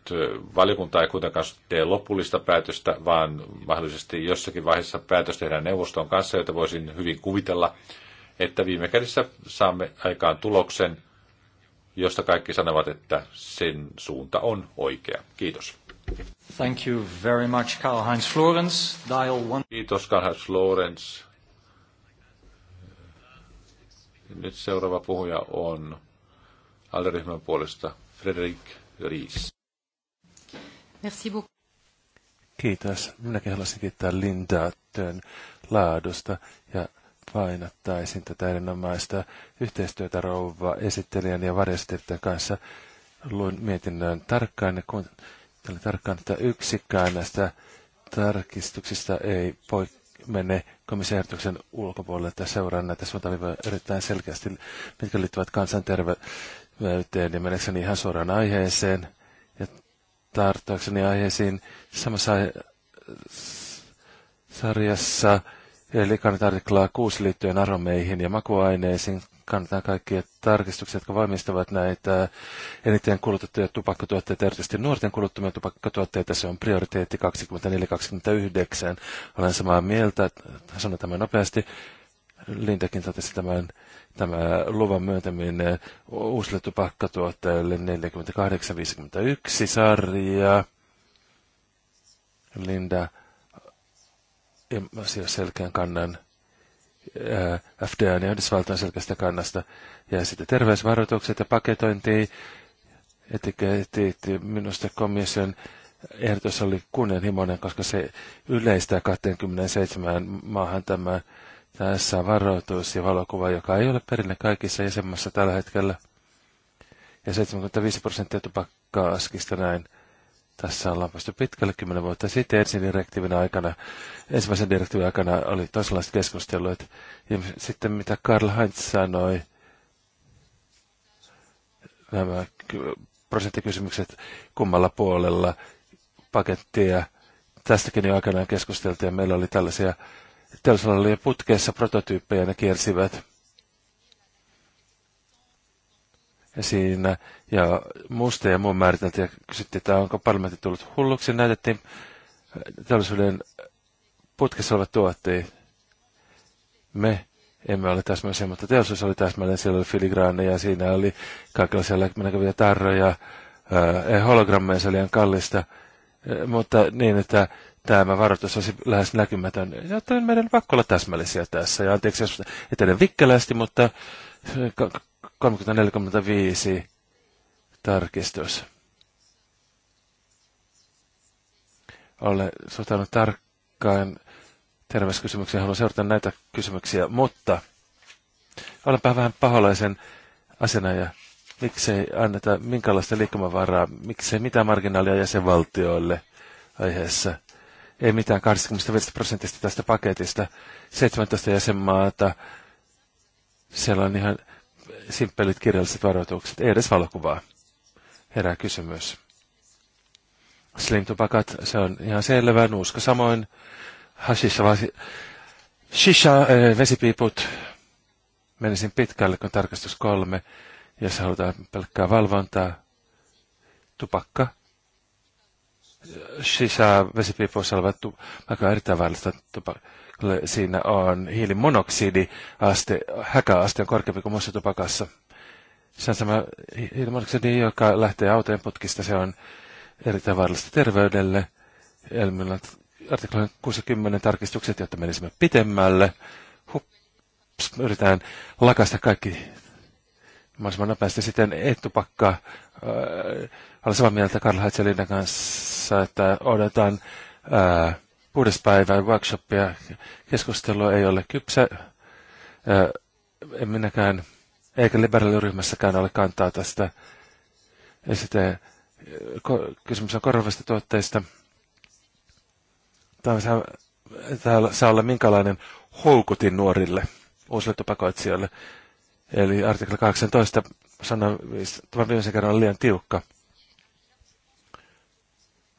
S1: valiokunta ei kuitenkaan tee lopullista päätöstä, vaan mahdollisesti jossakin vaiheessa päätös tehdään neuvoston kanssa, jota voisin hyvin kuvitella, että viime kädessä saamme aikaan tuloksen, josta kaikki sanovat, että sen suunta on oikea. Kiitos. Thank you very much, Karl-Heinz Dial one. Kiitos, Karl-Heinz Florenz. Nyt seuraava puhuja on alderyhmän puolesta Frederik Ries.
S4: Merci beaucoup.
S3: Kiitos. Minäkin haluaisin kiittää Lindaa työn laadusta ja painottaisin tätä erinomaista yhteistyötä rouva esittelijän ja varjostelijoiden kanssa. Luin mietinnön tarkkaan ja kun Tällä tarkkaan, että yksikään näistä tarkistuksista ei poik- mene komissaarituksen ulkopuolelle tai seuraa näitä suuntaviivoja erittäin selkeästi, mitkä liittyvät kansanterveyteen ja menekseni ihan suoraan aiheeseen ja tarttuakseni aiheisiin samassa sarjassa, eli kannat artiklaa 6 liittyen aromeihin ja makuaineisiin kannatan kaikkia tarkistuksia, jotka valmistavat näitä eniten kulutettuja tupakkatuotteita, erityisesti nuorten kuluttamia tupakkatuotteita. Se on prioriteetti 24-29. Olen samaa mieltä, sanon tämän nopeasti. Lindakin totesi tämän, tämä luvan myöntäminen uusille tupakkatuotteille 48-51 sarja. Linda jos selkeän kannan Äh, FDA ja niin Yhdysvaltain selkeästä kannasta. Ja sitten terveysvaroitukset ja paketointi, Etiketti minusta komission ehdotus oli kunnianhimoinen, koska se yleistää 27 maahan tämä tässä varoitus ja valokuva, joka ei ole perinne kaikissa jäsenmaissa tällä hetkellä. Ja 75 prosenttia tupakkaa askista näin tässä ollaan päästy pitkälle kymmenen vuotta sitten ensin direktiivin aikana. Ensimmäisen direktiivin aikana oli toisenlaiset keskustelut. Ja sitten mitä Karl Heinz sanoi, nämä prosenttikysymykset kummalla puolella pakettia. Tästäkin jo aikanaan keskusteltiin ja meillä oli tällaisia teollisuudella oli putkeessa prototyyppejä, ne kiersivät siinä. Ja musta ja muun määriteltiin ja kysyttiin, että onko parlamentti tullut hulluksi. Näytettiin äh, teollisuuden putkessa olevat tuotteet. Me emme ole täsmällisiä, mutta teollisuus oli täsmällinen. Siellä oli filigraani ja siinä oli kaikenlaisia näkyviä tarroja. Ää, äh, hologrammeja se oli ihan kallista. Äh, mutta niin, että tämä varoitus olisi lähes näkymätön. Joten meidän on pakko olla täsmällisiä tässä. Ja anteeksi, että etenen vikkelästi, mutta 3045 tarkistus. Olen suhtaudun tarkkaan terveyskysymyksiin, haluan seurata näitä kysymyksiä, mutta olenpä vähän paholaisen asena ja miksei anneta minkälaista liikkumavaraa, miksei mitään marginaalia jäsenvaltioille aiheessa. Ei mitään 25 prosentista tästä paketista, 17 jäsenmaata. Siellä on ihan simppelit kirjalliset varoitukset, ei edes valokuvaa. Herää kysymys. Slim-tupakat, se on ihan selvä, nuuska samoin. Hashissa vasi... Shisha, eh, vesipiiput. Menisin pitkälle, kun tarkastus kolme, jossa halutaan pelkkää valvontaa. Tupakka. Shisha, vesipiipuissa olevat tupakka on erittäin vaarallista tupakka siinä on hiilimonoksidiaste, häkäaste on korkeampi kuin muussa tupakassa. Se on sama hiilimonoksidi, joka lähtee autojen putkista, se on erittäin vaarallista terveydelle. Elmillä on artiklan 60 tarkistukset, jotta menisimme pitemmälle. Hups, yritetään lakasta kaikki mahdollisimman nopeasti sitten etupakka. Äh, olen samaa mieltä Karl Heitzelin kanssa, että odotan ää, äh, kuudes päivä workshopia. Keskustelu ei ole kypsä. En minäkään, eikä liberaaliryhmässäkään ole kantaa tästä. Ja sitten kysymys on korvaavista tuotteista. Tämä saa, täällä saa olla minkälainen houkutin nuorille, uusille tupakoitsijoille. Eli artikla 18 sana tämän viimeisen kerran on liian tiukka.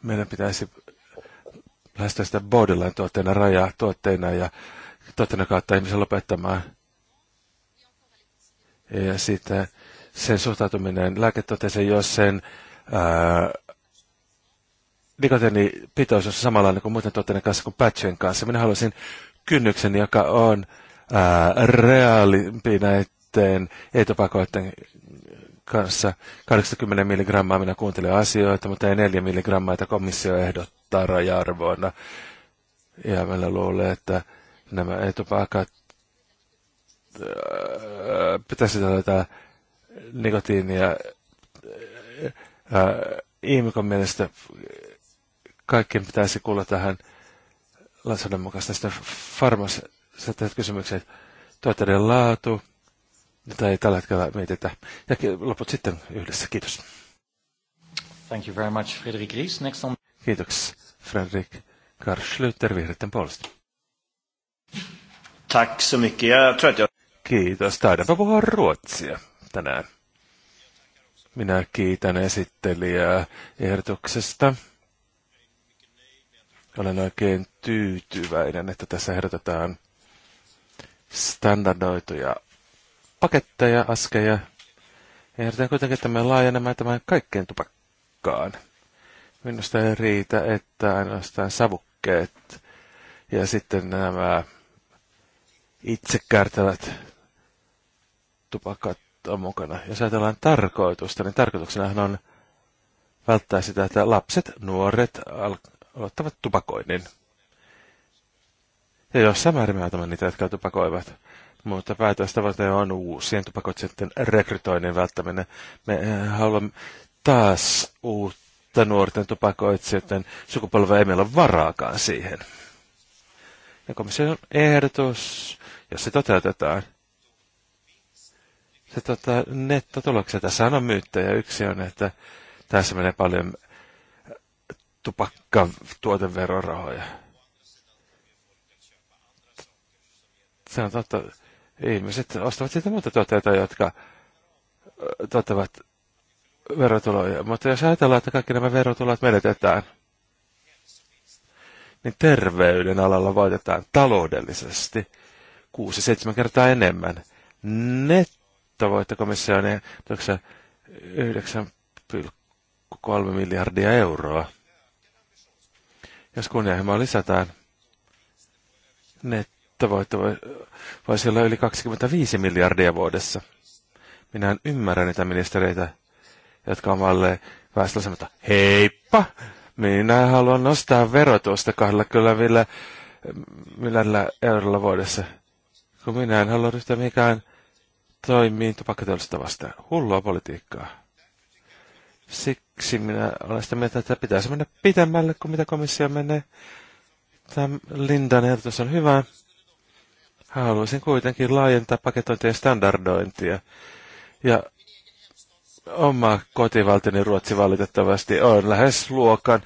S3: Meidän pitäisi lähestyä sitä borderline tuotteena, rajaa tuotteena ja tuotteena kautta ihmisen lopettamaan. Ja sitten sen suhtautuminen lääketuotteeseen, jos sen ää, nikotiinipitoisuus on samanlainen kuin muiden tuotteiden kanssa kuin patchien kanssa. Minä haluaisin kynnyksen, joka on ää, reaalimpi näiden etupakoiden kanssa. 80 milligrammaa minä kuuntelen asioita, mutta ei 4 milligrammaa, että komissio ehdottaa asettaa raja-arvoina. Ja meillä luulee, että nämä etupaikat äh, pitäisi tätä nikotiinia äh, äh, ihmikon mielestä kaikkien pitäisi kuulla tähän lainsäädännön mukaista sitten farmaseutetut kysymykset. Tuotteiden laatu, mitä ei tällä hetkellä mietitä. Ja loput sitten yhdessä. Kiitos. Thank you very much, Friedrich Ries. Next on... Kiitoksia, Fredrik Karl vihreiden puolesta.
S4: Tack så mycket. Jag tror att jag... Kiitos.
S3: Taidaanpa puhua ruotsia tänään. Minä kiitän esittelijää ehdotuksesta. Olen oikein tyytyväinen, että tässä ehdotetaan standardoituja paketteja, askeja. Ehdotan kuitenkin että me laajennamme tämän kaikkeen tupakkaan. Minusta ei riitä, että ainoastaan savukkeet ja sitten nämä itsekärtävät tupakat on mukana. Jos ajatellaan tarkoitusta, niin tarkoituksenahan on välttää sitä, että lapset, nuoret aloittavat tupakoinnin. Ja jossain määrin mä autamme niitä, jotka tupakoivat. Mutta päätöstavoite on uusien tupakoitsijoiden rekrytoinnin välttäminen. Me eh, haluamme taas uutta että nuorten tupakoitsijoiden sukupolvi ei meillä ole varaakaan siihen. Ja komission ehdotus, jos se toteutetaan, se tota, nettotuloksia. Tässä on myyttejä. Yksi on, että tässä menee paljon äh, tupakka Se on totta. Ihmiset ostavat sitä muuta tuotteita, jotka äh, tuottavat verotuloja. Mutta jos ajatellaan, että kaikki nämä verotulot menetetään, niin terveyden alalla voitetaan taloudellisesti 6-7 kertaa enemmän. Nettovoittokomissio on 9,3 miljardia euroa. Jos kunnianhimoa lisätään, nettovoitto voisi olla yli 25 miljardia vuodessa. Minä en ymmärrä niitä ministereitä, jotka omalle väestölle sanoo, heippa, minä haluan nostaa verotusta millä, millä eurolla vuodessa, kun minä en halua ryhtyä mikään toimiin tupakkateollisuutta vastaan. Hullua politiikkaa. Siksi minä olen sitä mieltä, että pitäisi mennä pitemmälle kuin mitä komissio menee. Tämä Lindan ehdotus on hyvä. Haluaisin kuitenkin laajentaa paketointia ja standardointia ja oma kotivaltioni Ruotsi valitettavasti on lähes luokan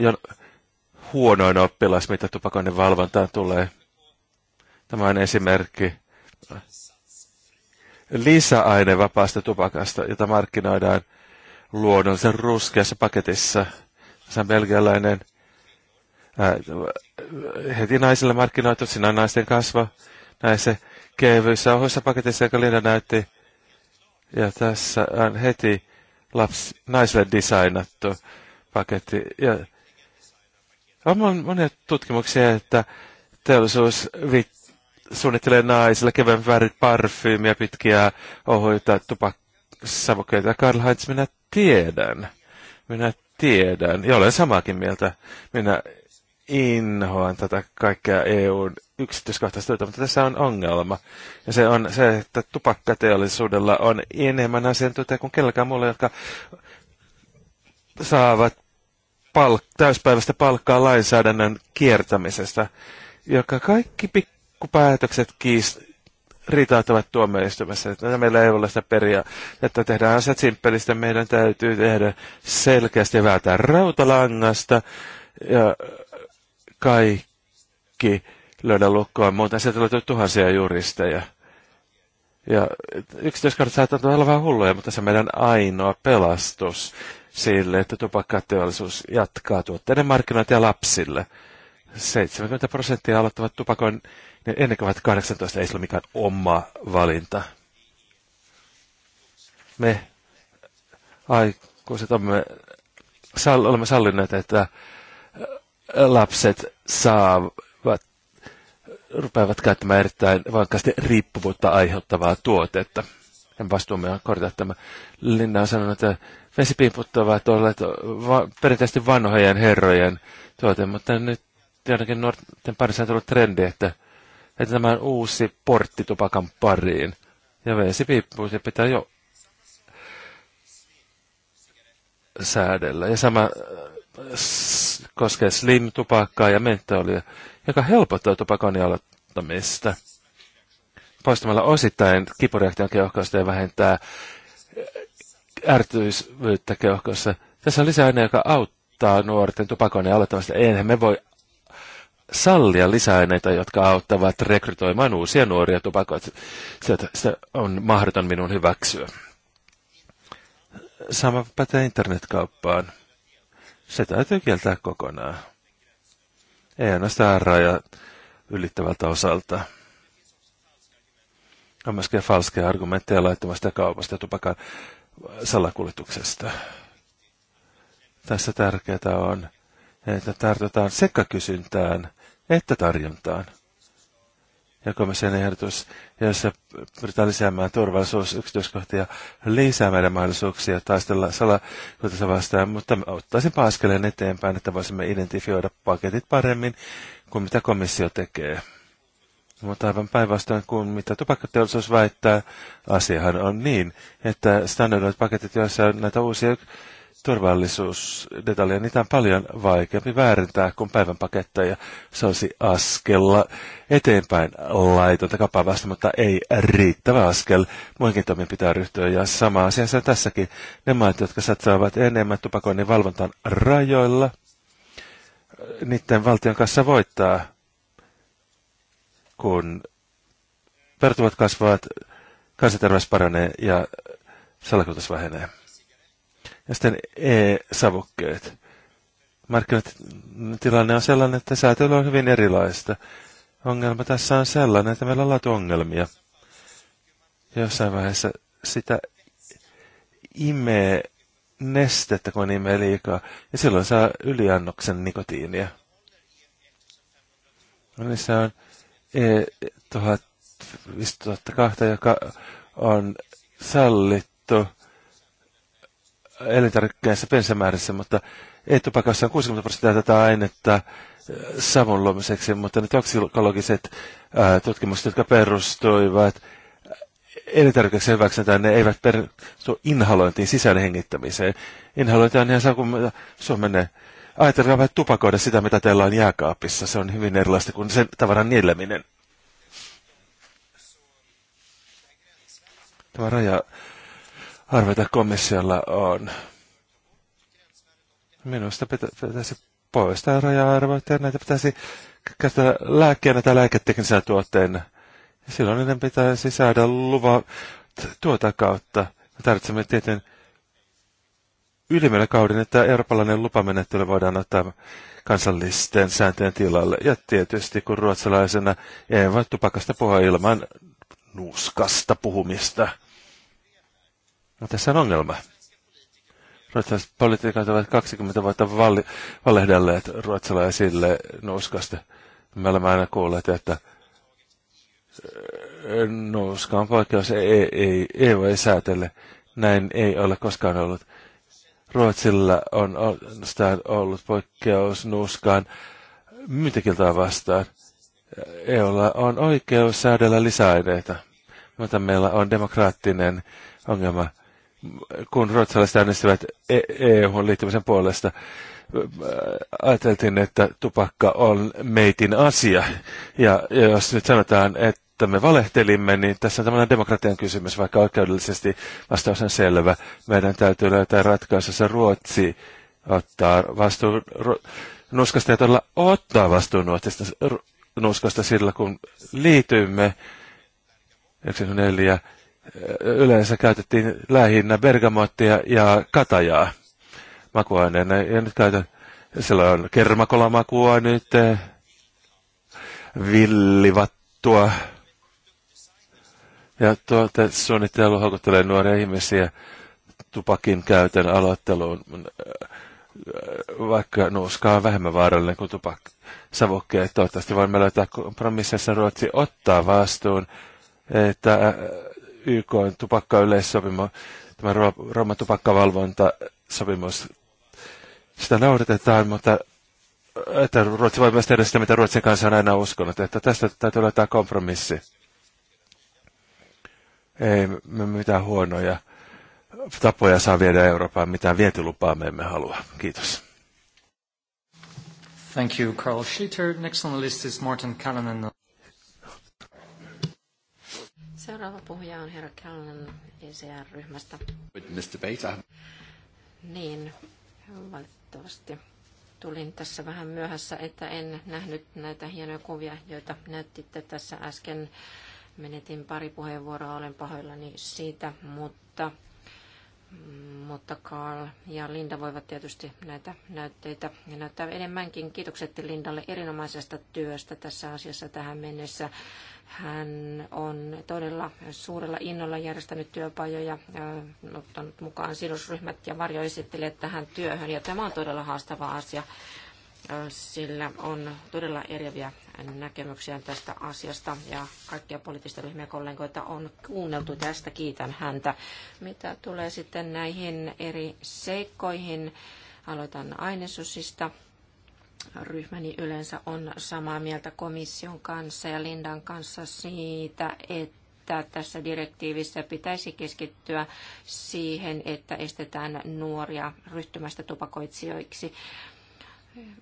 S3: jo huonoin oppilas, mitä tupakoinnin valvontaan tulee. Tämä on esimerkki Lisäaine vapaasta tupakasta, jota markkinoidaan luonnollisessa ruskeassa paketissa. Se on belgialainen heti naisille markkinoitu, siinä on naisten kasva näissä kevyissä ohuissa paketissa, joka Linda näytti ja tässä on heti lapsi, naisille designattu paketti. Ja on monia tutkimuksia, että teollisuus vit, suunnittelee naisille kevyen värit, parfyymiä, pitkiä ohuita tupaksavukkeita. Karl Heinz, minä tiedän. Minä tiedän, ja olen samaakin mieltä. Minä inhoan tätä kaikkea EUn yksityiskohtaista työtä, mutta tässä on ongelma. Ja se on se, että tupakkateollisuudella on enemmän asiantuntijaa kuin kellekään muulle, jotka saavat palk- täyspäiväistä palkkaa lainsäädännön kiertämisestä, joka kaikki pikkupäätökset kiist- riitauttavat tuomioistuimessa. Että meillä ei ole sitä peria, että tehdään asiat simppelistä, meidän täytyy tehdä selkeästi ja vältää rautalangasta ja kaikki löydä lukkoa. muuten sieltä löytyy tuhansia juristeja. Ja yksityiskohdat saattaa olla vähän hulluja, mutta se on meidän ainoa pelastus sille, että tupakkateollisuus jatkaa tuotteiden markkinointia lapsille. 70 prosenttia aloittavat tupakoin niin ennen kuin 18, ei ole mikään oma valinta. Me aikuiset olemme, olemme sallineet, että lapset saavat, rupeavat käyttämään erittäin vankasti riippuvuutta aiheuttavaa tuotetta. En vastuumme on korjata tämä. Linna on sanonut, että vesipiiput ovat olleet va- perinteisesti vanhojen herrojen tuote, mutta nyt jotenkin nuorten parissa on tullut trendi, että, että tämä on uusi portti tupakan pariin. Ja vesipiippu pitää jo säädellä. Ja sama koskee slim-tupakkaa ja menttoolia, joka helpottaa tupakoinnin aloittamista. Poistamalla osittain kipureaktion keuhkoista ja vähentää ärtyisyyttä keuhkossa. Tässä on lisäaine, joka auttaa nuorten tupakoinnin aloittamista. Eihän me voi sallia lisäaineita, jotka auttavat rekrytoimaan uusia nuoria tupakoita. Se on mahdoton minun hyväksyä. Sama pätee internetkauppaan se täytyy kieltää kokonaan. Ei ainoastaan raja ylittävältä osalta. On myöskin falskeja argumentteja laittomasta kaupasta ja tupakan salakuljetuksesta. Tässä tärkeää on, että tartutaan sekä kysyntään että tarjontaan ja ehdotus, jossa pyritään lisäämään turvallisuus yksityiskohtia, lisää meidän mahdollisuuksia taistella salakuljetusta vastaan, mutta ottaisin paskeleen eteenpäin, että voisimme identifioida paketit paremmin kuin mitä komissio tekee. Mutta aivan päinvastoin kuin mitä tupakkateollisuus väittää, asiahan on niin, että standardoidut paketit, joissa on näitä uusia turvallisuusdetaljeja, niitä on paljon vaikeampi väärentää kuin päivän paketteja. Se olisi askella eteenpäin laitonta kapaa vasta, mutta ei riittävä askel. Muinkin toimin pitää ryhtyä ja sama on tässäkin. Ne maat, jotka satsaavat enemmän tupakoinnin valvontaan rajoilla, niiden valtion kanssa voittaa, kun vertuvat kasvavat, kansanterveys paranee ja salakuljetus vähenee. Ja sitten e-savukkeet. Markkinatilanne on sellainen, että säätely on hyvin erilaista. Ongelma tässä on sellainen, että meillä on ongelmia. Jossain vaiheessa sitä imee nestettä, kun imee liikaa, ja silloin saa yliannoksen nikotiinia. No Niissä on E1502, joka on sallittu elintarvikkeissa pensamäärissä, mutta e-tupakassa on 60 prosenttia tätä ainetta äh, savun luomiseksi, mutta ne toksikologiset ää, äh, tutkimukset, jotka perustuivat äh, elintärkeäksi hyväksyntään, ne eivät perustu inhalointiin, sisään hengittämiseen. Inhalointi on ihan sama kuin Suomen ajatelkaa vähän tupakoida sitä, mitä teillä on jääkaapissa. Se on hyvin erilaista kuin sen tavaran nieleminen. Tämä raja arvioita komissiolla on. Minusta pitä, pitäisi poistaa raja-arvoita ja näitä pitäisi käyttää lääkkeenä tai lääketeknisenä tuotteena. Ja silloin niiden pitäisi saada luva tuota kautta. Me tarvitsemme tieteen ylimmällä kauden, että eurooppalainen lupamenettely voidaan ottaa kansallisten sääntöjen tilalle. Ja tietysti kun ruotsalaisena ei voi tupakasta puhua ilman nuuskasta puhumista. No tässä on ongelma. Ruotsalaiset poliitikot ovat 20 vuotta valli, valehdelleet ruotsalaisille nuuskasta. Me olemme aina kuulleet, että äh, nuuska on poikkeus, ei, ei, ei ei säätele. Näin ei ole koskaan ollut. Ruotsilla on ollut poikkeus nuuskaan myyntikiltaan vastaan. EUlla on oikeus säädellä lisäaineita, mutta meillä on demokraattinen ongelma kun ruotsalaiset äänestivät EU-liittymisen e puolesta, ajateltiin, että tupakka on meitin asia. Ja jos nyt sanotaan, että me valehtelimme, niin tässä on tämmöinen demokratian kysymys, vaikka oikeudellisesti vastaus on selvä. Meidän täytyy löytää ratkaisu, se Ruotsi ottaa vastuun nuskasta ja todella ottaa vastuun nuskasta sillä, kun liityimme 94 yleensä käytettiin lähinnä bergamottia ja katajaa makuaineena. Ja nyt käytän, siellä on kermakolamakua nyt, eh, villivattua. Ja tuota, suunnittelu houkuttelee nuoria ihmisiä tupakin käytön aloitteluun, eh, vaikka nuuska on vähemmän vaarallinen kuin tupakki. Savukkeja. Toivottavasti voimme löytää kompromississa Ruotsi ottaa vastuun, että eh, YK on yleissopimo, tämä Rooman tupakkavalvontasopimus. Sitä noudatetaan, mutta että Ruotsi voi myös tehdä sitä, mitä Ruotsin kanssa on aina uskonut, että tästä täytyy olla kompromissi. Ei me mitään huonoja tapoja saa viedä Eurooppaan, mitään vientilupaa me emme halua. Kiitos. Thank you, Carl Schlitter. Next on the list is Martin Callanan.
S4: Seuraava puhuja on herra Callan ECR-ryhmästä. Niin, valitettavasti tulin tässä vähän myöhässä, että en nähnyt näitä hienoja kuvia, joita näyttitte tässä äsken. Menetin pari puheenvuoroa, olen pahoillani siitä, mutta, mutta Karl ja Linda voivat tietysti näitä näytteitä ja näyttää enemmänkin. Kiitokset Lindalle erinomaisesta työstä tässä asiassa tähän mennessä. Hän on todella suurella innolla järjestänyt työpajoja, ottanut mukaan sidosryhmät ja esittelee tähän työhön. Ja tämä on todella haastava asia, sillä on todella eriäviä näkemyksiä tästä asiasta ja kaikkia poliittisten ryhmien kollegoita on kuunneltu tästä. Kiitän häntä. Mitä tulee sitten näihin eri seikkoihin? Aloitan ainesosista ryhmäni yleensä on samaa mieltä komission kanssa ja Lindan kanssa siitä, että tässä direktiivissä pitäisi keskittyä siihen, että estetään nuoria ryhtymästä tupakoitsijoiksi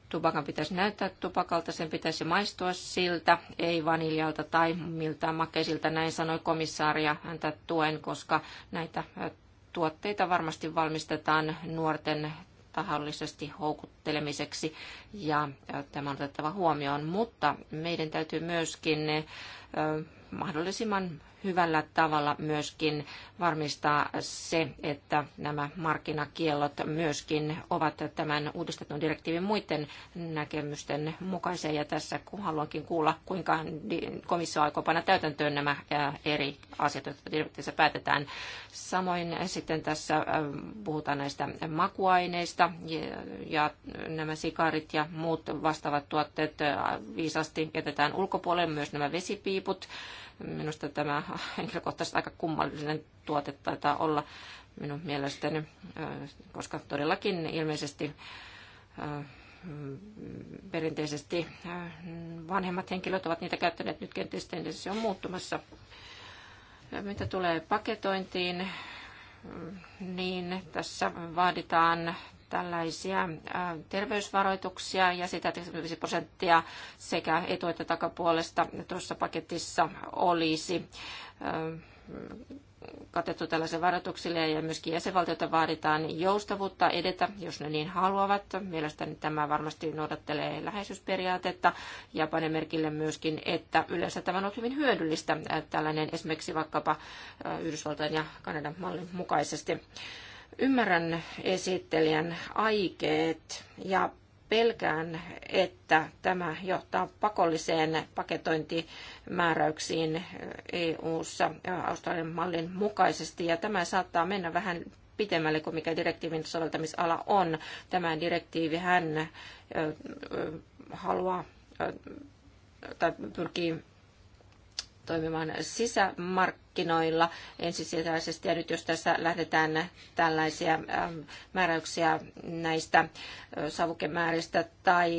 S4: tupakan pitäisi näyttää tupakalta, sen pitäisi maistua siltä, ei vaniljalta tai miltään makeisilta, näin sanoi komissaari ja häntä tuen, koska näitä tuotteita varmasti valmistetaan nuorten tahallisesti houkuttelemiseksi ja tämä on otettava huomioon, mutta meidän täytyy myöskin mahdollisimman hyvällä tavalla myöskin varmistaa se, että nämä markkinakiellot myöskin ovat tämän uudistetun direktiivin muiden näkemysten mukaisia. Ja tässä kun haluankin kuulla, kuinka komissio aikoo panna täytäntöön nämä eri asiat, jotka direktiivissä päätetään. Samoin sitten tässä puhutaan näistä makuaineista ja nämä sikarit ja muut vastaavat tuotteet viisasti jätetään ulkopuolelle, myös nämä vesipiiput Minusta tämä henkilökohtaisesti aika kummallinen tuote taitaa olla minun mielestäni, koska todellakin ilmeisesti mm, perinteisesti vanhemmat henkilöt ovat niitä käyttäneet, nyt kenties tendenssi on muuttumassa. Mitä tulee paketointiin, mm, niin tässä vaaditaan tällaisia terveysvaroituksia ja sitä 95 prosenttia sekä etu- että takapuolesta tuossa paketissa olisi katettu tällaisen varoituksille ja myöskin jäsenvaltioita vaaditaan joustavuutta edetä, jos ne niin haluavat. Mielestäni tämä varmasti noudattelee läheisyysperiaatetta ja pane merkille myöskin, että yleensä tämä on hyvin hyödyllistä tällainen esimerkiksi vaikkapa Yhdysvaltain ja Kanadan mallin mukaisesti. Ymmärrän esittelijän aikeet ja pelkään, että tämä johtaa pakolliseen paketointimääräyksiin EU-ssa Australian mallin mukaisesti, ja tämä saattaa mennä vähän pitemmälle kuin mikä direktiivin soveltamisala on. Tämä direktiivi hän haluaa tai pyrkii toimimaan sisämarkkinoilla markkinoilla ensisijaisesti. Ja nyt jos tässä lähdetään tällaisia ähm, määräyksiä näistä äh, savukemääristä tai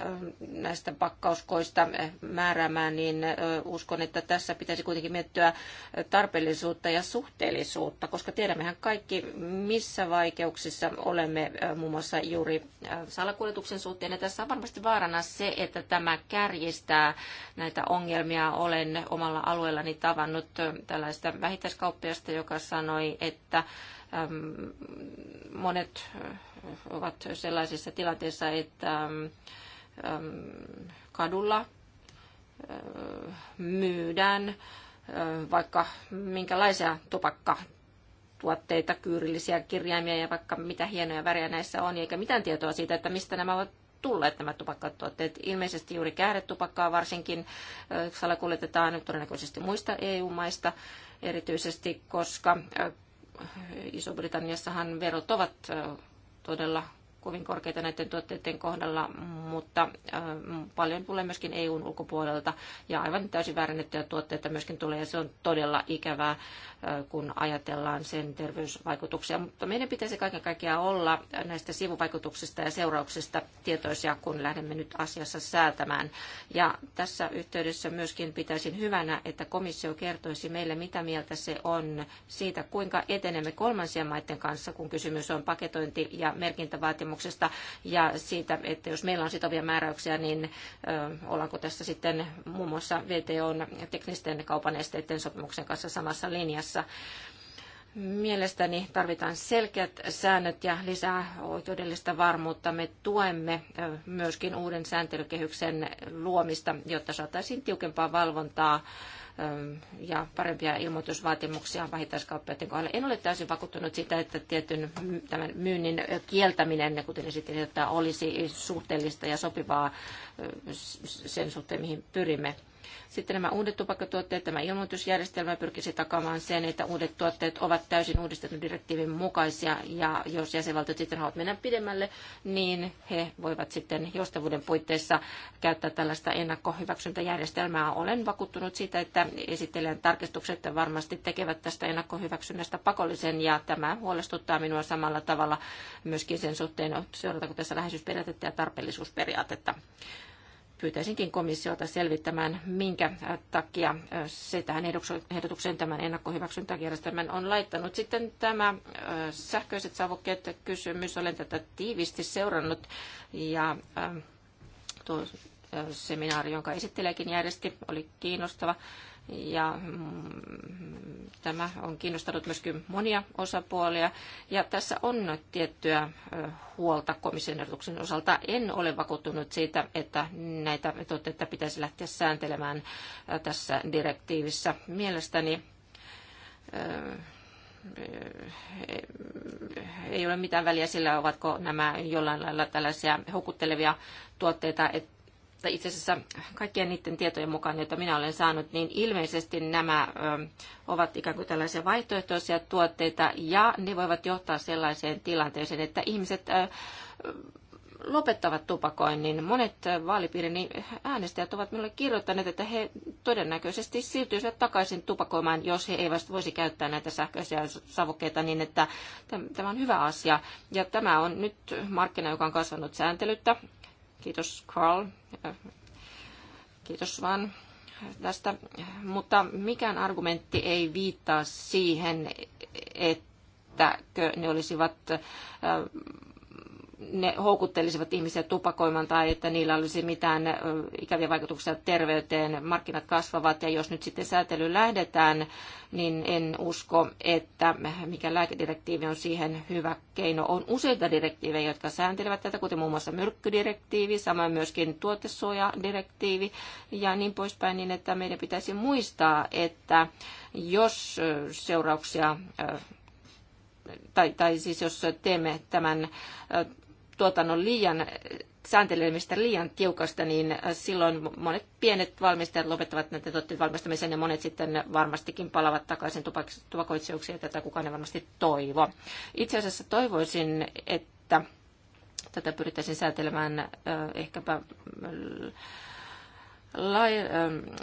S4: ähm, näistä pakkauskoista äh, määräämään, niin äh, uskon, että tässä pitäisi kuitenkin miettiä tarpeellisuutta ja suhteellisuutta, koska tiedämmehän kaikki, missä vaikeuksissa olemme muun muassa juuri salakuljetuksen suhteen. Ja tässä on varmasti vaarana se, että tämä kärjistää näitä ongelmia. Olen omalla alueellani tavannut tällaista vähittäiskauppiasta, joka sanoi, että ähm, monet äh, ovat sellaisessa tilanteessa, että ähm, kadulla äh, myydään äh, vaikka minkälaisia tupakka tuotteita, kyyrillisiä kirjaimia ja vaikka mitä hienoja värejä näissä on, eikä mitään tietoa siitä, että mistä nämä ovat tulleet nämä tupakkatuotteet. Ilmeisesti juuri kääretupakkaa varsinkin salakuljetetaan todennäköisesti muista EU-maista erityisesti, koska Iso-Britanniassahan verot ovat todella kovin korkeita näiden tuotteiden kohdalla, mutta äh, paljon tulee myöskin EUn ulkopuolelta ja aivan täysin väärennettyjä tuotteita myöskin tulee ja se on todella ikävää, äh, kun ajatellaan sen terveysvaikutuksia. Mutta meidän pitäisi kaiken kaikkiaan olla näistä sivuvaikutuksista ja seurauksista tietoisia, kun lähdemme nyt asiassa säätämään. Ja tässä yhteydessä myöskin pitäisin hyvänä, että komissio kertoisi meille, mitä mieltä se on siitä, kuinka etenemme kolmansien maiden kanssa, kun kysymys on paketointi- ja merkintävaatimuksista sopimuksesta ja siitä, että jos meillä on sitovia määräyksiä, niin ollaanko tässä sitten muun muassa VTOn teknisten kaupan esteiden sopimuksen kanssa samassa linjassa. Mielestäni tarvitaan selkeät säännöt ja lisää oikeudellista varmuutta. Me tuemme myöskin uuden sääntelykehyksen luomista, jotta saataisiin tiukempaa valvontaa ja parempia ilmoitusvaatimuksia vähittäiskauppiaiden kohdalla. En ole täysin vakuuttunut sitä, että tietyn tämän myynnin kieltäminen, kuten esitin, että olisi suhteellista ja sopivaa sen suhteen, mihin pyrimme. Sitten nämä uudet tupakkatuotteet, tämä ilmoitusjärjestelmä pyrkisi takaamaan sen, että uudet tuotteet ovat täysin uudistetun direktiivin mukaisia, ja jos jäsenvaltiot sitten haluavat mennä pidemmälle, niin he voivat sitten joustavuuden puitteissa käyttää tällaista ennakkohyväksyntäjärjestelmää. Olen vakuuttunut siitä, että esittelijän tarkistukset varmasti tekevät tästä ennakkohyväksynnästä pakollisen, ja tämä huolestuttaa minua samalla tavalla myöskin sen suhteen, seurataanko tässä läheisyysperiaatetta ja tarpeellisuusperiaatetta pyytäisinkin komissiota selvittämään, minkä takia se tähän ehdotukseen tämän ennakkohyväksyntäjärjestelmän on laittanut. Sitten tämä sähköiset savukkeet kysymys, olen tätä tiivisti seurannut ja tuo seminaari, jonka esittelijäkin järjesti, oli kiinnostava ja mm, tämä on kiinnostanut myöskin monia osapuolia. Ja tässä on tiettyä huolta komission ehdotuksen osalta. En ole vakuuttunut siitä, että näitä tuotteita pitäisi lähteä sääntelemään tässä direktiivissä. Mielestäni ei ole mitään väliä sillä, ovatko nämä jollain lailla tällaisia houkuttelevia tuotteita, että tai itse asiassa kaikkien niiden tietojen mukaan, joita minä olen saanut, niin ilmeisesti nämä ovat ikään kuin tällaisia vaihtoehtoisia tuotteita, ja ne voivat johtaa sellaiseen tilanteeseen, että ihmiset lopettavat tupakoinnin. Monet vaalipiirin äänestäjät ovat minulle kirjoittaneet, että he todennäköisesti siirtyisivät takaisin tupakoimaan, jos he eivät voisi käyttää näitä sähköisiä savukkeita, niin että tämä on hyvä asia. Ja tämä on nyt markkina, joka on kasvanut sääntelyttä Kiitos Carl. Kiitos vaan tästä. Mutta mikään argumentti ei viittaa siihen, että ne olisivat ne houkuttelisivat ihmisiä tupakoimaan tai että niillä olisi mitään ikäviä vaikutuksia terveyteen, markkinat kasvavat ja jos nyt sitten säätely lähdetään, niin en usko, että mikä lääkedirektiivi on siihen hyvä keino. On useita direktiivejä, jotka sääntelevät tätä, kuten muun muassa myrkkydirektiivi, samoin myöskin tuotesuojadirektiivi ja niin poispäin, niin että meidän pitäisi muistaa, että jos seurauksia tai, tai siis jos teemme tämän tuotannon liian sääntelemistä liian tiukasta, niin silloin monet pienet valmistajat lopettavat näiden tuotteiden valmistamisen ja monet sitten varmastikin palavat takaisin tupak- ja tätä kukaan ei varmasti toivo. Itse asiassa toivoisin, että tätä pyrittäisiin säätelemään ehkäpä lai, ähm,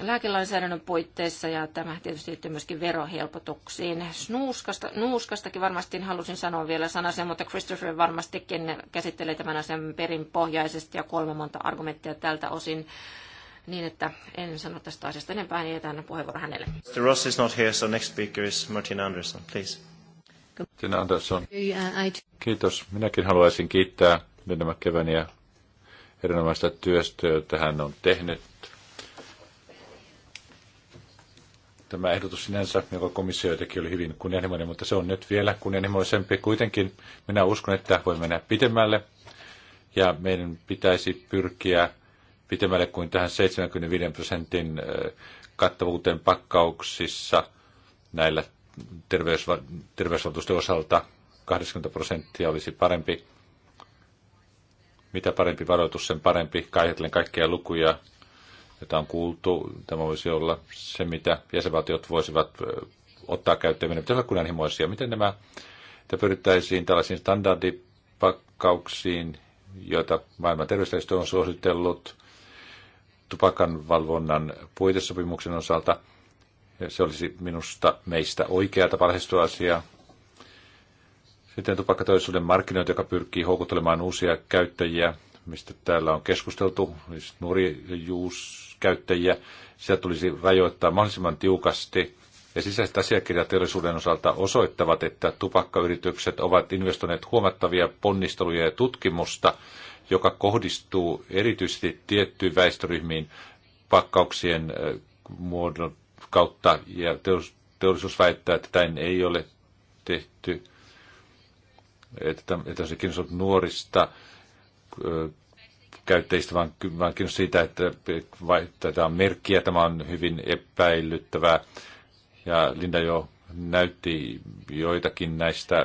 S4: lääkelainsäädännön puitteissa ja tämä tietysti liittyy myöskin verohelpotuksiin. Nuuskasta, nuuskastakin varmasti halusin sanoa vielä sanasen, mutta Christopher varmastikin käsittelee tämän asian perinpohjaisesti ja kolme monta argumenttia tältä osin niin, että en sano tästä asiasta enempää, niin jätän puheenvuoro hänelle. Mr. Ross is not here, so next speaker is Martin
S1: Anderson, please. Martin Anderson.
S4: Uh,
S1: Kiitos. Minäkin haluaisin kiittää Linda McKeveniä erinomaista työstä, jota hän on tehnyt Tämä ehdotus sinänsä, jonka komissio teki, oli hyvin kunnianhimoinen, mutta se on nyt vielä kunnianhimoisempi. Kuitenkin minä uskon, että voi mennä pitemmälle ja meidän pitäisi pyrkiä pitemmälle kuin tähän 75 prosentin kattavuuteen pakkauksissa näillä terveysvaltuusten osalta 80 prosenttia olisi parempi. Mitä parempi varoitus, sen parempi. Kaihdatellen kaikkia lukuja jota on kuultu. Tämä voisi olla se, mitä jäsenvaltiot voisivat ottaa käyttöön. Meidän pitäisi olla kunnianhimoisia. Miten nämä, että pyrittäisiin tällaisiin standardipakkauksiin, joita maailman terveysjärjestö on suositellut tupakan valvonnan puitesopimuksen osalta. Se olisi minusta meistä oikea tapa lähestyä asiaa. Sitten tupakkateollisuuden markkinointi, joka pyrkii houkuttelemaan uusia käyttäjiä, mistä täällä on keskusteltu, siis juus käyttäjiä. Sitä tulisi rajoittaa mahdollisimman tiukasti. Ja sisäiset asiakirjateollisuuden osalta osoittavat, että tupakkayritykset ovat investoineet huomattavia ponnisteluja ja tutkimusta, joka kohdistuu erityisesti tiettyyn väestöryhmiin pakkauksien muodon kautta. Ja teollisuus väittää, että tämä ei ole tehty, että, että olisi kiinnostunut nuorista käyttäjistä, vaan, vaan kiinnostunut siitä, että vai, tätä on merkkiä, tämä on hyvin epäilyttävää. Ja Linda jo näytti joitakin näistä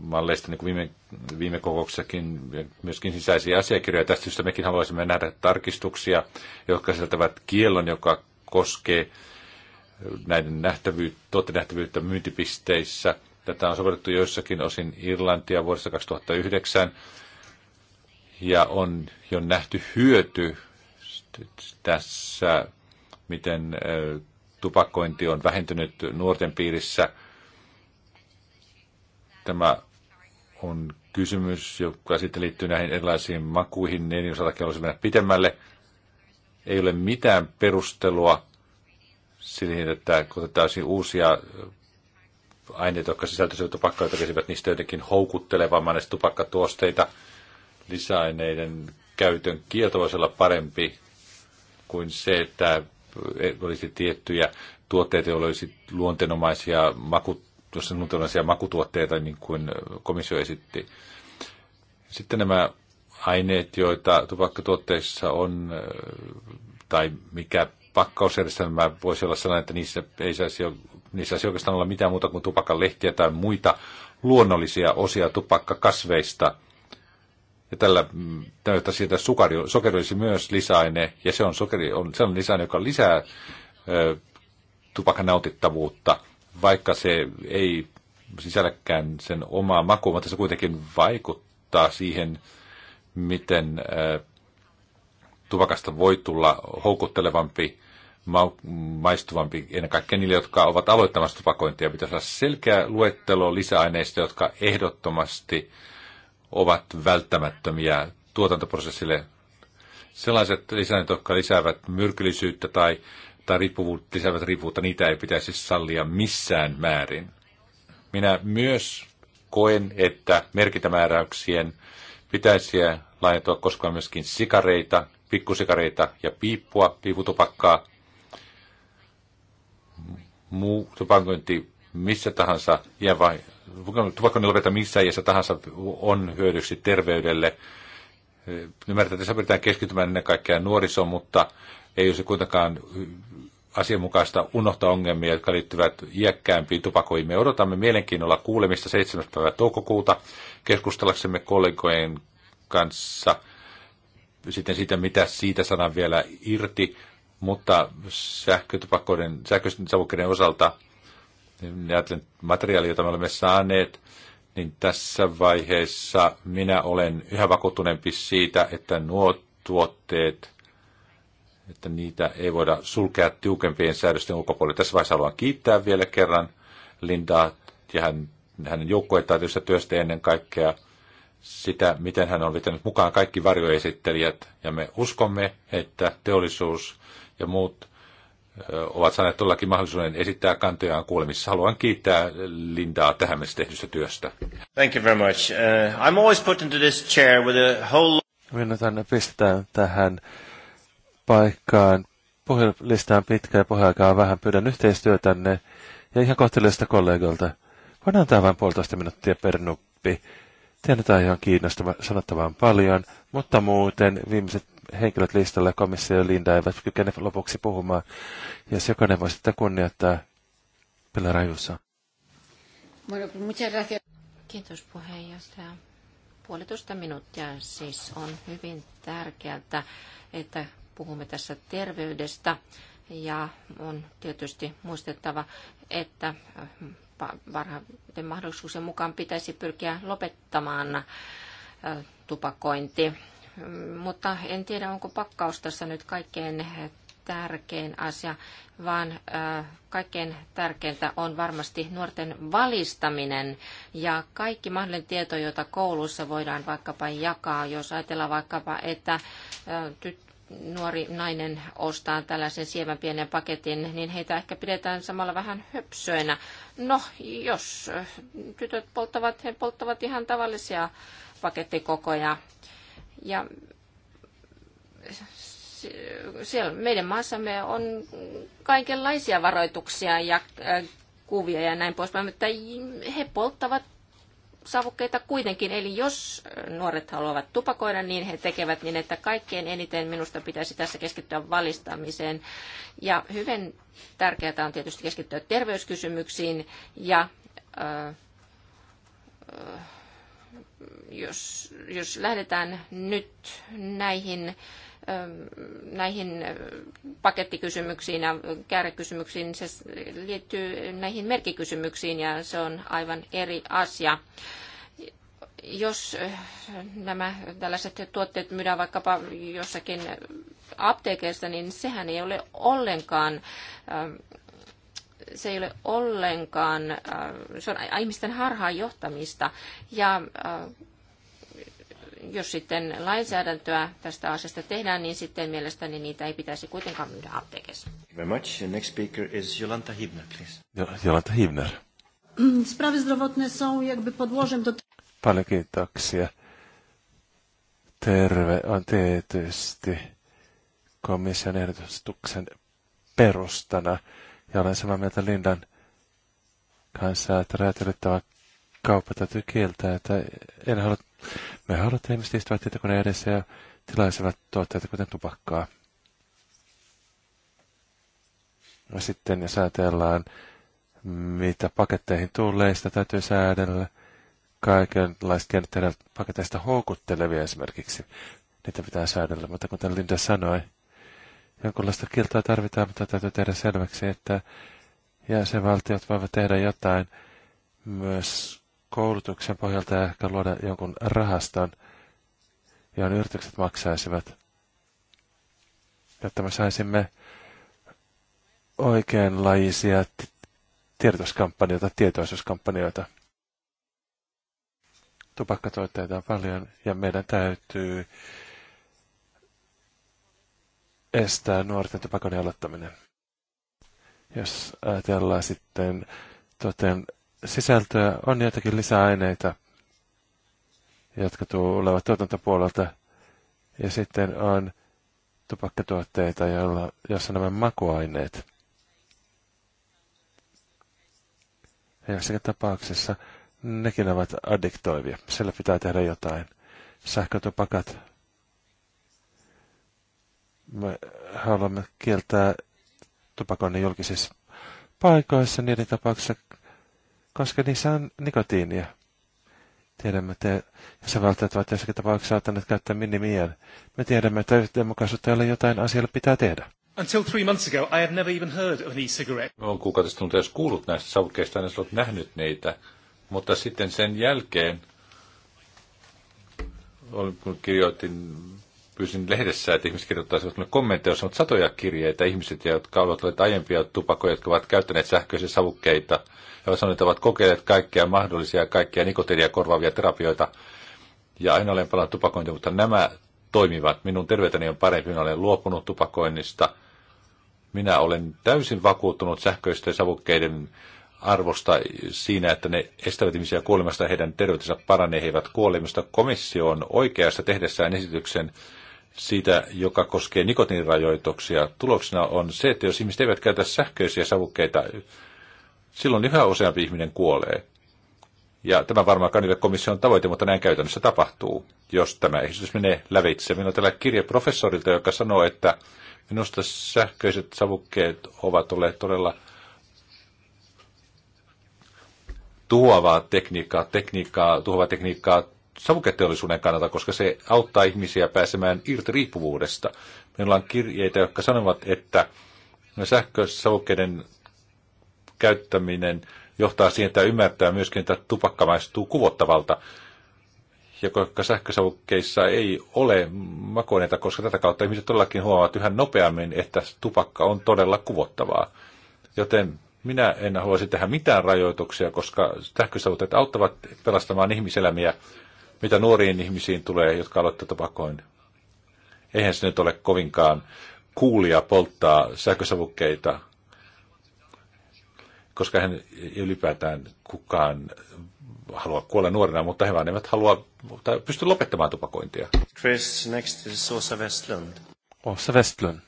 S1: malleista niin kuin viime, viime kokouksessakin myöskin sisäisiä asiakirjoja. Tästä syystä mekin haluaisimme nähdä tarkistuksia, jotka sisältävät kiellon, joka koskee näiden nähtävyyttä, nähtävyyttä myyntipisteissä. Tätä on sovellettu joissakin osin Irlantia vuodesta 2009 ja on jo nähty hyöty tässä, miten tupakointi on vähentynyt nuorten piirissä. Tämä on kysymys, joka sitten liittyy näihin erilaisiin makuihin, niin jos olisi mennä pitemmälle. Ei ole mitään perustelua siihen, että otettaisiin uusia aineita, jotka sisältöisivät tupakkaa, jotka niistä jotenkin houkuttelevamman näistä tupakkatuosteita – lisäaineiden käytön kielto voisi olla parempi kuin se, että olisi tiettyjä tuotteita, joilla olisi luonteenomaisia, maku, luonteenomaisia makutuotteita, niin kuin komissio esitti. Sitten nämä aineet, joita tupakkatuotteissa on, tai mikä pakkausjärjestelmä voisi olla sellainen, että niissä ei saisi, niissä saisi oikeastaan olla mitään muuta kuin tupakan lehtiä tai muita luonnollisia osia tupakkakasveista – ja tällä näyttää mm, siitä, että sokeri, sokeri olisi myös lisäaine, ja se on, sokeri, on, se on lisäaine, joka lisää tupakan nautittavuutta, vaikka se ei sisälläkään sen omaa makua, mutta se kuitenkin vaikuttaa siihen, miten ö, tupakasta voi tulla houkuttelevampi, ma- maistuvampi ennen kaikkea niille, jotka ovat aloittamassa tupakointia. Pitäisi olla selkeä luettelo lisäaineista, jotka ehdottomasti – ovat välttämättömiä tuotantoprosessille. Sellaiset lisäännöt, jotka lisäävät myrkyllisyyttä tai, tai riippuvuutta, lisäävät riippuvuutta, niitä ei pitäisi sallia missään määrin. Minä myös koen, että merkintämääräyksien pitäisi laajentua koskaan myöskin sikareita, pikkusikareita ja piippua, piiputupakkaa, muu tupankointi missä tahansa iän vain tupakoinnin lopettaa missä iässä tahansa on hyödyksi terveydelle. Ymmärrän, että tässä pyritään keskittymään ennen kaikkea nuorisoon, mutta ei olisi kuitenkaan asianmukaista unohtaa ongelmia, jotka liittyvät iäkkäämpiin tupakoihin. Me odotamme mielenkiinnolla kuulemista 7. päivä toukokuuta keskustellaksemme kollegojen kanssa sitten siitä, mitä siitä sanan vielä irti, mutta sähkötupakoiden, sähköisten savukkeiden osalta ajattelen materiaalia, jota me olemme saaneet, niin tässä vaiheessa minä olen yhä vakuuttuneempi siitä, että nuo tuotteet, että niitä ei voida sulkea tiukempien säädösten ulkopuolelle. Tässä vaiheessa haluan kiittää vielä kerran Lindaa ja hän, hänen joukkueitaan tietystä työstä ennen kaikkea sitä, miten hän on vetänyt mukaan kaikki varjoesittelijät. Ja me uskomme, että teollisuus ja muut ovat saaneet todellakin mahdollisuuden esittää kantojaan kuulemissa. Haluan kiittää Lindaa tähän mennessä tehdystä työstä. Thank you very much. Uh, I'm always put into this chair with a whole...
S3: Minut aina pistetään tähän paikkaan. Puhelista on pitkä ja puheaikaa vähän. Pyydän yhteistyötänne ja ihan kohtelijasta kollegoilta. Voin antaa vain puolitoista minuuttia per nuppi. Tiedetään ihan kiinnostavaa, sanottavaan paljon, mutta muuten viimeiset henkilöt listalla, komissio Linda eivät kykene lopuksi puhumaan. Jos jokainen voi sitä kunnioittaa Pela Rajussa.
S4: Kiitos puheenjohtaja. Puolitoista minuuttia siis on hyvin tärkeää, että puhumme tässä terveydestä. Ja on tietysti muistettava, että varhaiten äh, mahdollisuuksien mukaan pitäisi pyrkiä lopettamaan äh, tupakointi mutta en tiedä, onko pakkaus tässä nyt kaikkein tärkein asia, vaan kaikkein tärkeintä on varmasti nuorten valistaminen ja kaikki mahdollinen tieto, jota koulussa voidaan vaikkapa jakaa. Jos ajatellaan vaikkapa, että tyttö nuori nainen ostaa tällaisen sievän pienen paketin, niin heitä ehkä pidetään samalla vähän höpsöinä. No, jos tytöt polttavat, he polttavat ihan tavallisia pakettikokoja ja siellä meidän maassamme on kaikenlaisia varoituksia ja äh, kuvia ja näin poispäin, mutta he polttavat savukkeita kuitenkin. Eli jos nuoret haluavat tupakoida, niin he tekevät niin, että kaikkein eniten minusta pitäisi tässä keskittyä valistamiseen. Ja hyvin tärkeää on tietysti keskittyä terveyskysymyksiin ja... äh, äh, jos, jos lähdetään nyt näihin ähm, näihin äh, pakettikysymyksiin ja kärkikysymyksiin, se liittyy näihin merkikysymyksiin ja se on aivan eri asia. Jos äh, nämä tällaiset tuotteet myydään vaikkapa jossakin apteekeissa, niin sehän ei ole ollenkaan ähm, se ei ole ollenkaan, äh, se on ihmisten harhaan johtamista. Ja äh, jos sitten lainsäädäntöä tästä asiasta tehdään, niin sitten mielestäni niitä ei pitäisi kuitenkaan myydä apteekissa.
S3: Very much. Next speaker is Jolanta Hibner, please. Jolanta Hibner.
S4: Mm, sprawy zdrowotne są jakby podłożem do...
S3: Paljon kiitoksia. Terve on tietysti komission ehdotuksen perustana ja olen samaa mieltä Lindan kanssa, että räätälyttävä kauppa täytyy kieltää, että en halua, me haluamme, että ihmiset istuvat tietokoneen edessä ja tilaisivat tuotteita, kuten tupakkaa. Ja sitten jos ajatellaan, mitä paketteihin tulee, sitä täytyy säädellä. kaikenlaista keinot paketeista houkuttelevia esimerkiksi. Niitä pitää säädellä, mutta kuten Linda sanoi, jonkinlaista kiltoa tarvitaan, mutta täytyy tehdä selväksi, että jäsenvaltiot voivat tehdä jotain myös koulutuksen pohjalta ja ehkä luoda jonkun rahaston, johon yritykset maksaisivat, jotta me saisimme oikeanlaisia tiedotuskampanjoita, tietoisuuskampanjoita. Tupakkatuotteita on paljon ja meidän täytyy estää nuorten tupakoinnin aloittaminen. Jos ajatellaan sitten tuotteen sisältöä, on joitakin lisäaineita, jotka tulevat tuotantopuolelta, ja sitten on tupakkatuotteita, joilla, jossa nämä makuaineet. Ja jossakin tapauksessa nekin ovat addiktoivia. Sillä pitää tehdä jotain. Sähkötupakat me haluamme kieltää tupakoinnin julkisissa paikoissa niiden tapauksessa, koska niissä on nikotiinia. Tiedämme, että jäsenvaltiot ovat jossakin tapauksessa saattaneet käyttää minimien, Me tiedämme, että yhdenmukaisuutta jolle jotain asialle pitää tehdä.
S1: Until three months ago, I had never even heard of an e-cigarette. Olen no, kuukautista tuntia jos kuullut näistä savukkeista, en olet nähnyt niitä. Mutta sitten sen jälkeen, kun kirjoitin pyysin lehdessä, että ihmiset kirjoittaisivat minulle kommentteja, jos on satoja kirjeitä ihmiset, jotka ovat olleet aiempia tupakoja, jotka ovat käyttäneet sähköisiä savukkeita ja ovat sanoneet, että ovat kokeilleet kaikkia mahdollisia, kaikkia nikotiinia korvaavia terapioita. Ja aina olen palannut tupakointia, mutta nämä toimivat. Minun terveyteni on parempi, minä olen luopunut tupakoinnista. Minä olen täysin vakuuttunut sähköisten savukkeiden arvosta siinä, että ne estävät ihmisiä kuolemasta, heidän terveytensä paranee, he eivät kuolemasta. Komissio on oikeassa tehdessään esityksen, siitä, joka koskee nikotiinirajoituksia. Tuloksena on se, että jos ihmiset eivät käytä sähköisiä savukkeita, silloin yhä useampi ihminen kuolee. Ja tämä varmaan niille komission tavoite, mutta näin käytännössä tapahtuu, jos tämä esitys menee lävitse. Minulla on tällä kirje professorilta, joka sanoo, että minusta sähköiset savukkeet ovat olleet todella tuhoavaa tekniikkaa, tekniikkaa, tuhoavaa tekniikkaa savuketeollisuuden kannalta, koska se auttaa ihmisiä pääsemään irti riippuvuudesta. Meillä on kirjeitä, jotka sanovat, että sähkösavukkeiden käyttäminen johtaa siihen, että ymmärtää myöskin, että tupakka maistuu kuvottavalta, ja koska sähkösavukkeissa ei ole makoneita, koska tätä kautta ihmiset todellakin huomaavat yhä nopeammin, että tupakka on todella kuvottavaa. Joten minä en haluaisi tehdä mitään rajoituksia, koska sähkösavutteet auttavat pelastamaan ihmiselämiä mitä nuoriin ihmisiin tulee, jotka aloittavat tupakoin? Eihän se nyt ole kovinkaan kuulia polttaa sähkösavukkeita, koska hän ei ylipäätään kukaan halua kuolla nuorena, mutta he vaan eivät halua tai pysty lopettamaan tupakointia.
S3: Chris, next is Osa Westlund. Osa Westlund.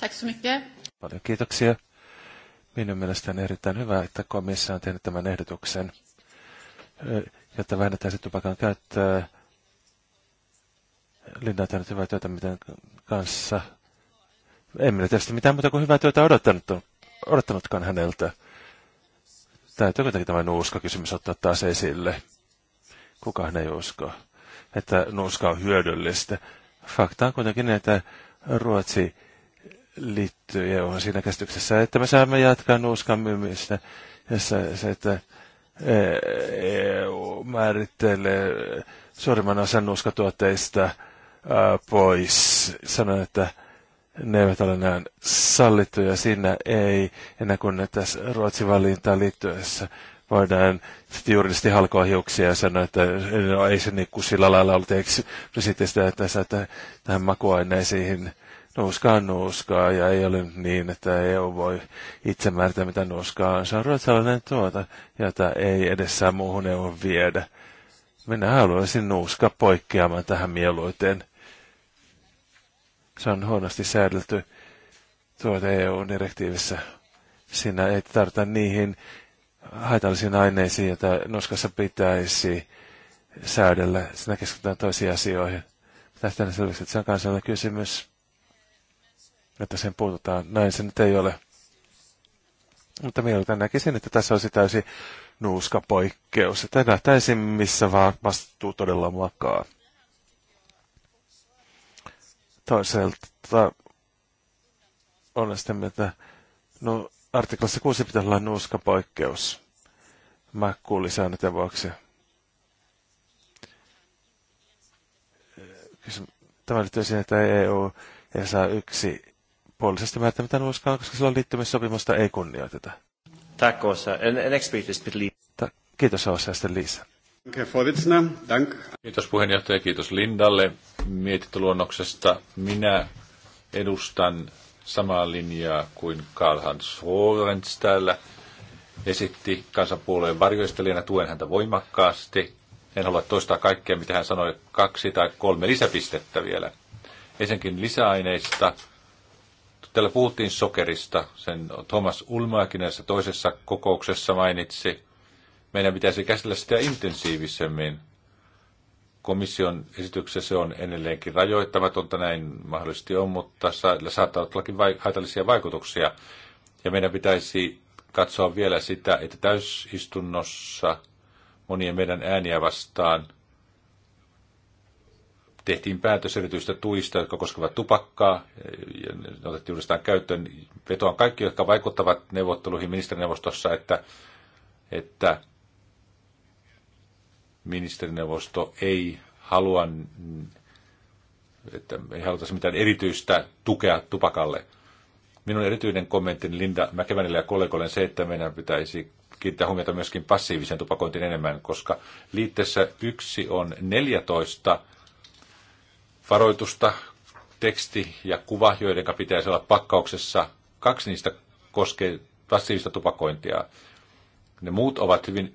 S4: Tack så mycket.
S3: Paljon kiitoksia. Minun mielestäni on erittäin hyvä, että komissio on tehnyt tämän ehdotuksen jotta vähennettäisiin tupakan käyttöä. Linda on tehnyt hyvää työtä miten kanssa. En minä tietysti mitään muuta kuin hyvää työtä odottanut, odottanutkaan häneltä. Täytyy kuitenkin tämä nuuska-kysymys ottaa taas esille. Kukaan ei usko, että nuuska on hyödyllistä. Fakta on kuitenkin, niin, että Ruotsi liittyy ja on siinä käsityksessä, että me saamme jatkaa nuuskan myymistä. Ja se, se, että EU e määrittelee suurimman osan nuuskatuotteista pois. Sanon, että ne eivät ole enää sallittuja. Siinä ei, ennen kuin tässä Ruotsin valintaan liittyessä voidaan sitten juridisesti halkoa hiuksia ja sanoa, että no, ei se niin kuin sillä lailla ollut sitä, että tähän makuaineisiin nuuskaa nuuskaa ja ei ole niin, että EU voi itse määrittää mitä nuuskaa on. Se on ruotsalainen tuota, jota ei edessään muuhun EU viedä. Minä haluaisin nuuska poikkeamaan tähän mieluiten. Se on huonosti säädelty tuota EU-direktiivissä. Siinä ei tarvita niihin haitallisiin aineisiin, joita nuuskassa pitäisi säädellä. Siinä keskitytään toisiin asioihin. Tästä selväksi, että se on kansallinen kysymys että sen puututaan. Näin se nyt ei ole. Mutta mieltä näkisin, että tässä olisi täysin nuuska poikkeus. Että nähtäisin, missä vaan vastuu todella makaa. Toisaalta on sitten, että no, artiklassa 6 pitää olla nuuska poikkeus makkuulisäännöten vuoksi. Tämä liittyy siihen, että EU ja e saa yksi puolisesti määrittämätön uskaan, koska silloin liittymissopimusta ei kunnioiteta.
S1: Tack Åsa. en speech is Ta- kiitos Åsa ja sitten Liisa. Kiitos puheenjohtaja, kiitos Lindalle mietintöluonnoksesta. Minä edustan samaa linjaa kuin Karl-Hans Florens täällä esitti kansanpuolueen varjoistelijana. Tuen häntä voimakkaasti. En halua toistaa kaikkea, mitä hän sanoi, kaksi tai kolme lisäpistettä vielä. Ensinnäkin lisäaineista Täällä puhuttiin sokerista, sen Thomas Ulmaakin näissä toisessa kokouksessa mainitsi. Meidän pitäisi käsitellä sitä intensiivisemmin. Komission esityksessä on edelleenkin rajoittamatonta, näin mahdollisesti on, mutta saattaa ollakin haitallisia vaikutuksia. Ja meidän pitäisi katsoa vielä sitä, että täysistunnossa monien meidän ääniä vastaan – tehtiin päätös erityistä tuista, jotka koskevat tupakkaa, ja ne otettiin uudestaan käyttöön. Vetoan kaikki, jotka vaikuttavat neuvotteluihin ministerineuvostossa, että, että ministerineuvosto ei halua, että ei haluta mitään erityistä tukea tupakalle. Minun erityinen kommentti Linda Mäkevänille ja kollegoille on se, että meidän pitäisi kiinnittää huomiota myöskin passiivisen tupakointiin enemmän, koska liitteessä yksi on 14 varoitusta, teksti ja kuva, joiden pitäisi olla pakkauksessa. Kaksi niistä koskee passiivista tupakointia. Ne muut ovat hyvin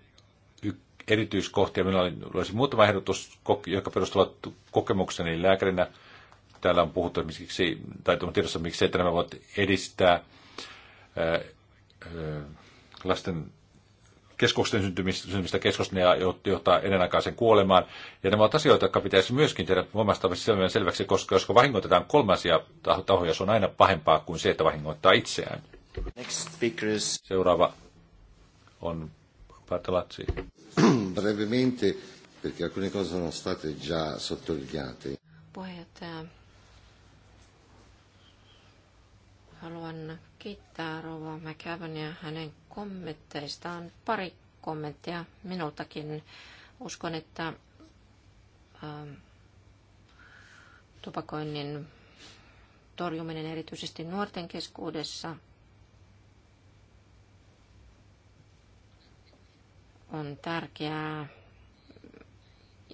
S1: erityiskohtia. Minulla olisi muutama ehdotus, joka perustuvat kokemukseni lääkärinä. Täällä on puhuttu miksi, tai on tiedossa miksi, että nämä voivat edistää lasten keskusten syntymistä, keskusten ja johtaa ennenaikaisen kuolemaan. Ja nämä ovat asioita, jotka pitäisi myöskin tehdä huomastavasti selväksi, koska jos vahingoitetaan kolmansia tahoja, se on aina pahempaa kuin se, että vahingoittaa itseään. Next is... Seuraava on Patalazzi. Brevemente, perché alcune cose sono state già sottolineate.
S4: Puheenjohtaja, Haluan kiittää Rova ja hänen kommentteistaan. Pari kommenttia minultakin. Uskon, että ähm, tupakoinnin torjuminen erityisesti nuorten keskuudessa on tärkeää.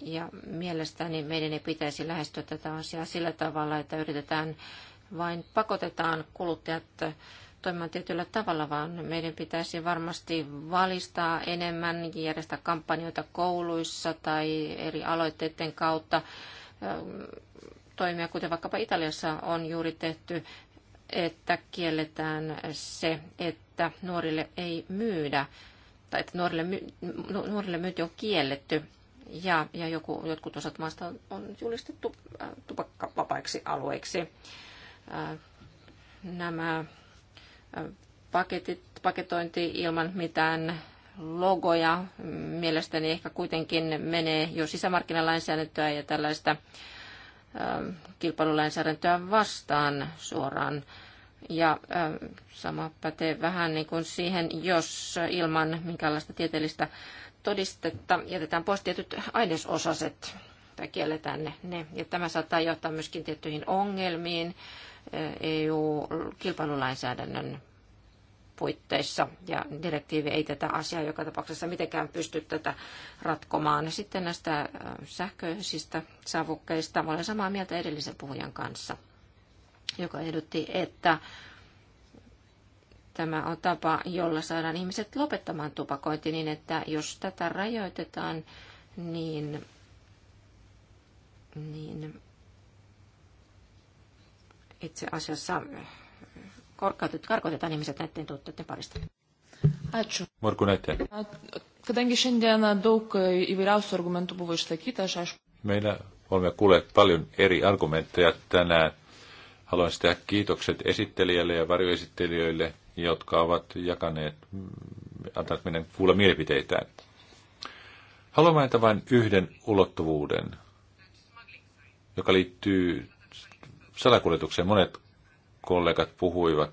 S4: Ja mielestäni meidän ei pitäisi lähestyä tätä asiaa sillä tavalla, että yritetään vain pakotetaan kuluttajat toimimaan tietyllä tavalla, vaan meidän pitäisi varmasti valistaa enemmän, järjestää kampanjoita kouluissa tai eri aloitteiden kautta toimia, kuten vaikkapa Italiassa on juuri tehty, että kielletään se, että nuorille ei myydä, tai että nuorille, my, nuorille myynti on kielletty, ja, ja joku, jotkut osat maasta on julistettu äh, tupakkavapaiksi alueiksi. Äh, nämä äh, paketit, paketointi ilman mitään logoja mielestäni ehkä kuitenkin menee jo sisämarkkinalainsäädäntöä ja tällaista äh, kilpailulainsäädäntöä vastaan suoraan. Ja sama pätee vähän niin kuin siihen, jos ilman minkäänlaista tieteellistä todistetta jätetään pois tietyt ainesosaset tai kielletään ne. ne. Ja tämä saattaa johtaa myöskin tiettyihin ongelmiin EU-kilpailulainsäädännön puitteissa. Ja direktiivi ei tätä asiaa joka tapauksessa mitenkään pysty tätä ratkomaan. Sitten näistä äh, sähköisistä savukkeista. olen samaa mieltä edellisen puhujan kanssa, joka ehdotti, että tämä on tapa, jolla saadaan ihmiset lopettamaan tupakointi niin, että jos tätä rajoitetaan, niin, niin itse asiassa äh, karkotetaan ihmiset näiden tuotteiden parista. Ačiū. Morkunaitė. Kadangi šiandien daug įvairiausių argumentų buvo išsakyta, aš aš...
S1: Meillä olemme kuulleet paljon eri argumentteja tänään. Haluan sitä kiitokset esittelijälle ja varjoesittelijöille, jotka ovat jakaneet, mm, antaneet meidän kuulla mielipiteitään. Haluan mainita vain yhden ulottuvuuden, joka liittyy salakuljetukseen. Monet kollegat puhuivat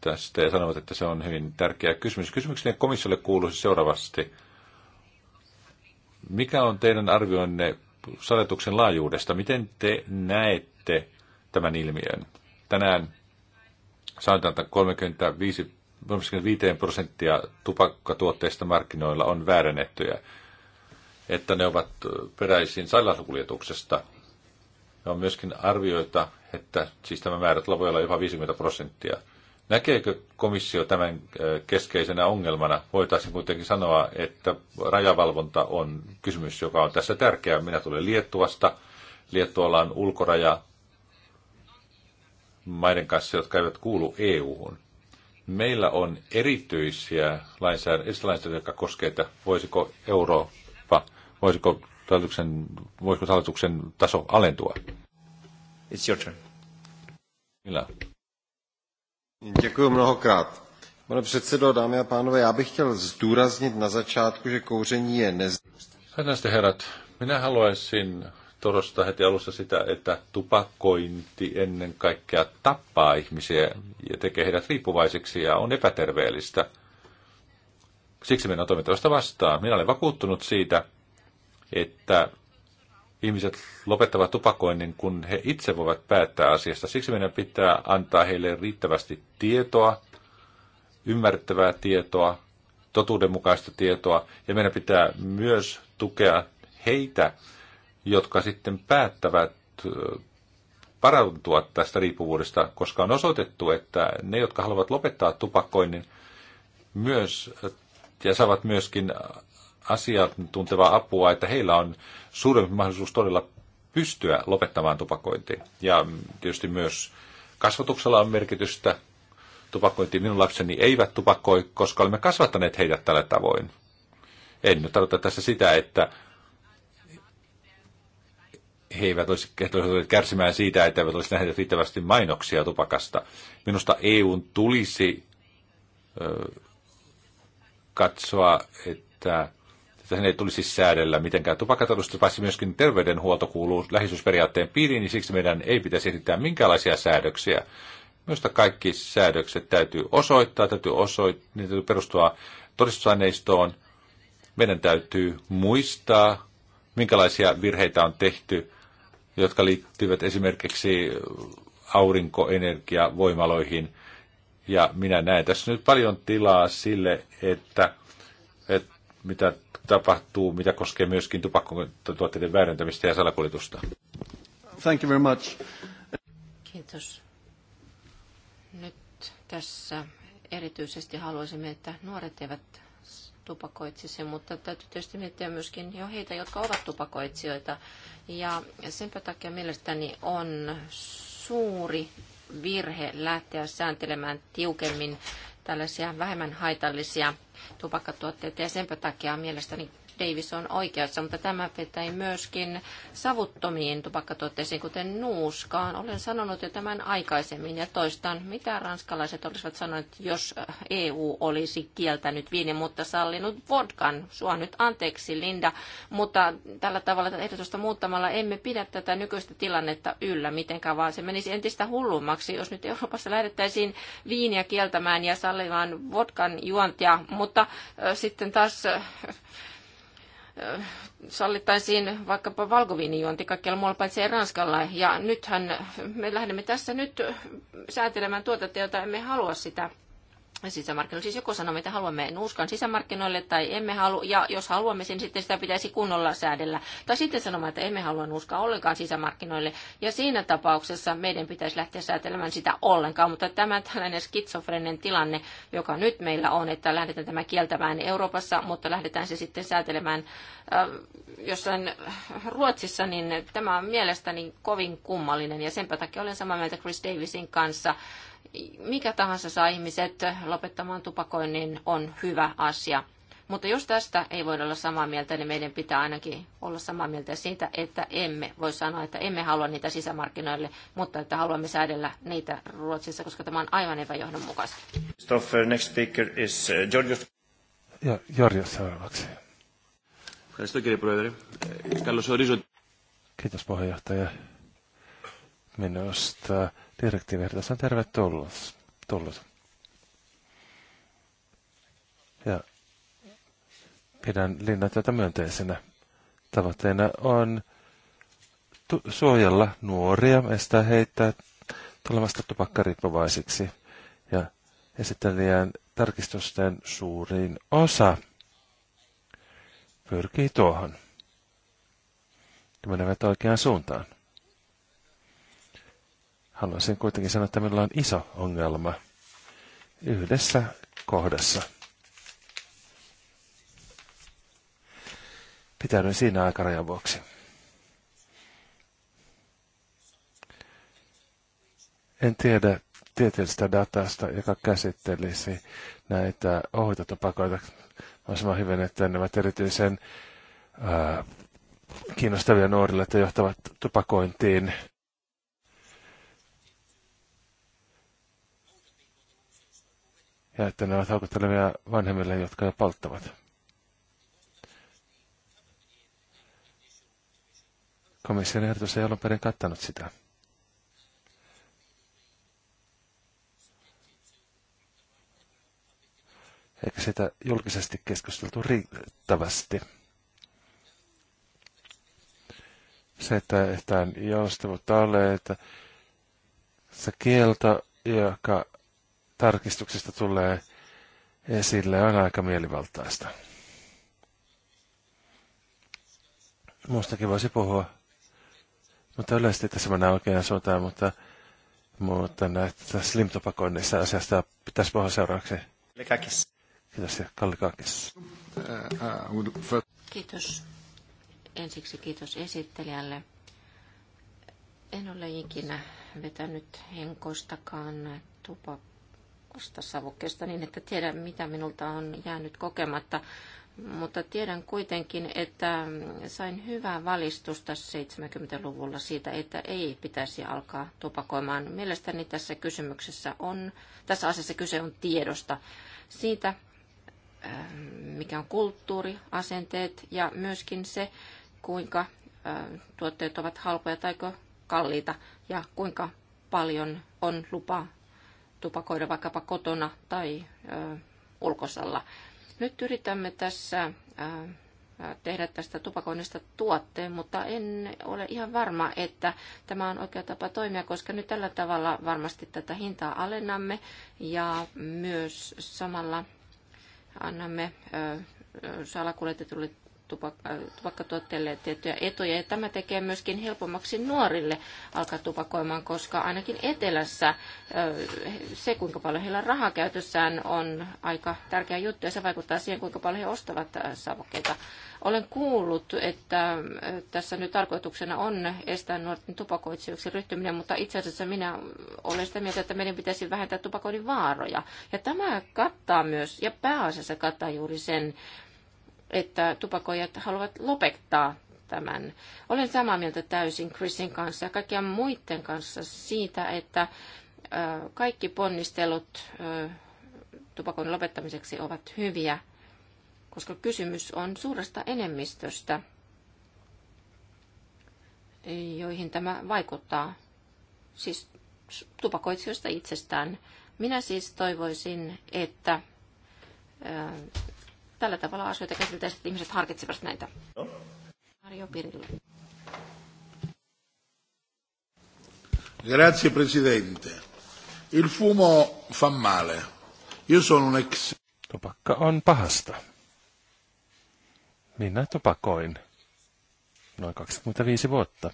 S1: tästä ja sanovat, että se on hyvin tärkeä kysymys. Kysymykseni komissiolle kuuluisi siis seuraavasti. Mikä on teidän arvioinne salatuksen laajuudesta? Miten te näette tämän ilmiön? Tänään sanotaan, että 35, 35 prosenttia tupakkatuotteista markkinoilla on väärennettyjä, että ne ovat peräisin sairaalakuljetuksesta – ja on myöskin arvioita, että siis tämä määrä voi olla jopa 50 prosenttia. Näkeekö komissio tämän keskeisenä ongelmana? Voitaisiin kuitenkin sanoa, että rajavalvonta on kysymys, joka on tässä tärkeä. Minä tulen Liettuasta. Liettualla on ulkoraja maiden kanssa, jotka eivät kuulu EU-hun. Meillä on erityisiä lainsäädäntöjä, jotka koskevat, että voisiko Eurooppa, voisiko hallituksen, voisiko hallituksen taso alentua? It's your turn. Milla? Děkuji mnohokrát. Pane předsedo, dámy a pánové, já bych chtěl zdůraznit na začátku, že kouření je nez... Hyvät herrat, minä haluaisin torostaa heti alussa sitä, että tupakointi ennen kaikkea tappaa ihmisiä ja tekee heidät riippuvaiseksi ja on epäterveellistä. Siksi minä on toimintaista vastaan. Minä olen vakuuttunut siitä, että ihmiset lopettavat tupakoinnin, kun he itse voivat päättää asiasta. Siksi meidän pitää antaa heille riittävästi tietoa, ymmärrettävää tietoa, totuudenmukaista tietoa, ja meidän pitää myös tukea heitä, jotka sitten päättävät parantua tästä riippuvuudesta, koska on osoitettu, että ne, jotka haluavat lopettaa tupakoinnin, myös ja saavat myöskin asiat tuntevaa apua, että heillä on suurempi mahdollisuus todella pystyä lopettamaan tupakointi. Ja tietysti myös kasvatuksella on merkitystä. Tupakointi minun lapseni eivät tupakoi, koska olemme kasvattaneet heidät tällä tavoin. En nyt tarkoita tässä sitä, että he eivät olisi tulleet kärsimään siitä, että eivät olisi nähneet riittävästi mainoksia tupakasta. Minusta EUn tulisi ö, katsoa, että että hän ei tulisi säädellä mitenkään tupakatalusta, paitsi myöskin terveydenhuolto kuuluu läheisyysperiaatteen piiriin, niin siksi meidän ei pitäisi esittää minkäänlaisia säädöksiä. Minusta kaikki säädökset täytyy osoittaa, täytyy osoittaa, niitä täytyy perustua todistusaineistoon. Meidän täytyy muistaa, minkälaisia virheitä on tehty, jotka liittyvät esimerkiksi aurinkoenergiavoimaloihin. Ja minä näen tässä nyt paljon tilaa sille, että mitä tapahtuu, mitä koskee myöskin tupakkotuotteiden väärentämistä ja salakuljetusta.
S2: Thank you very much.
S4: Kiitos. Nyt tässä erityisesti haluaisimme, että nuoret eivät tupakoitsisi, mutta täytyy tietysti miettiä myöskin jo heitä, jotka ovat tupakoitsijoita. Ja senpä takia mielestäni on suuri virhe lähteä sääntelemään tiukemmin tällaisia vähemmän haitallisia tupakkatuotteita ja sen takia on mielestäni Davis on oikeassa, mutta tämä petää myöskin savuttomiin tupakkatuotteisiin, kuten nuuskaan. Olen sanonut jo tämän aikaisemmin ja toistan, mitä ranskalaiset olisivat sanoneet, jos EU olisi kieltänyt viini, mutta sallinut vodkan. Sua nyt anteeksi, Linda, mutta tällä tavalla ehdotusta muuttamalla emme pidä tätä nykyistä tilannetta yllä mitenkään, vaan se menisi entistä hullummaksi, jos nyt Euroopassa lähdettäisiin viiniä kieltämään ja sallimaan vodkan juontia, mutta sitten taas sallittaisiin vaikkapa valkoviinijuonti kaikkialla muualla paitsi Ranskalla. Ja nythän me lähdemme tässä nyt säätelemään tuotetta, jota emme halua sitä sisämarkkinoille. Siis joko sanomme, että haluamme nuuskan sisämarkkinoille tai emme halua, ja jos haluamme sen, sitten sitä pitäisi kunnolla säädellä. Tai sitten sanomaan, että emme halua nuuskaa ollenkaan sisämarkkinoille, ja siinä tapauksessa meidän pitäisi lähteä säätelemään sitä ollenkaan. Mutta tämä tällainen skitsofrenen tilanne, joka nyt meillä on, että lähdetään tämä kieltämään Euroopassa, mutta lähdetään se sitten säätelemään äh, jossain Ruotsissa, niin tämä on mielestäni kovin kummallinen, ja senpä takia olen samaa mieltä Chris Davisin kanssa, mikä tahansa saa ihmiset lopettamaan tupakoinnin, on hyvä asia. Mutta jos tästä ei voida olla samaa mieltä, niin meidän pitää ainakin olla samaa mieltä siitä, että emme voi sanoa, että emme halua niitä sisämarkkinoille, mutta että haluamme säädellä niitä Ruotsissa, koska tämä on aivan epäjohdonmukaista. Stoffer, next speaker is uh, Georgios. Ja
S3: Jorjos seuraavaksi. Kiitos puheenjohtaja. Minusta direktiiviehdotus on tervetullut. Tullut. Ja pidän linnan tätä myönteisenä. Tavoitteena on suojella nuoria, estää heitä tulemasta tupakkariippuvaisiksi. Ja esittelijän tarkistusten suurin osa pyrkii tuohon. Ja menevät oikeaan suuntaan. Haluaisin kuitenkin sanoa, että meillä on iso ongelma yhdessä kohdassa. Pitäydyn siinä aikarajan vuoksi. En tiedä tieteellistä datasta, joka käsittelisi näitä ohuitutupakoita. Mahdollisimman hyvin, että ne ovat erityisen ää, kiinnostavia nuorille, että johtavat tupakointiin ja että ne ovat haukuttelevia vanhemmille, jotka jo polttavat. Komission ehdotus ei alun perin kattanut sitä. Eikä sitä julkisesti keskusteltu riittävästi. Se, että tämä joustavuutta ole, että se kielto, joka tarkistuksista tulee esille, on aika mielivaltaista. Muustakin voisi puhua, mutta yleisesti tässä mennään oikeaan suuntaan, mutta, mutta näitä slimtopakonnista asiasta pitäisi puhua seuraavaksi. Lekakis. Kiitos Kalli
S4: Kiitos. Ensiksi kiitos esittelijälle. En ole ikinä vetänyt henkostakaan tupakkaa savukkeesta niin, että tiedän mitä minulta on jäänyt kokematta. Mutta tiedän kuitenkin, että sain hyvää valistusta 70-luvulla siitä, että ei pitäisi alkaa tupakoimaan. Mielestäni tässä kysymyksessä on, tässä asiassa kyse on tiedosta siitä, äh, mikä on kulttuuri, asenteet ja myöskin se, kuinka äh, tuotteet ovat halpoja tai kalliita ja kuinka paljon on lupa tupakoida vaikkapa kotona tai ö, ulkosalla. Nyt yritämme tässä tehdä tästä tupakoinnista tuotteen, mutta en ole ihan varma, että tämä on oikea tapa toimia, koska nyt tällä tavalla varmasti tätä hintaa alennamme ja myös samalla annamme salakuljetetulle Äh, tupakkatuotteille tiettyjä etuja. Ja tämä tekee myöskin helpommaksi nuorille alkaa tupakoimaan, koska ainakin etelässä äh, se, kuinka paljon heillä rahaa käytössään, on aika tärkeä juttu ja se vaikuttaa siihen, kuinka paljon he ostavat äh, savukkeita. Olen kuullut, että tässä nyt tarkoituksena on estää nuorten tupakoitsijoiksi ryhtyminen, mutta itse asiassa minä olen sitä mieltä, että meidän pitäisi vähentää tupakoinnin vaaroja. Ja tämä kattaa myös, ja pääasiassa kattaa juuri sen, että tupakoijat haluavat lopettaa tämän. Olen samaa mieltä täysin Chrisin kanssa ja kaikkien muiden kanssa siitä, että kaikki ponnistelut tupakon lopettamiseksi ovat hyviä, koska kysymys on suuresta enemmistöstä, joihin tämä vaikuttaa, siis tupakoitsijoista itsestään. Minä siis toivoisin, että tällä tavalla asioita käsiteltäisiin, että ihmiset harkitsevat näitä. Mario Pirillo.
S1: Grazie Presidente. Il fumo fa male. Io sono un ex... Tupakka on pahasta.
S3: Minä tupakoin noin 25 vuotta.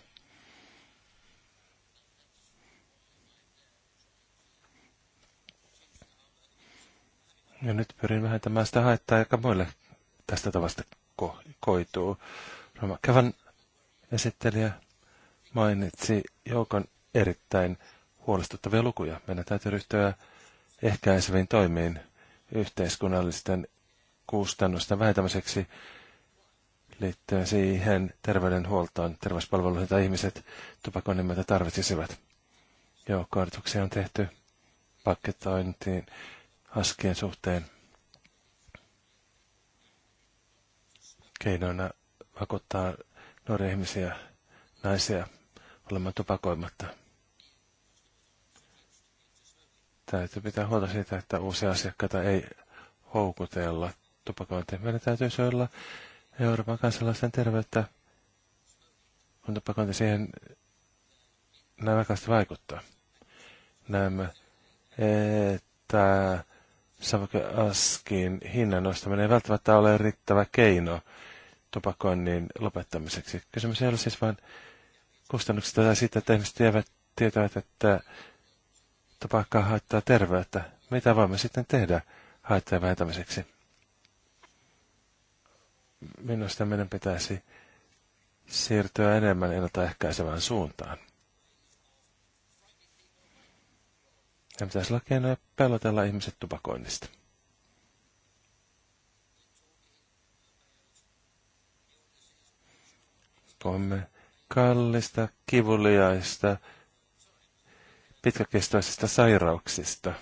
S3: Ja nyt pyrin vähentämään sitä haittaa, joka muille tästä tavasta ko- koituu. Roma Kävän esittelijä mainitsi joukon erittäin huolestuttavia lukuja. Meidän täytyy ryhtyä ehkäiseviin toimiin yhteiskunnallisten kustannusten vähentämiseksi liittyen siihen terveydenhuoltoon, terveyspalveluihin tai ihmiset tupakoinnimmeltä tarvitsisivat. Joukkoartuksia on tehty paketointiin askeen suhteen keinoina pakottaa nuoria ihmisiä, naisia olemaan tupakoimatta. Täytyy pitää huolta siitä, että uusia asiakkaita ei houkutella tupakointiin. Meidän täytyy suojella Euroopan kansalaisten terveyttä, kun tupakointi siihen näin vaikuttaa. Näemme, että Savake-askin hinnan nostaminen ei välttämättä ole riittävä keino tupakoinnin lopettamiseksi. Kysymys ei ole siis vain kustannuksista tai siitä, että ihmiset tietävät, tietävät, että tupakka haittaa terveyttä. Mitä voimme sitten tehdä haittojen vähentämiseksi? Minusta meidän pitäisi siirtyä enemmän ennaltaehkäisevään suuntaan. Ja pitäisi olla keinoja pelotella ihmiset tupakoinnista. Tuomme kallista, kivuliaista, pitkäkestoisista sairauksista.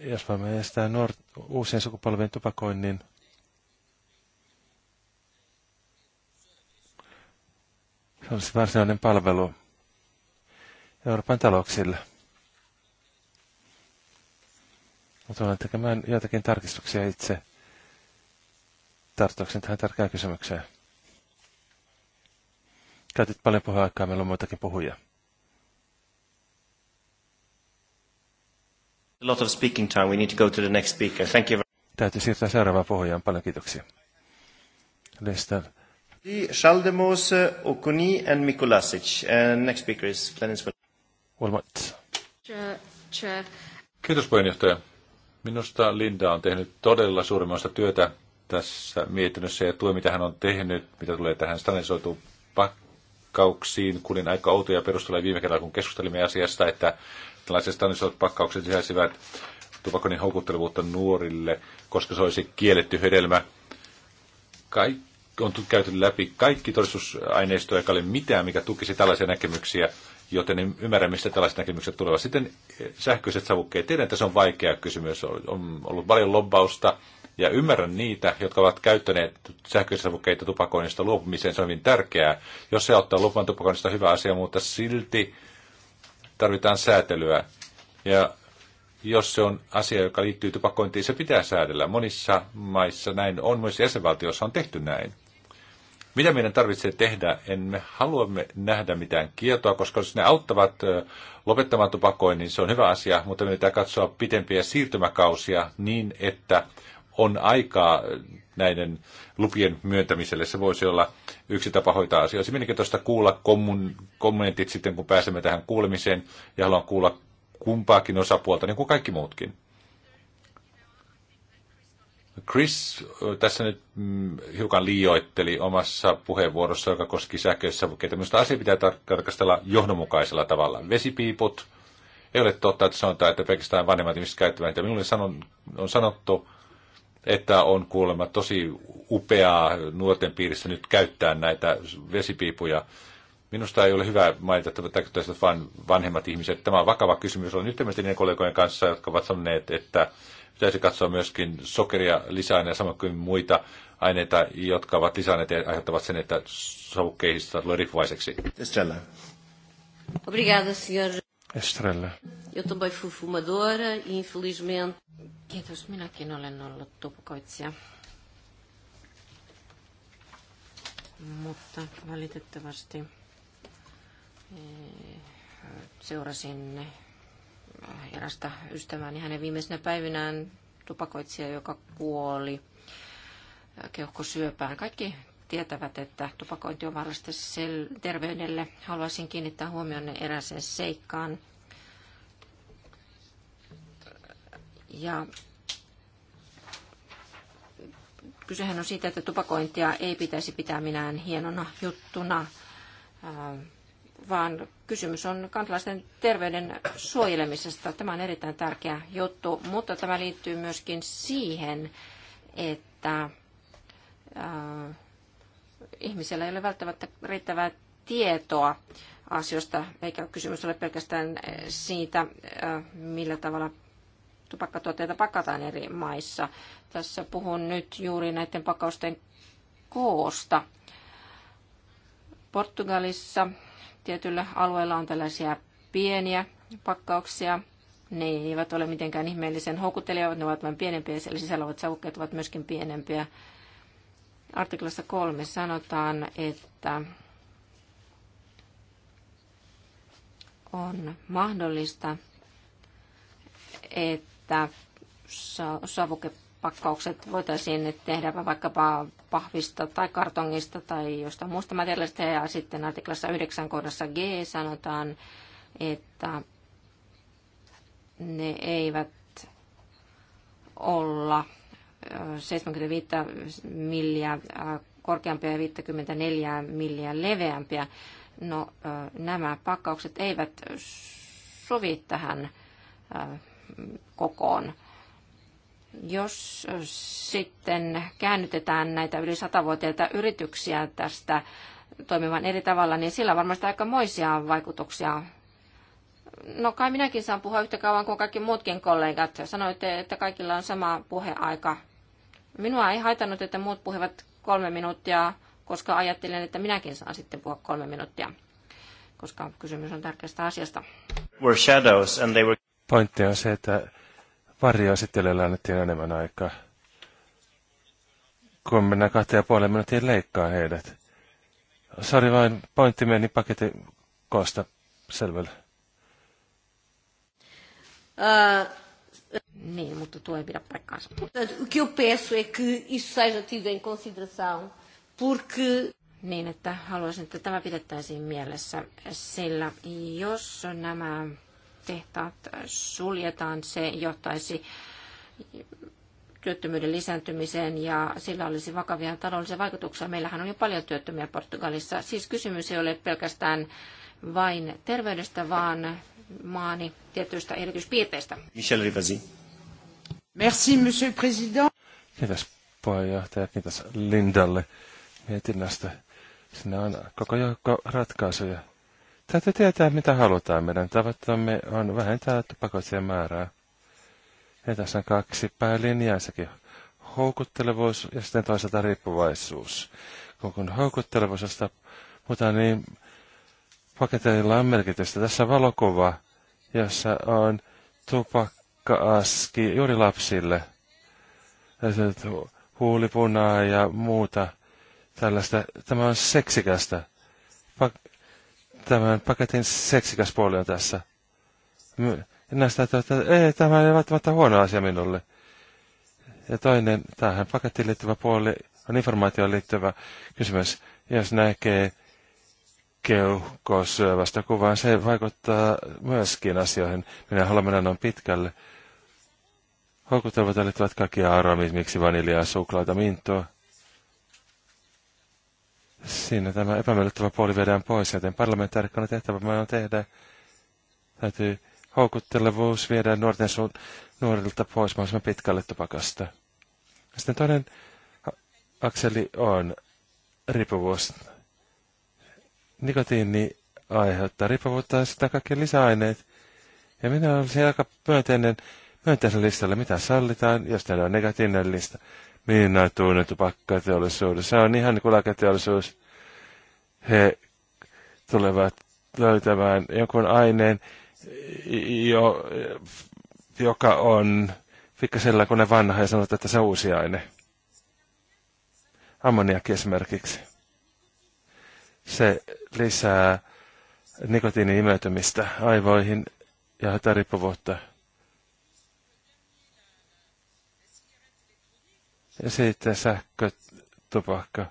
S3: Jos voimme estää nuort, uusien sukupolvien tupakoinnin, se olisi varsinainen palvelu Euroopan talouksille. Mä tulen tekemään joitakin tarkistuksia itse tarttuakseni tähän tärkeään kysymykseen. Käytit paljon puheaikaa, meillä on muitakin puhujia.
S4: A lot of speaking time. We need to go to the next speaker. Thank you.
S3: Täytyy siirtää seuraavaan puhujaan. Paljon kiitoksia. Listan.
S4: Schaldemos, Okuni and Mikulasic.
S3: And next speaker is Glenis
S1: Wilmot. Kiitos puheenjohtaja. Minusta Linda on tehnyt todella suurimmasta työtä tässä mietinnössä ja tuo, mitä hän on tehnyt, mitä tulee tähän standardisoituun pakkauksiin. Kuulin aika outoja perusteluja viime kerralla, kun keskustelimme asiasta, että tällaiset standardisoidut pakkaukset sisäisivät tupakonin houkuttelevuutta nuorille, koska se olisi kielletty hedelmä. Kaik- on käyty läpi kaikki todistusaineistoja, joka oli mitään, mikä tukisi tällaisia näkemyksiä joten ymmärrän, mistä tällaiset näkemykset tulevat. Sitten sähköiset savukkeet. Tiedän, että se on vaikea kysymys. On ollut paljon lobbausta ja ymmärrän niitä, jotka ovat käyttäneet sähköisiä savukkeita tupakoinnista luopumiseen. Se on hyvin tärkeää. Jos se auttaa luopumaan tupakoinnista, hyvä asia, mutta silti tarvitaan säätelyä. Ja jos se on asia, joka liittyy tupakointiin, se pitää säädellä. Monissa maissa näin on, myös jäsenvaltioissa on tehty näin. Mitä meidän tarvitsee tehdä? En me haluamme nähdä mitään kieltoa, koska jos ne auttavat lopettamaan tupakoin, niin se on hyvä asia, mutta meidän pitää katsoa pitempiä siirtymäkausia niin, että on aikaa näiden lupien myöntämiselle. Se voisi olla yksi tapa hoitaa asiaa. Olisi mielenkiintoista kuulla kommun, kommentit sitten, kun pääsemme tähän kuulemiseen, ja haluan kuulla kumpaakin osapuolta, niin kuin kaikki muutkin. Chris tässä nyt mm, hiukan liioitteli omassa puheenvuorossa, joka koski sähkösavukkeita. Minusta asia pitää tarkastella johdonmukaisella tavalla. Vesipiiput, ei ole totta, että sanotaan, että pelkästään vanhemmat ihmiset käyttävät niitä. Minulle sanon, on sanottu, että on kuulemma tosi upeaa nuorten piirissä nyt käyttää näitä vesipiipuja. Minusta ei ole hyvä mainita, että tarkoittaisivat vain vanhemmat ihmiset. Tämä on vakava kysymys. Olen yhtä kollegojen kanssa, jotka ovat sanoneet, että Pitäisi katsoa myöskin sokeria lisäaineja, samoin kuin muita aineita, jotka ovat lisäaineet ja aiheuttavat sen, että savukkeista tulee riippuvaiseksi. Estrella.
S4: Obrigada, señor. Estrella. Eu também fui fumadora, e, infelizmente. Kiitos, minäkin olen ollut tupukoitsija. Mutta valitettavasti eh, seurasin erästä ystävääni niin hänen viimeisenä päivinään tupakoitsija, joka kuoli keuhkosyöpään. Kaikki tietävät, että tupakointi on vaarallista terveydelle. Haluaisin kiinnittää huomioon erääseen seikkaan. Ja kysehän on siitä, että tupakointia ei pitäisi pitää minään hienona juttuna, vaan kysymys on kansalaisten terveyden suojelemisesta. Tämä on erittäin tärkeä juttu, mutta tämä liittyy myöskin siihen, että äh, ihmisellä ei ole välttämättä riittävää tietoa asioista, eikä kysymys ole pelkästään äh, siitä, äh, millä tavalla tupakkatuotteita pakataan eri maissa. Tässä puhun nyt juuri näiden pakausten koosta. Portugalissa Tietyillä alueilla on tällaisia pieniä pakkauksia. Ne eivät ole mitenkään ihmeellisen houkuttelevat, ne ovat vain pienempiä, eli sisällä ovat savukkeet ovat myöskin pienempiä. Artiklassa kolme sanotaan, että on mahdollista, että savuke pakkaukset voitaisiin tehdä vaikkapa pahvista tai kartongista tai jostain muusta materiaalista. Ja sitten artiklassa 9 kohdassa G sanotaan, että ne eivät olla 75 milliä korkeampia ja 54 milliä leveämpiä. No nämä pakkaukset eivät sovi tähän kokoon. Jos sitten käännytetään näitä yli satavuotiaita yrityksiä tästä toimivan eri tavalla, niin sillä on varmasti moisia vaikutuksia. No kai minäkin saan puhua yhtä kauan kuin kaikki muutkin kollegat. Sanoitte, että kaikilla on sama puheaika. Minua ei haitannut, että muut puhuvat kolme minuuttia, koska ajattelin, että minäkin saan sitten puhua kolme minuuttia, koska kysymys on tärkeästä asiasta. Were shadows and they were...
S3: Pointti on se, että sitten, varjoesittelijälle annettiin enemmän aikaa. Kun mennään kahteen ja puoleen minuuttiin leikkaa heidät. Sari vain pointti meni paketin koosta selvällä.
S4: Ää... Äh, niin, mutta tuo ei pidä paikkaansa. O que eu peço é que isso seja tido em consideração, porque... Niin, että haluaisin, että tämä pidettäisiin mielessä, sillä jos nämä tehtaat suljetaan, se johtaisi työttömyyden lisääntymiseen ja sillä olisi vakavia taloudellisia vaikutuksia. Meillähän on jo paljon työttömiä Portugalissa. Siis kysymys ei ole pelkästään vain terveydestä, vaan maani tietyistä erityispiirteistä.
S3: Michel Rivasi. Merci, monsieur le président. Kiitos puheenjohtaja, kiitos Lindalle mietinnästä. Siinä on koko joukko ratkaisuja. Täytyy tietää, mitä halutaan. Meidän tavoittamme on vähentää tupakoisia määrää. Ja tässä on kaksi päälinjaisakin. Houkuttelevuus ja sitten toisaalta riippuvaisuus. Kun, kun houkuttelevuudesta puhutaan, niin paketeilla on merkitystä. Tässä on valokuva, jossa on tupakka-aski juuri lapsille. Huulipunaa ja muuta tällaista. Tämä on seksikästä tämän paketin seksikäs puoli on tässä. Näistä, että ei, tämä ei välttämättä huono asia minulle. Ja toinen, tähän pakettiin liittyvä puoli on informaatioon liittyvä kysymys. Jos näkee keuhkosyövästä kuvaa, se vaikuttaa myöskin asioihin. Minä haluan mennä noin pitkälle. Houkutelvat liittyvät kaikki miksi vaniljaa, suklaata, mintoa. Siinä tämä epämiellyttävä puoli viedään pois, joten parlamentaarikkona me on tehdä, täytyy houkuttelevuus viedä nuorten suun, nuorilta pois mahdollisimman pitkälle tupakasta. Sitten toinen akseli on riippuvuus. Nikotiini aiheuttaa riippuvuutta ja sitten kaikki lisäaineet. Ja minä olisin aika myönteinen myönteisellä listalla, mitä sallitaan, jos teillä on negatiivinen lista miinaituinen Se on ihan niin kuin He tulevat löytämään jonkun aineen, jo, joka on fikkasella kun ne vanha ja sanotaan, että se on uusi aine. Ammoniakki esimerkiksi. Se lisää nikotiinin imeytymistä aivoihin ja hätäriippuvuutta. riippuvuutta Ja sitten sähkötupakka.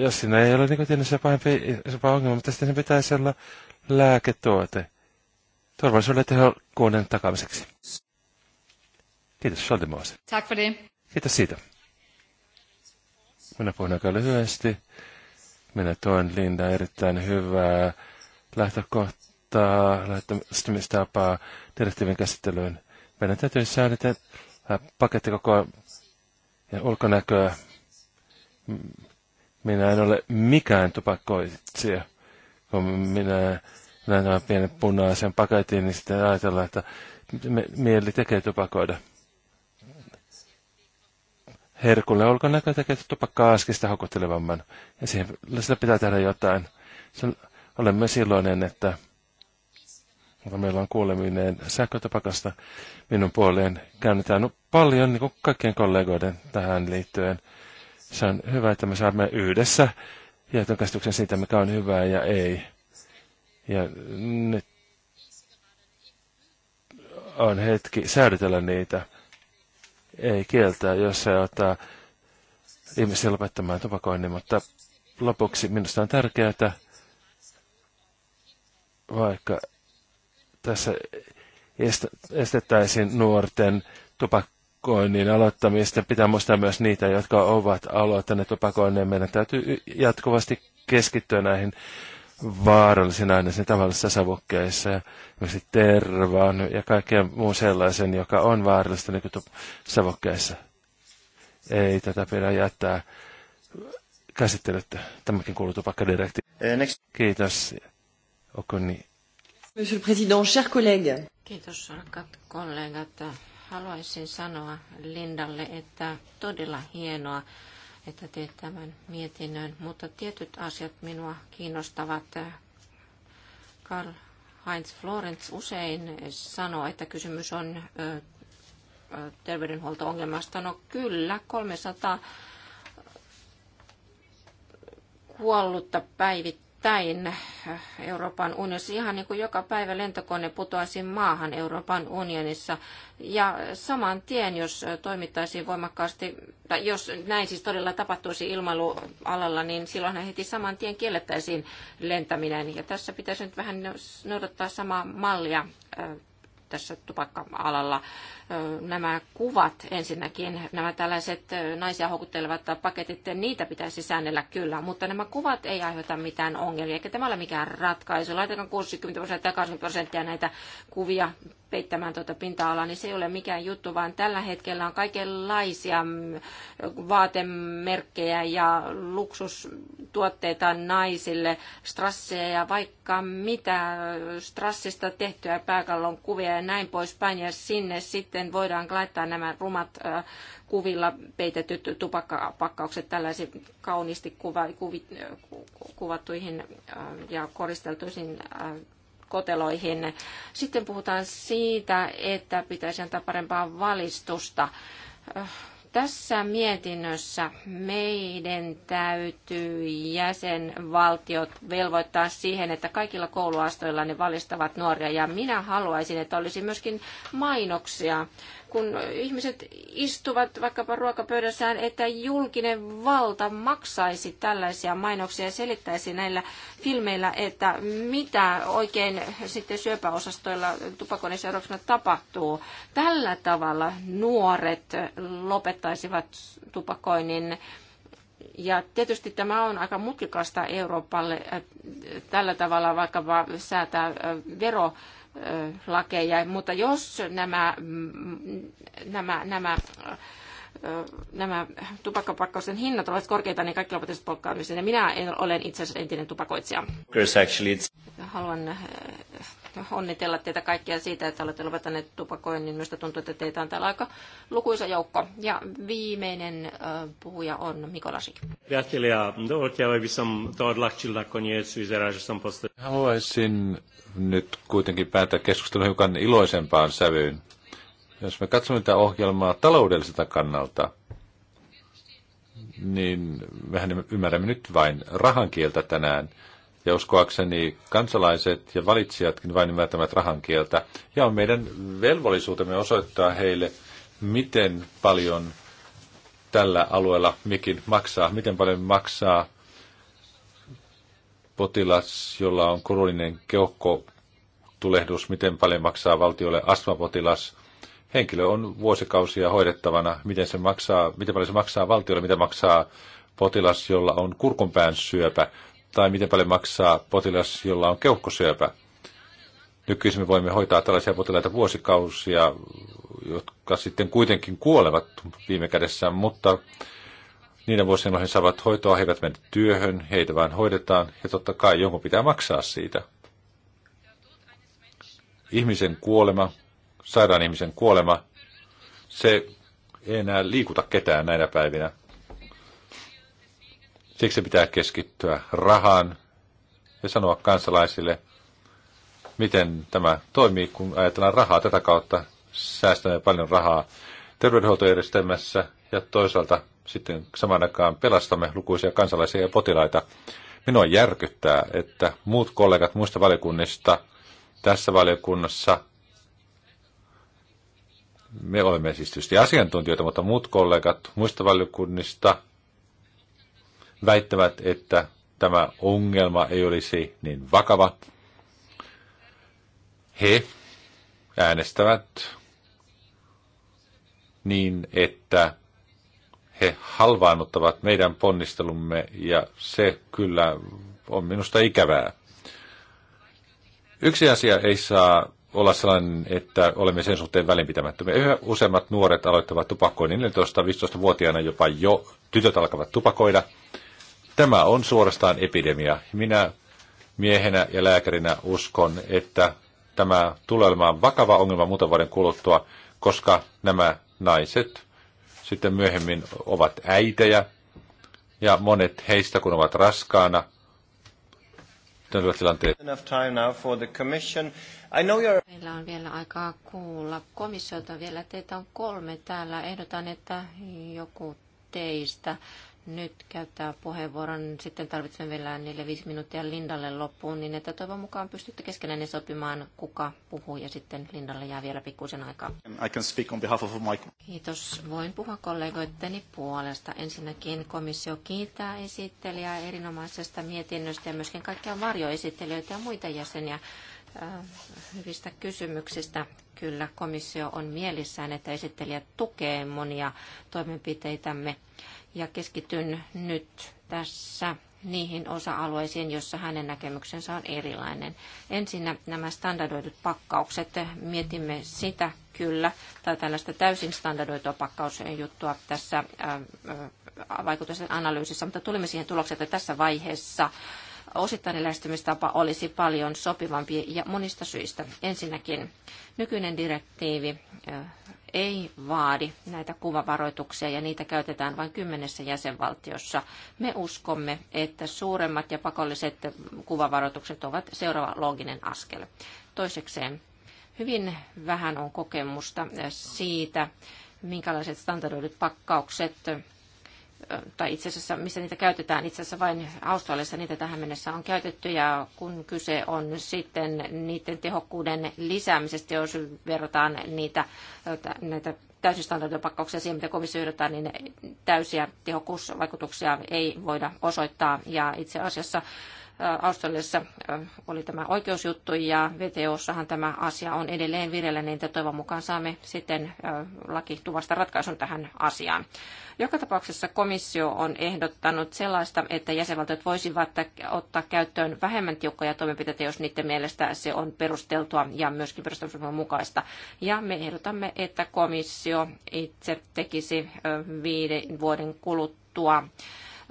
S3: Jos siinä ei ole se pahempi ongelma, mutta sitten pitäisi olla lääketuote turvallisuuden tehokkuuden takaamiseksi. Kiitos, Scholdemoos. Moose. Kiitos siitä. Minä puhun aika lyhyesti. Minä toin Linda erittäin hyvää lähtökohtaa, lähettämistapaa direktiivin käsittelyyn. Meidän täytyy säännötä pakettikokoa ja ulkonäköä. Minä en ole mikään tupakoitsija. Kun minä näen tämän pienen punaisen paketin, niin sitten ajatellaan, että mieli tekee tupakoida. Herkulle ulkonäkö tekee tupakkaa askista hokuttelevamman. Ja siihen, sillä pitää tehdä jotain. Olen olemme iloinen, että joka meillä on kuuleminen sähkötapakasta minun puoleen. Käännetään paljon niin kuin kaikkien kollegoiden tähän liittyen. Se on hyvä, että me saamme yhdessä jaetun käsityksen siitä, mikä on hyvää ja ei. Ja nyt on hetki säädytellä niitä. Ei kieltää, jos se ottaa ihmisiä lopettamaan tupakoinnin, mutta lopuksi minusta on tärkeää, että vaikka tässä estettäisiin nuorten tupakoinnin aloittamista. Pitää muistaa myös niitä, jotka ovat aloittaneet tupakoinnin. Meidän täytyy jatkuvasti keskittyä näihin vaarallisiin aineisiin tavallisissa savukkeissa ja myös tervaan ja kaikkeen muun sellaisen, joka on vaarallista savukkeissa. Ei tätä pidä jättää käsittelyttä. Tämäkin kuuluu tupakkadirektiin. Eh, Kiitos. Okuni
S4: Monsieur le Président, chers collègues. Kiitos rakkaat kollegat. Haluaisin sanoa Lindalle, että todella hienoa, että teet tämän mietinnön, mutta tietyt asiat minua kiinnostavat. Karl Heinz Florenz usein sanoo, että kysymys on terveydenhuolto-ongelmasta. No kyllä, 300 kuollutta päivit päivittäin Euroopan unionissa, ihan niin kuin joka päivä lentokone putoaisi maahan Euroopan unionissa. Ja saman tien, jos toimittaisiin voimakkaasti, tai jos näin siis todella tapahtuisi ilmailualalla, niin silloin heti saman tien kiellettäisiin lentäminen. Ja tässä pitäisi nyt vähän noudattaa samaa mallia tässä tupakka-alalla. Nämä kuvat ensinnäkin, nämä tällaiset naisia houkuttelevat paketit, niitä pitäisi säännellä kyllä, mutta nämä kuvat ei aiheuta mitään ongelmia, eikä tämä ole mikään ratkaisu. Laitetaan 60 prosenttia ja 80 prosenttia näitä kuvia peittämään tuota pinta-alaa, niin se ei ole mikään juttu, vaan tällä hetkellä on kaikenlaisia vaatemerkkejä ja luksustuotteita naisille, strasseja ja vaikka mitä strassista tehtyä pääkallon kuvia ja näin poispäin. Ja sinne sitten voidaan laittaa nämä rumat kuvilla peitetyt tupakkapakkaukset tällaisiin kauniisti kuva, kuvi, kuvattuihin ja koristeltuihin koteloihin. Sitten puhutaan siitä, että pitäisi antaa parempaa valistusta öh, tässä mietinnössä meidän täytyy jäsenvaltiot velvoittaa siihen, että kaikilla kouluastoilla ne valistavat nuoria. Ja minä haluaisin, että olisi myöskin mainoksia kun ihmiset istuvat vaikkapa ruokapöydässään, että julkinen valta maksaisi tällaisia mainoksia ja selittäisi näillä filmeillä, että mitä oikein sitten syöpäosastoilla tupakoinnin seurauksena tapahtuu. Tällä tavalla nuoret lopettaisivat tupakoinnin. Ja tietysti tämä on aika mutkikasta Euroopalle tällä tavalla vaikka säätää vero lakeja, mutta jos nämä, mm, nämä, nämä nämä tupakkapakkausten hinnat ovat korkeita, niin kaikki lopettaisivat polkkaamisen. Ja minä en, olen itse asiassa entinen tupakoitsija. Haluan onnitella teitä kaikkia siitä, että olette lopettaneet tupakoinnin. Minusta tuntuu, että teitä on täällä aika lukuisa joukko. Ja viimeinen puhuja on Mikolasik. Lasik.
S1: Haluaisin nyt kuitenkin päätä keskustelua hiukan iloisempaan sävyyn. Jos me katsomme tätä ohjelmaa taloudelliselta kannalta, niin mehän ymmärrämme nyt vain rahan kieltä tänään – ja uskoakseni kansalaiset ja valitsijatkin vain ymmärtävät rahan kieltä. Ja on meidän velvollisuutemme osoittaa heille, miten paljon tällä alueella mikin maksaa, miten paljon maksaa potilas, jolla on korullinen keuhkotulehdus, miten paljon maksaa valtiolle astmapotilas. Henkilö on vuosikausia hoidettavana, miten, se maksaa, miten paljon se maksaa valtiolle, mitä maksaa potilas, jolla on kurkunpään syöpä tai miten paljon maksaa potilas, jolla on keuhkosyöpä. Nykyisin me voimme hoitaa tällaisia potilaita vuosikausia, jotka sitten kuitenkin kuolevat viime kädessä, mutta niiden vuosien he saavat hoitoa, he eivät mene työhön, heitä vaan hoidetaan ja totta kai jonkun pitää maksaa siitä. Ihmisen kuolema, sairaan ihmisen kuolema, se ei enää liikuta ketään näinä päivinä. Siksi pitää keskittyä rahaan ja sanoa kansalaisille, miten tämä toimii, kun ajatellaan rahaa. Tätä kautta säästämme paljon rahaa terveydenhuoltojärjestelmässä ja toisaalta sitten saman aikaan pelastamme lukuisia kansalaisia ja potilaita. Minua järkyttää, että muut kollegat muista valiokunnista tässä valiokunnassa, me olemme siis tietysti asiantuntijoita, mutta muut kollegat muista valiokunnista väittävät, että tämä ongelma ei olisi niin vakava. He äänestävät niin, että he halvaannuttavat meidän ponnistelumme ja se kyllä on minusta ikävää. Yksi asia ei saa olla sellainen, että olemme sen suhteen välinpitämättömiä. Yhä useimmat nuoret aloittavat tupakoinnin 14-15-vuotiaana jopa jo. Tytöt alkavat tupakoida Tämä on suorastaan epidemia. Minä miehenä ja lääkärinä uskon, että tämä tulee olemaan vakava ongelma muutaman vuoden kuluttua, koska nämä naiset sitten myöhemmin ovat äitejä ja monet heistä, kun ovat raskaana,
S4: Meillä on vielä aikaa kuulla komissiolta vielä. Teitä on kolme täällä. Ehdotan, että joku teistä nyt käyttää puheenvuoron. Sitten tarvitsemme vielä niille viisi minuuttia Lindalle loppuun, niin että toivon mukaan pystytte keskenään sopimaan, kuka puhuu, ja sitten Lindalle jää vielä pikkuisen aikaa. I can speak on behalf of my... Kiitos. Voin puhua kollegoitteni puolesta. Ensinnäkin komissio kiittää esittelijää erinomaisesta mietinnöstä ja myöskin kaikkia varjoesittelijöitä ja muita jäseniä äh, hyvistä kysymyksistä. Kyllä komissio on mielissään, että esittelijä tukee monia toimenpiteitämme ja keskityn nyt tässä niihin osa-alueisiin, joissa hänen näkemyksensä on erilainen. Ensinnä nämä standardoidut pakkaukset. Mietimme sitä kyllä, tai tällaista täysin standardoitua juttua tässä äh, äh, vaikutusten analyysissä, mutta tulimme siihen tulokseen, että tässä vaiheessa osittainen lähestymistapa olisi paljon sopivampi ja monista syistä. Ensinnäkin nykyinen direktiivi äh, ei vaadi näitä kuvavaroituksia ja niitä käytetään vain kymmenessä jäsenvaltiossa. Me uskomme, että suuremmat ja pakolliset kuvavaroitukset ovat seuraava looginen askel. Toisekseen, hyvin vähän on kokemusta siitä, minkälaiset standardoidut pakkaukset tai itse asiassa missä niitä käytetään, itse asiassa vain Australiassa niitä tähän mennessä on käytetty, ja kun kyse on sitten niiden tehokkuuden lisäämisestä, jos verrataan niitä, näitä täysistandardipakkauksia siihen, mitä komissio yritetään, niin täysiä tehokkuusvaikutuksia ei voida osoittaa, ja itse asiassa Australiassa oli tämä oikeusjuttu ja VTOssahan tämä asia on edelleen vireillä, niin toivon mukaan saamme sitten lakituvasta ratkaisun tähän asiaan. Joka tapauksessa komissio on ehdottanut sellaista, että jäsenvaltiot voisivat ottaa käyttöön vähemmän tiukkoja toimenpiteitä, jos niiden mielestä se on perusteltua ja myöskin perustuslain mukaista. Ja me ehdotamme, että komissio itse tekisi viiden vuoden kuluttua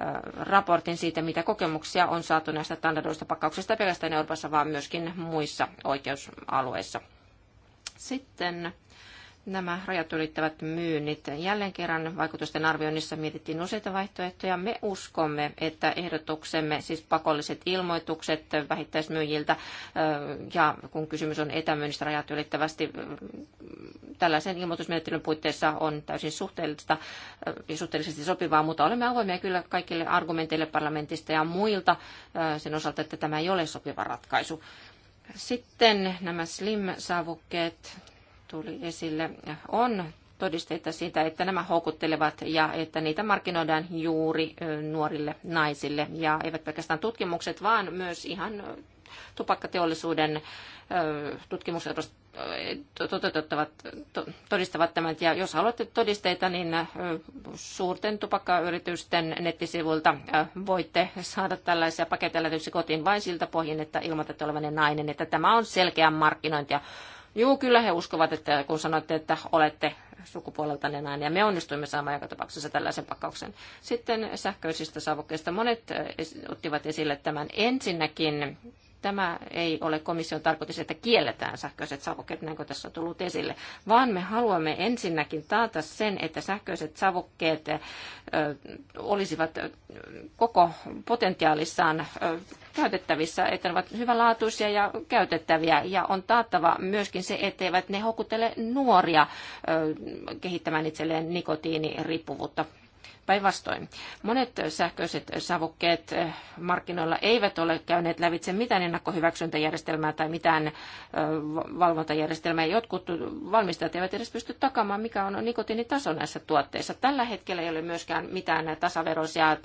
S4: Äh, raportin siitä, mitä kokemuksia on saatu näistä standardoista pakkauksista pelkästään Euroopassa, vaan myöskin muissa oikeusalueissa. Sitten nämä rajat ylittävät myynnit. Jälleen kerran vaikutusten arvioinnissa mietittiin useita vaihtoehtoja. Me uskomme, että ehdotuksemme, siis pakolliset ilmoitukset vähittäismyyjiltä, ja kun kysymys on etämyynnistä rajat ylittävästi, tällaisen ilmoitusmenettelyn puitteissa on täysin suhteellista ja suhteellisesti sopivaa, mutta olemme avoimia kyllä kaikille argumenteille parlamentista ja muilta sen osalta, että tämä ei ole sopiva ratkaisu. Sitten nämä slim-savukkeet, tuli esille, on todisteita siitä, että nämä houkuttelevat ja että niitä markkinoidaan juuri nuorille naisille. Ja eivät pelkästään tutkimukset, vaan myös ihan tupakkateollisuuden tutkimukset toteuttavat, todistavat tämän. Ja jos haluatte todisteita, niin suurten tupakkayritysten nettisivuilta voitte saada tällaisia paketteja kotiin vain siltä pohjin, että ilmoitatte olevanne nainen. Että tämä on selkeä markkinointia Joo, kyllä he uskovat, että kun sanoitte, että olette sukupuoleltanne näin, ja me onnistuimme saamaan joka tapauksessa tällaisen pakkauksen. Sitten sähköisistä savukkeista monet eh, ottivat esille tämän ensinnäkin Tämä ei ole komission tarkoitus, että kielletään sähköiset savukkeet, näin kuin tässä on tullut esille, vaan me haluamme ensinnäkin taata sen, että sähköiset savukkeet olisivat koko potentiaalissaan käytettävissä, että ne ovat hyvälaatuisia ja käytettäviä. Ja on taattava myöskin se, etteivät ne houkuttele nuoria kehittämään itselleen nikotiiniriippuvuutta Päinvastoin, monet sähköiset savukkeet eh, markkinoilla eivät ole käyneet lävitse mitään ennakkohyväksyntäjärjestelmää tai mitään eh, valvontajärjestelmää. Jotkut valmistajat eivät edes pysty takamaan, mikä on nikotiinitaso näissä tuotteissa. Tällä hetkellä ei ole myöskään mitään tasaveroisia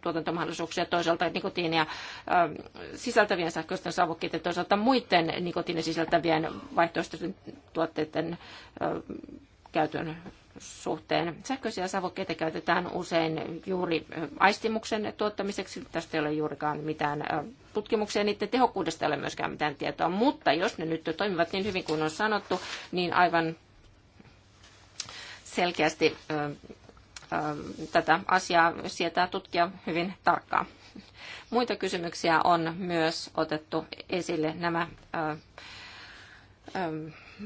S4: tuotantomahdollisuuksia toisaalta nikotiinia eh, sisältävien sähköisten savukkeiden ja toisaalta muiden nikotiinia sisältävien vaihtoehtoisten tuotteiden käytön suhteen. Sähköisiä savukkeita käytetään usein juuri aistimuksen tuottamiseksi. Tästä ei ole juurikaan mitään tutkimuksia, niiden tehokkuudesta ei ole myöskään mitään tietoa. Mutta jos ne nyt toimivat niin hyvin kuin on sanottu, niin aivan selkeästi tätä asiaa sietää tutkia hyvin tarkkaan. Muita kysymyksiä on myös otettu esille nämä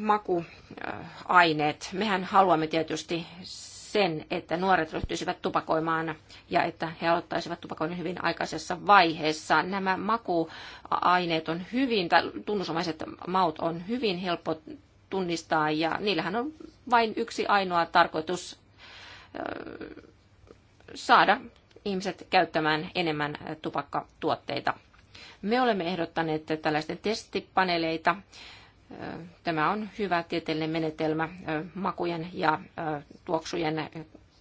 S4: makuaineet. Mehän haluamme tietysti sen, että nuoret ryhtyisivät tupakoimaan ja että he aloittaisivat tupakoinnin hyvin aikaisessa vaiheessa. Nämä makuaineet on hyvin, tai tunnusomaiset maut on hyvin helppo tunnistaa ja niillähän on vain yksi ainoa tarkoitus saada ihmiset käyttämään enemmän tupakkatuotteita. Me olemme ehdottaneet tällaisten testipaneeleita Tämä on hyvä tieteellinen menetelmä makujen ja tuoksujen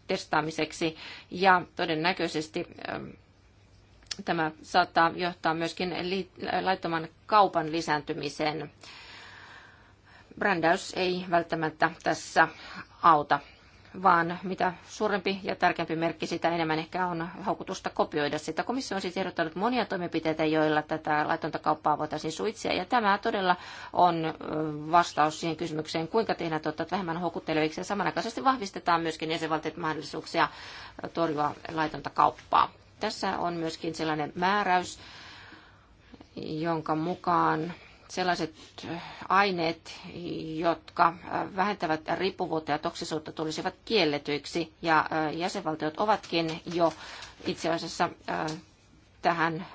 S4: testaamiseksi ja todennäköisesti tämä saattaa johtaa myöskin laittoman kaupan lisääntymiseen. Brändäys ei välttämättä tässä auta vaan mitä suurempi ja tärkeämpi merkki, sitä enemmän ehkä on haukutusta kopioida sitä. Komissio on siis ehdottanut monia toimenpiteitä, joilla tätä laitonta kauppaa voitaisiin suitsia, ja tämä todella on vastaus siihen kysymykseen, kuinka tehdään totta vähemmän houkutteleviksi, ja samanaikaisesti vahvistetaan myöskin jäsenvaltiot mahdollisuuksia torjua laitonta kauppaa. Tässä on myöskin sellainen määräys, jonka mukaan sellaiset äh, aineet, jotka äh, vähentävät riippuvuutta ja toksisuutta, tulisivat kielletyiksi. Ja äh, jäsenvaltiot ovatkin jo itse asiassa tähän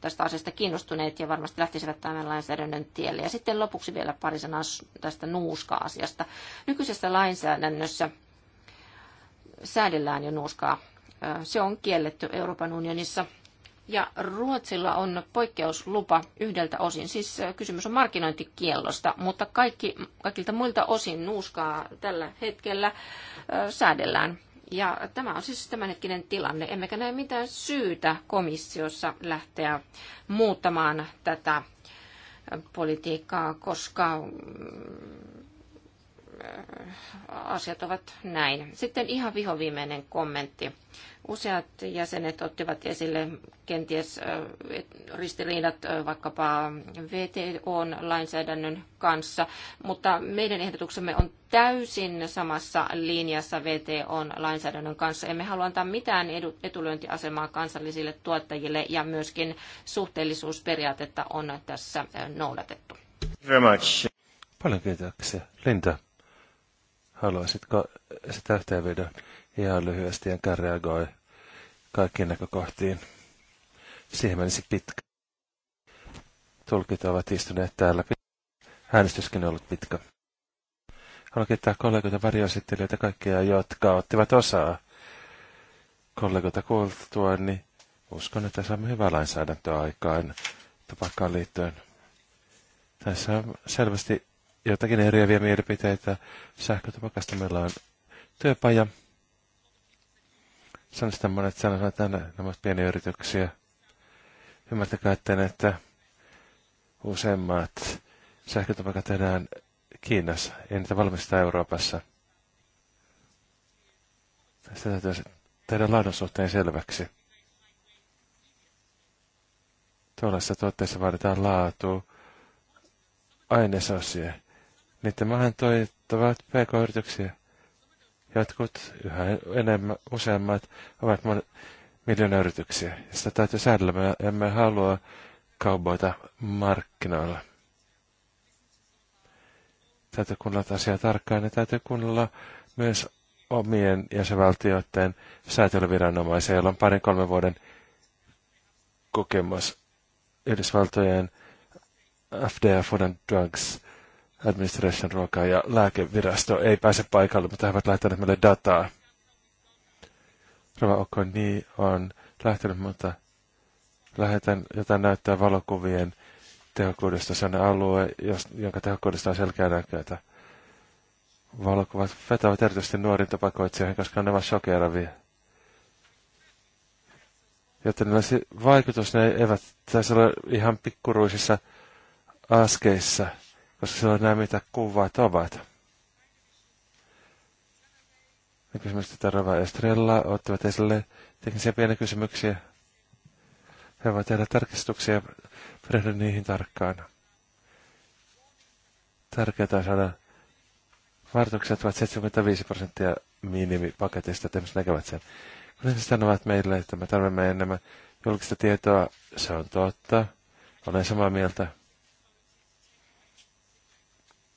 S4: tästä asiasta kiinnostuneet ja varmasti lähtisivät tämän lainsäädännön tielle. Ja sitten lopuksi vielä pari sanaa tästä nuuska-asiasta. Nykyisessä lainsäädännössä säädellään jo nuuskaa. Se on kielletty Euroopan unionissa – ja Ruotsilla on poikkeuslupa yhdeltä osin. Siis äh, kysymys on markkinointikiellosta, mutta kaikki, kaikilta muilta osin nuuskaa tällä hetkellä äh, säädellään. Ja tämä on siis tämänhetkinen tilanne. Emmekä näe mitään syytä komissiossa lähteä muuttamaan tätä äh, politiikkaa, koska mm, Äh, asiat ovat näin. Sitten ihan vihoviimeinen kommentti. Useat jäsenet ottivat esille kenties äh, ristiriidat äh, vaikkapa VTO-lainsäädännön kanssa, mutta meidän ehdotuksemme on täysin samassa linjassa VTO-lainsäädännön kanssa. Emme halua antaa mitään etulyöntiasemaa kansallisille tuottajille ja myöskin suhteellisuusperiaatetta on tässä noudatettu.
S3: Very much. Paljon kiitoksia. Linda. Haluaisitko sitä yhteenvedon ihan lyhyesti, enkä reagoi kaikkiin näkökohtiin? Siihen menisi pitkä. Tulkit ovat istuneet täällä. Äänestyskin on ollut pitkä. Haluan kiittää kollegoita, varjoesittelijöitä, kaikkia, jotka ottivat osaa. Kollegoita kuultua, niin uskon, että saamme hyvää lainsäädäntöä aikaan tupakkaan liittyen. Tässä on selvästi joitakin eriäviä mielipiteitä sähkötupakasta. Meillä on työpaja. Sanoista monet sanovat tänne nämä pieniä yrityksiä. Ymmärtäkää, että, että useimmat sähkötupakat tehdään Kiinassa, ei niitä valmista Euroopassa. Tästä täytyy tehdä laadun suhteen selväksi. Tuollaisessa tuotteessa vaaditaan laatu, ainesosia niiden toivottavat pk-yrityksiä. Jotkut yhä enemmän, useammat ovat miljoonayrityksiä. Sitä täytyy säädellä. Me emme halua kaupoita markkinoilla. Täytyy kuunnella asiaa tarkkaan ja täytyy kuunnella myös omien jäsenvaltioiden säätelyviranomaisia, joilla on parin kolmen vuoden kokemus Yhdysvaltojen FDA Food and Drugs Administration ruokaa ja lääkevirasto ei pääse paikalle, mutta he ovat lähettäneet meille dataa. Rova Okoni on lähtenyt, mutta lähetän jotain näyttää valokuvien tehokkuudesta. Se on alue, jonka tehokkuudesta on selkeä näköitä. Valokuvat vetävät erityisesti nuorin tupakoitsijoihin, koska ne ovat shokeeravia. Joten niillä vaikutus ne eivät tässä ole ihan pikkuruisissa askeissa koska se on näin, mitä kuvat ovat. Ne kysymykset Tarva Estrella ottavat esille teknisiä pieniä kysymyksiä. He voivat tehdä tarkistuksia ja niihin tarkkaan. Tärkeää on saada varoitukset ovat 75 prosenttia minimipaketista, että ihmiset näkevät sen. Kun he sanovat meille, että me tarvitsemme enemmän julkista tietoa, se on totta. Olen samaa mieltä.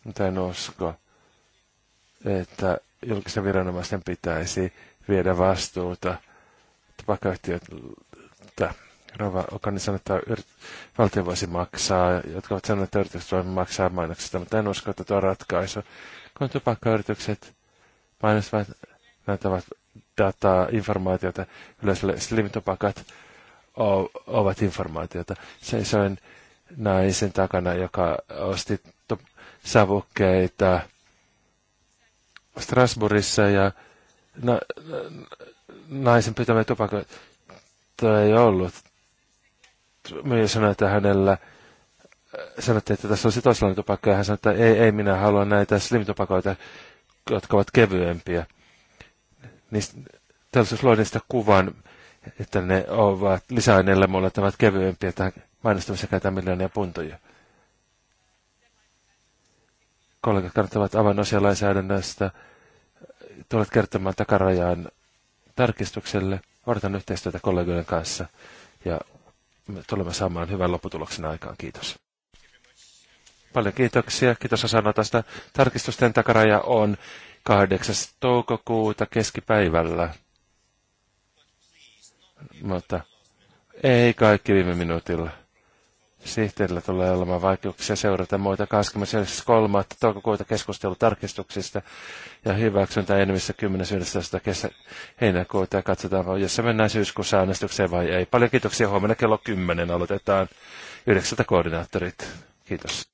S3: Mutta en usko, että julkisen viranomaisten pitäisi viedä vastuuta tupakkayhtiötä. Rova Okani sanoi, että yrit- valtio voisi maksaa, jotka ovat sanoneet, että yritykset voivat maksaa mainoksista, mutta en usko, että tuo ratkaisu. Kun tupakkayritykset mainostavat, näyttävät dataa, informaatiota yleensä slimtupakat ovat informaatiota. Se isoin naisen takana, joka osti savukkeita Strasbourgissa ja na, na, naisen pitämä tupakka ei ollut. Myös sanoi, että hänellä sanottiin, että tässä olisi toisenlainen tupakka ja hän sanoi, että ei, ei minä halua näitä slim-tupakoita, jotka ovat kevyempiä. Niistä, teollisuus loi niistä kuvan, että ne ovat lisäaineille mulle ovat kevyempiä tähän mainostamissa käytetään miljoonia puntoja kollegat kannattavat avainosia lainsäädännöstä. Tulet kertomaan takarajaan tarkistukselle. Odotan yhteistyötä kollegoiden kanssa ja tulemme saamaan hyvän lopputuloksen aikaan. Kiitos. Paljon kiitoksia. Kiitos Asana no, tästä. Tarkistusten takaraja on 8. toukokuuta keskipäivällä. Mutta ei kaikki viime minuutilla. Sihteerillä tulee olemaan vaikeuksia seurata muita 23. toukokuuta keskustelu ja hyväksyntä enimmissä 10.11. kesä heinäkuuta ja katsotaan, jos se mennään syyskuussa äänestykseen vai ei. Paljon kiitoksia. Huomenna kello 10 aloitetaan yhdeksältä koordinaattorit. Kiitos.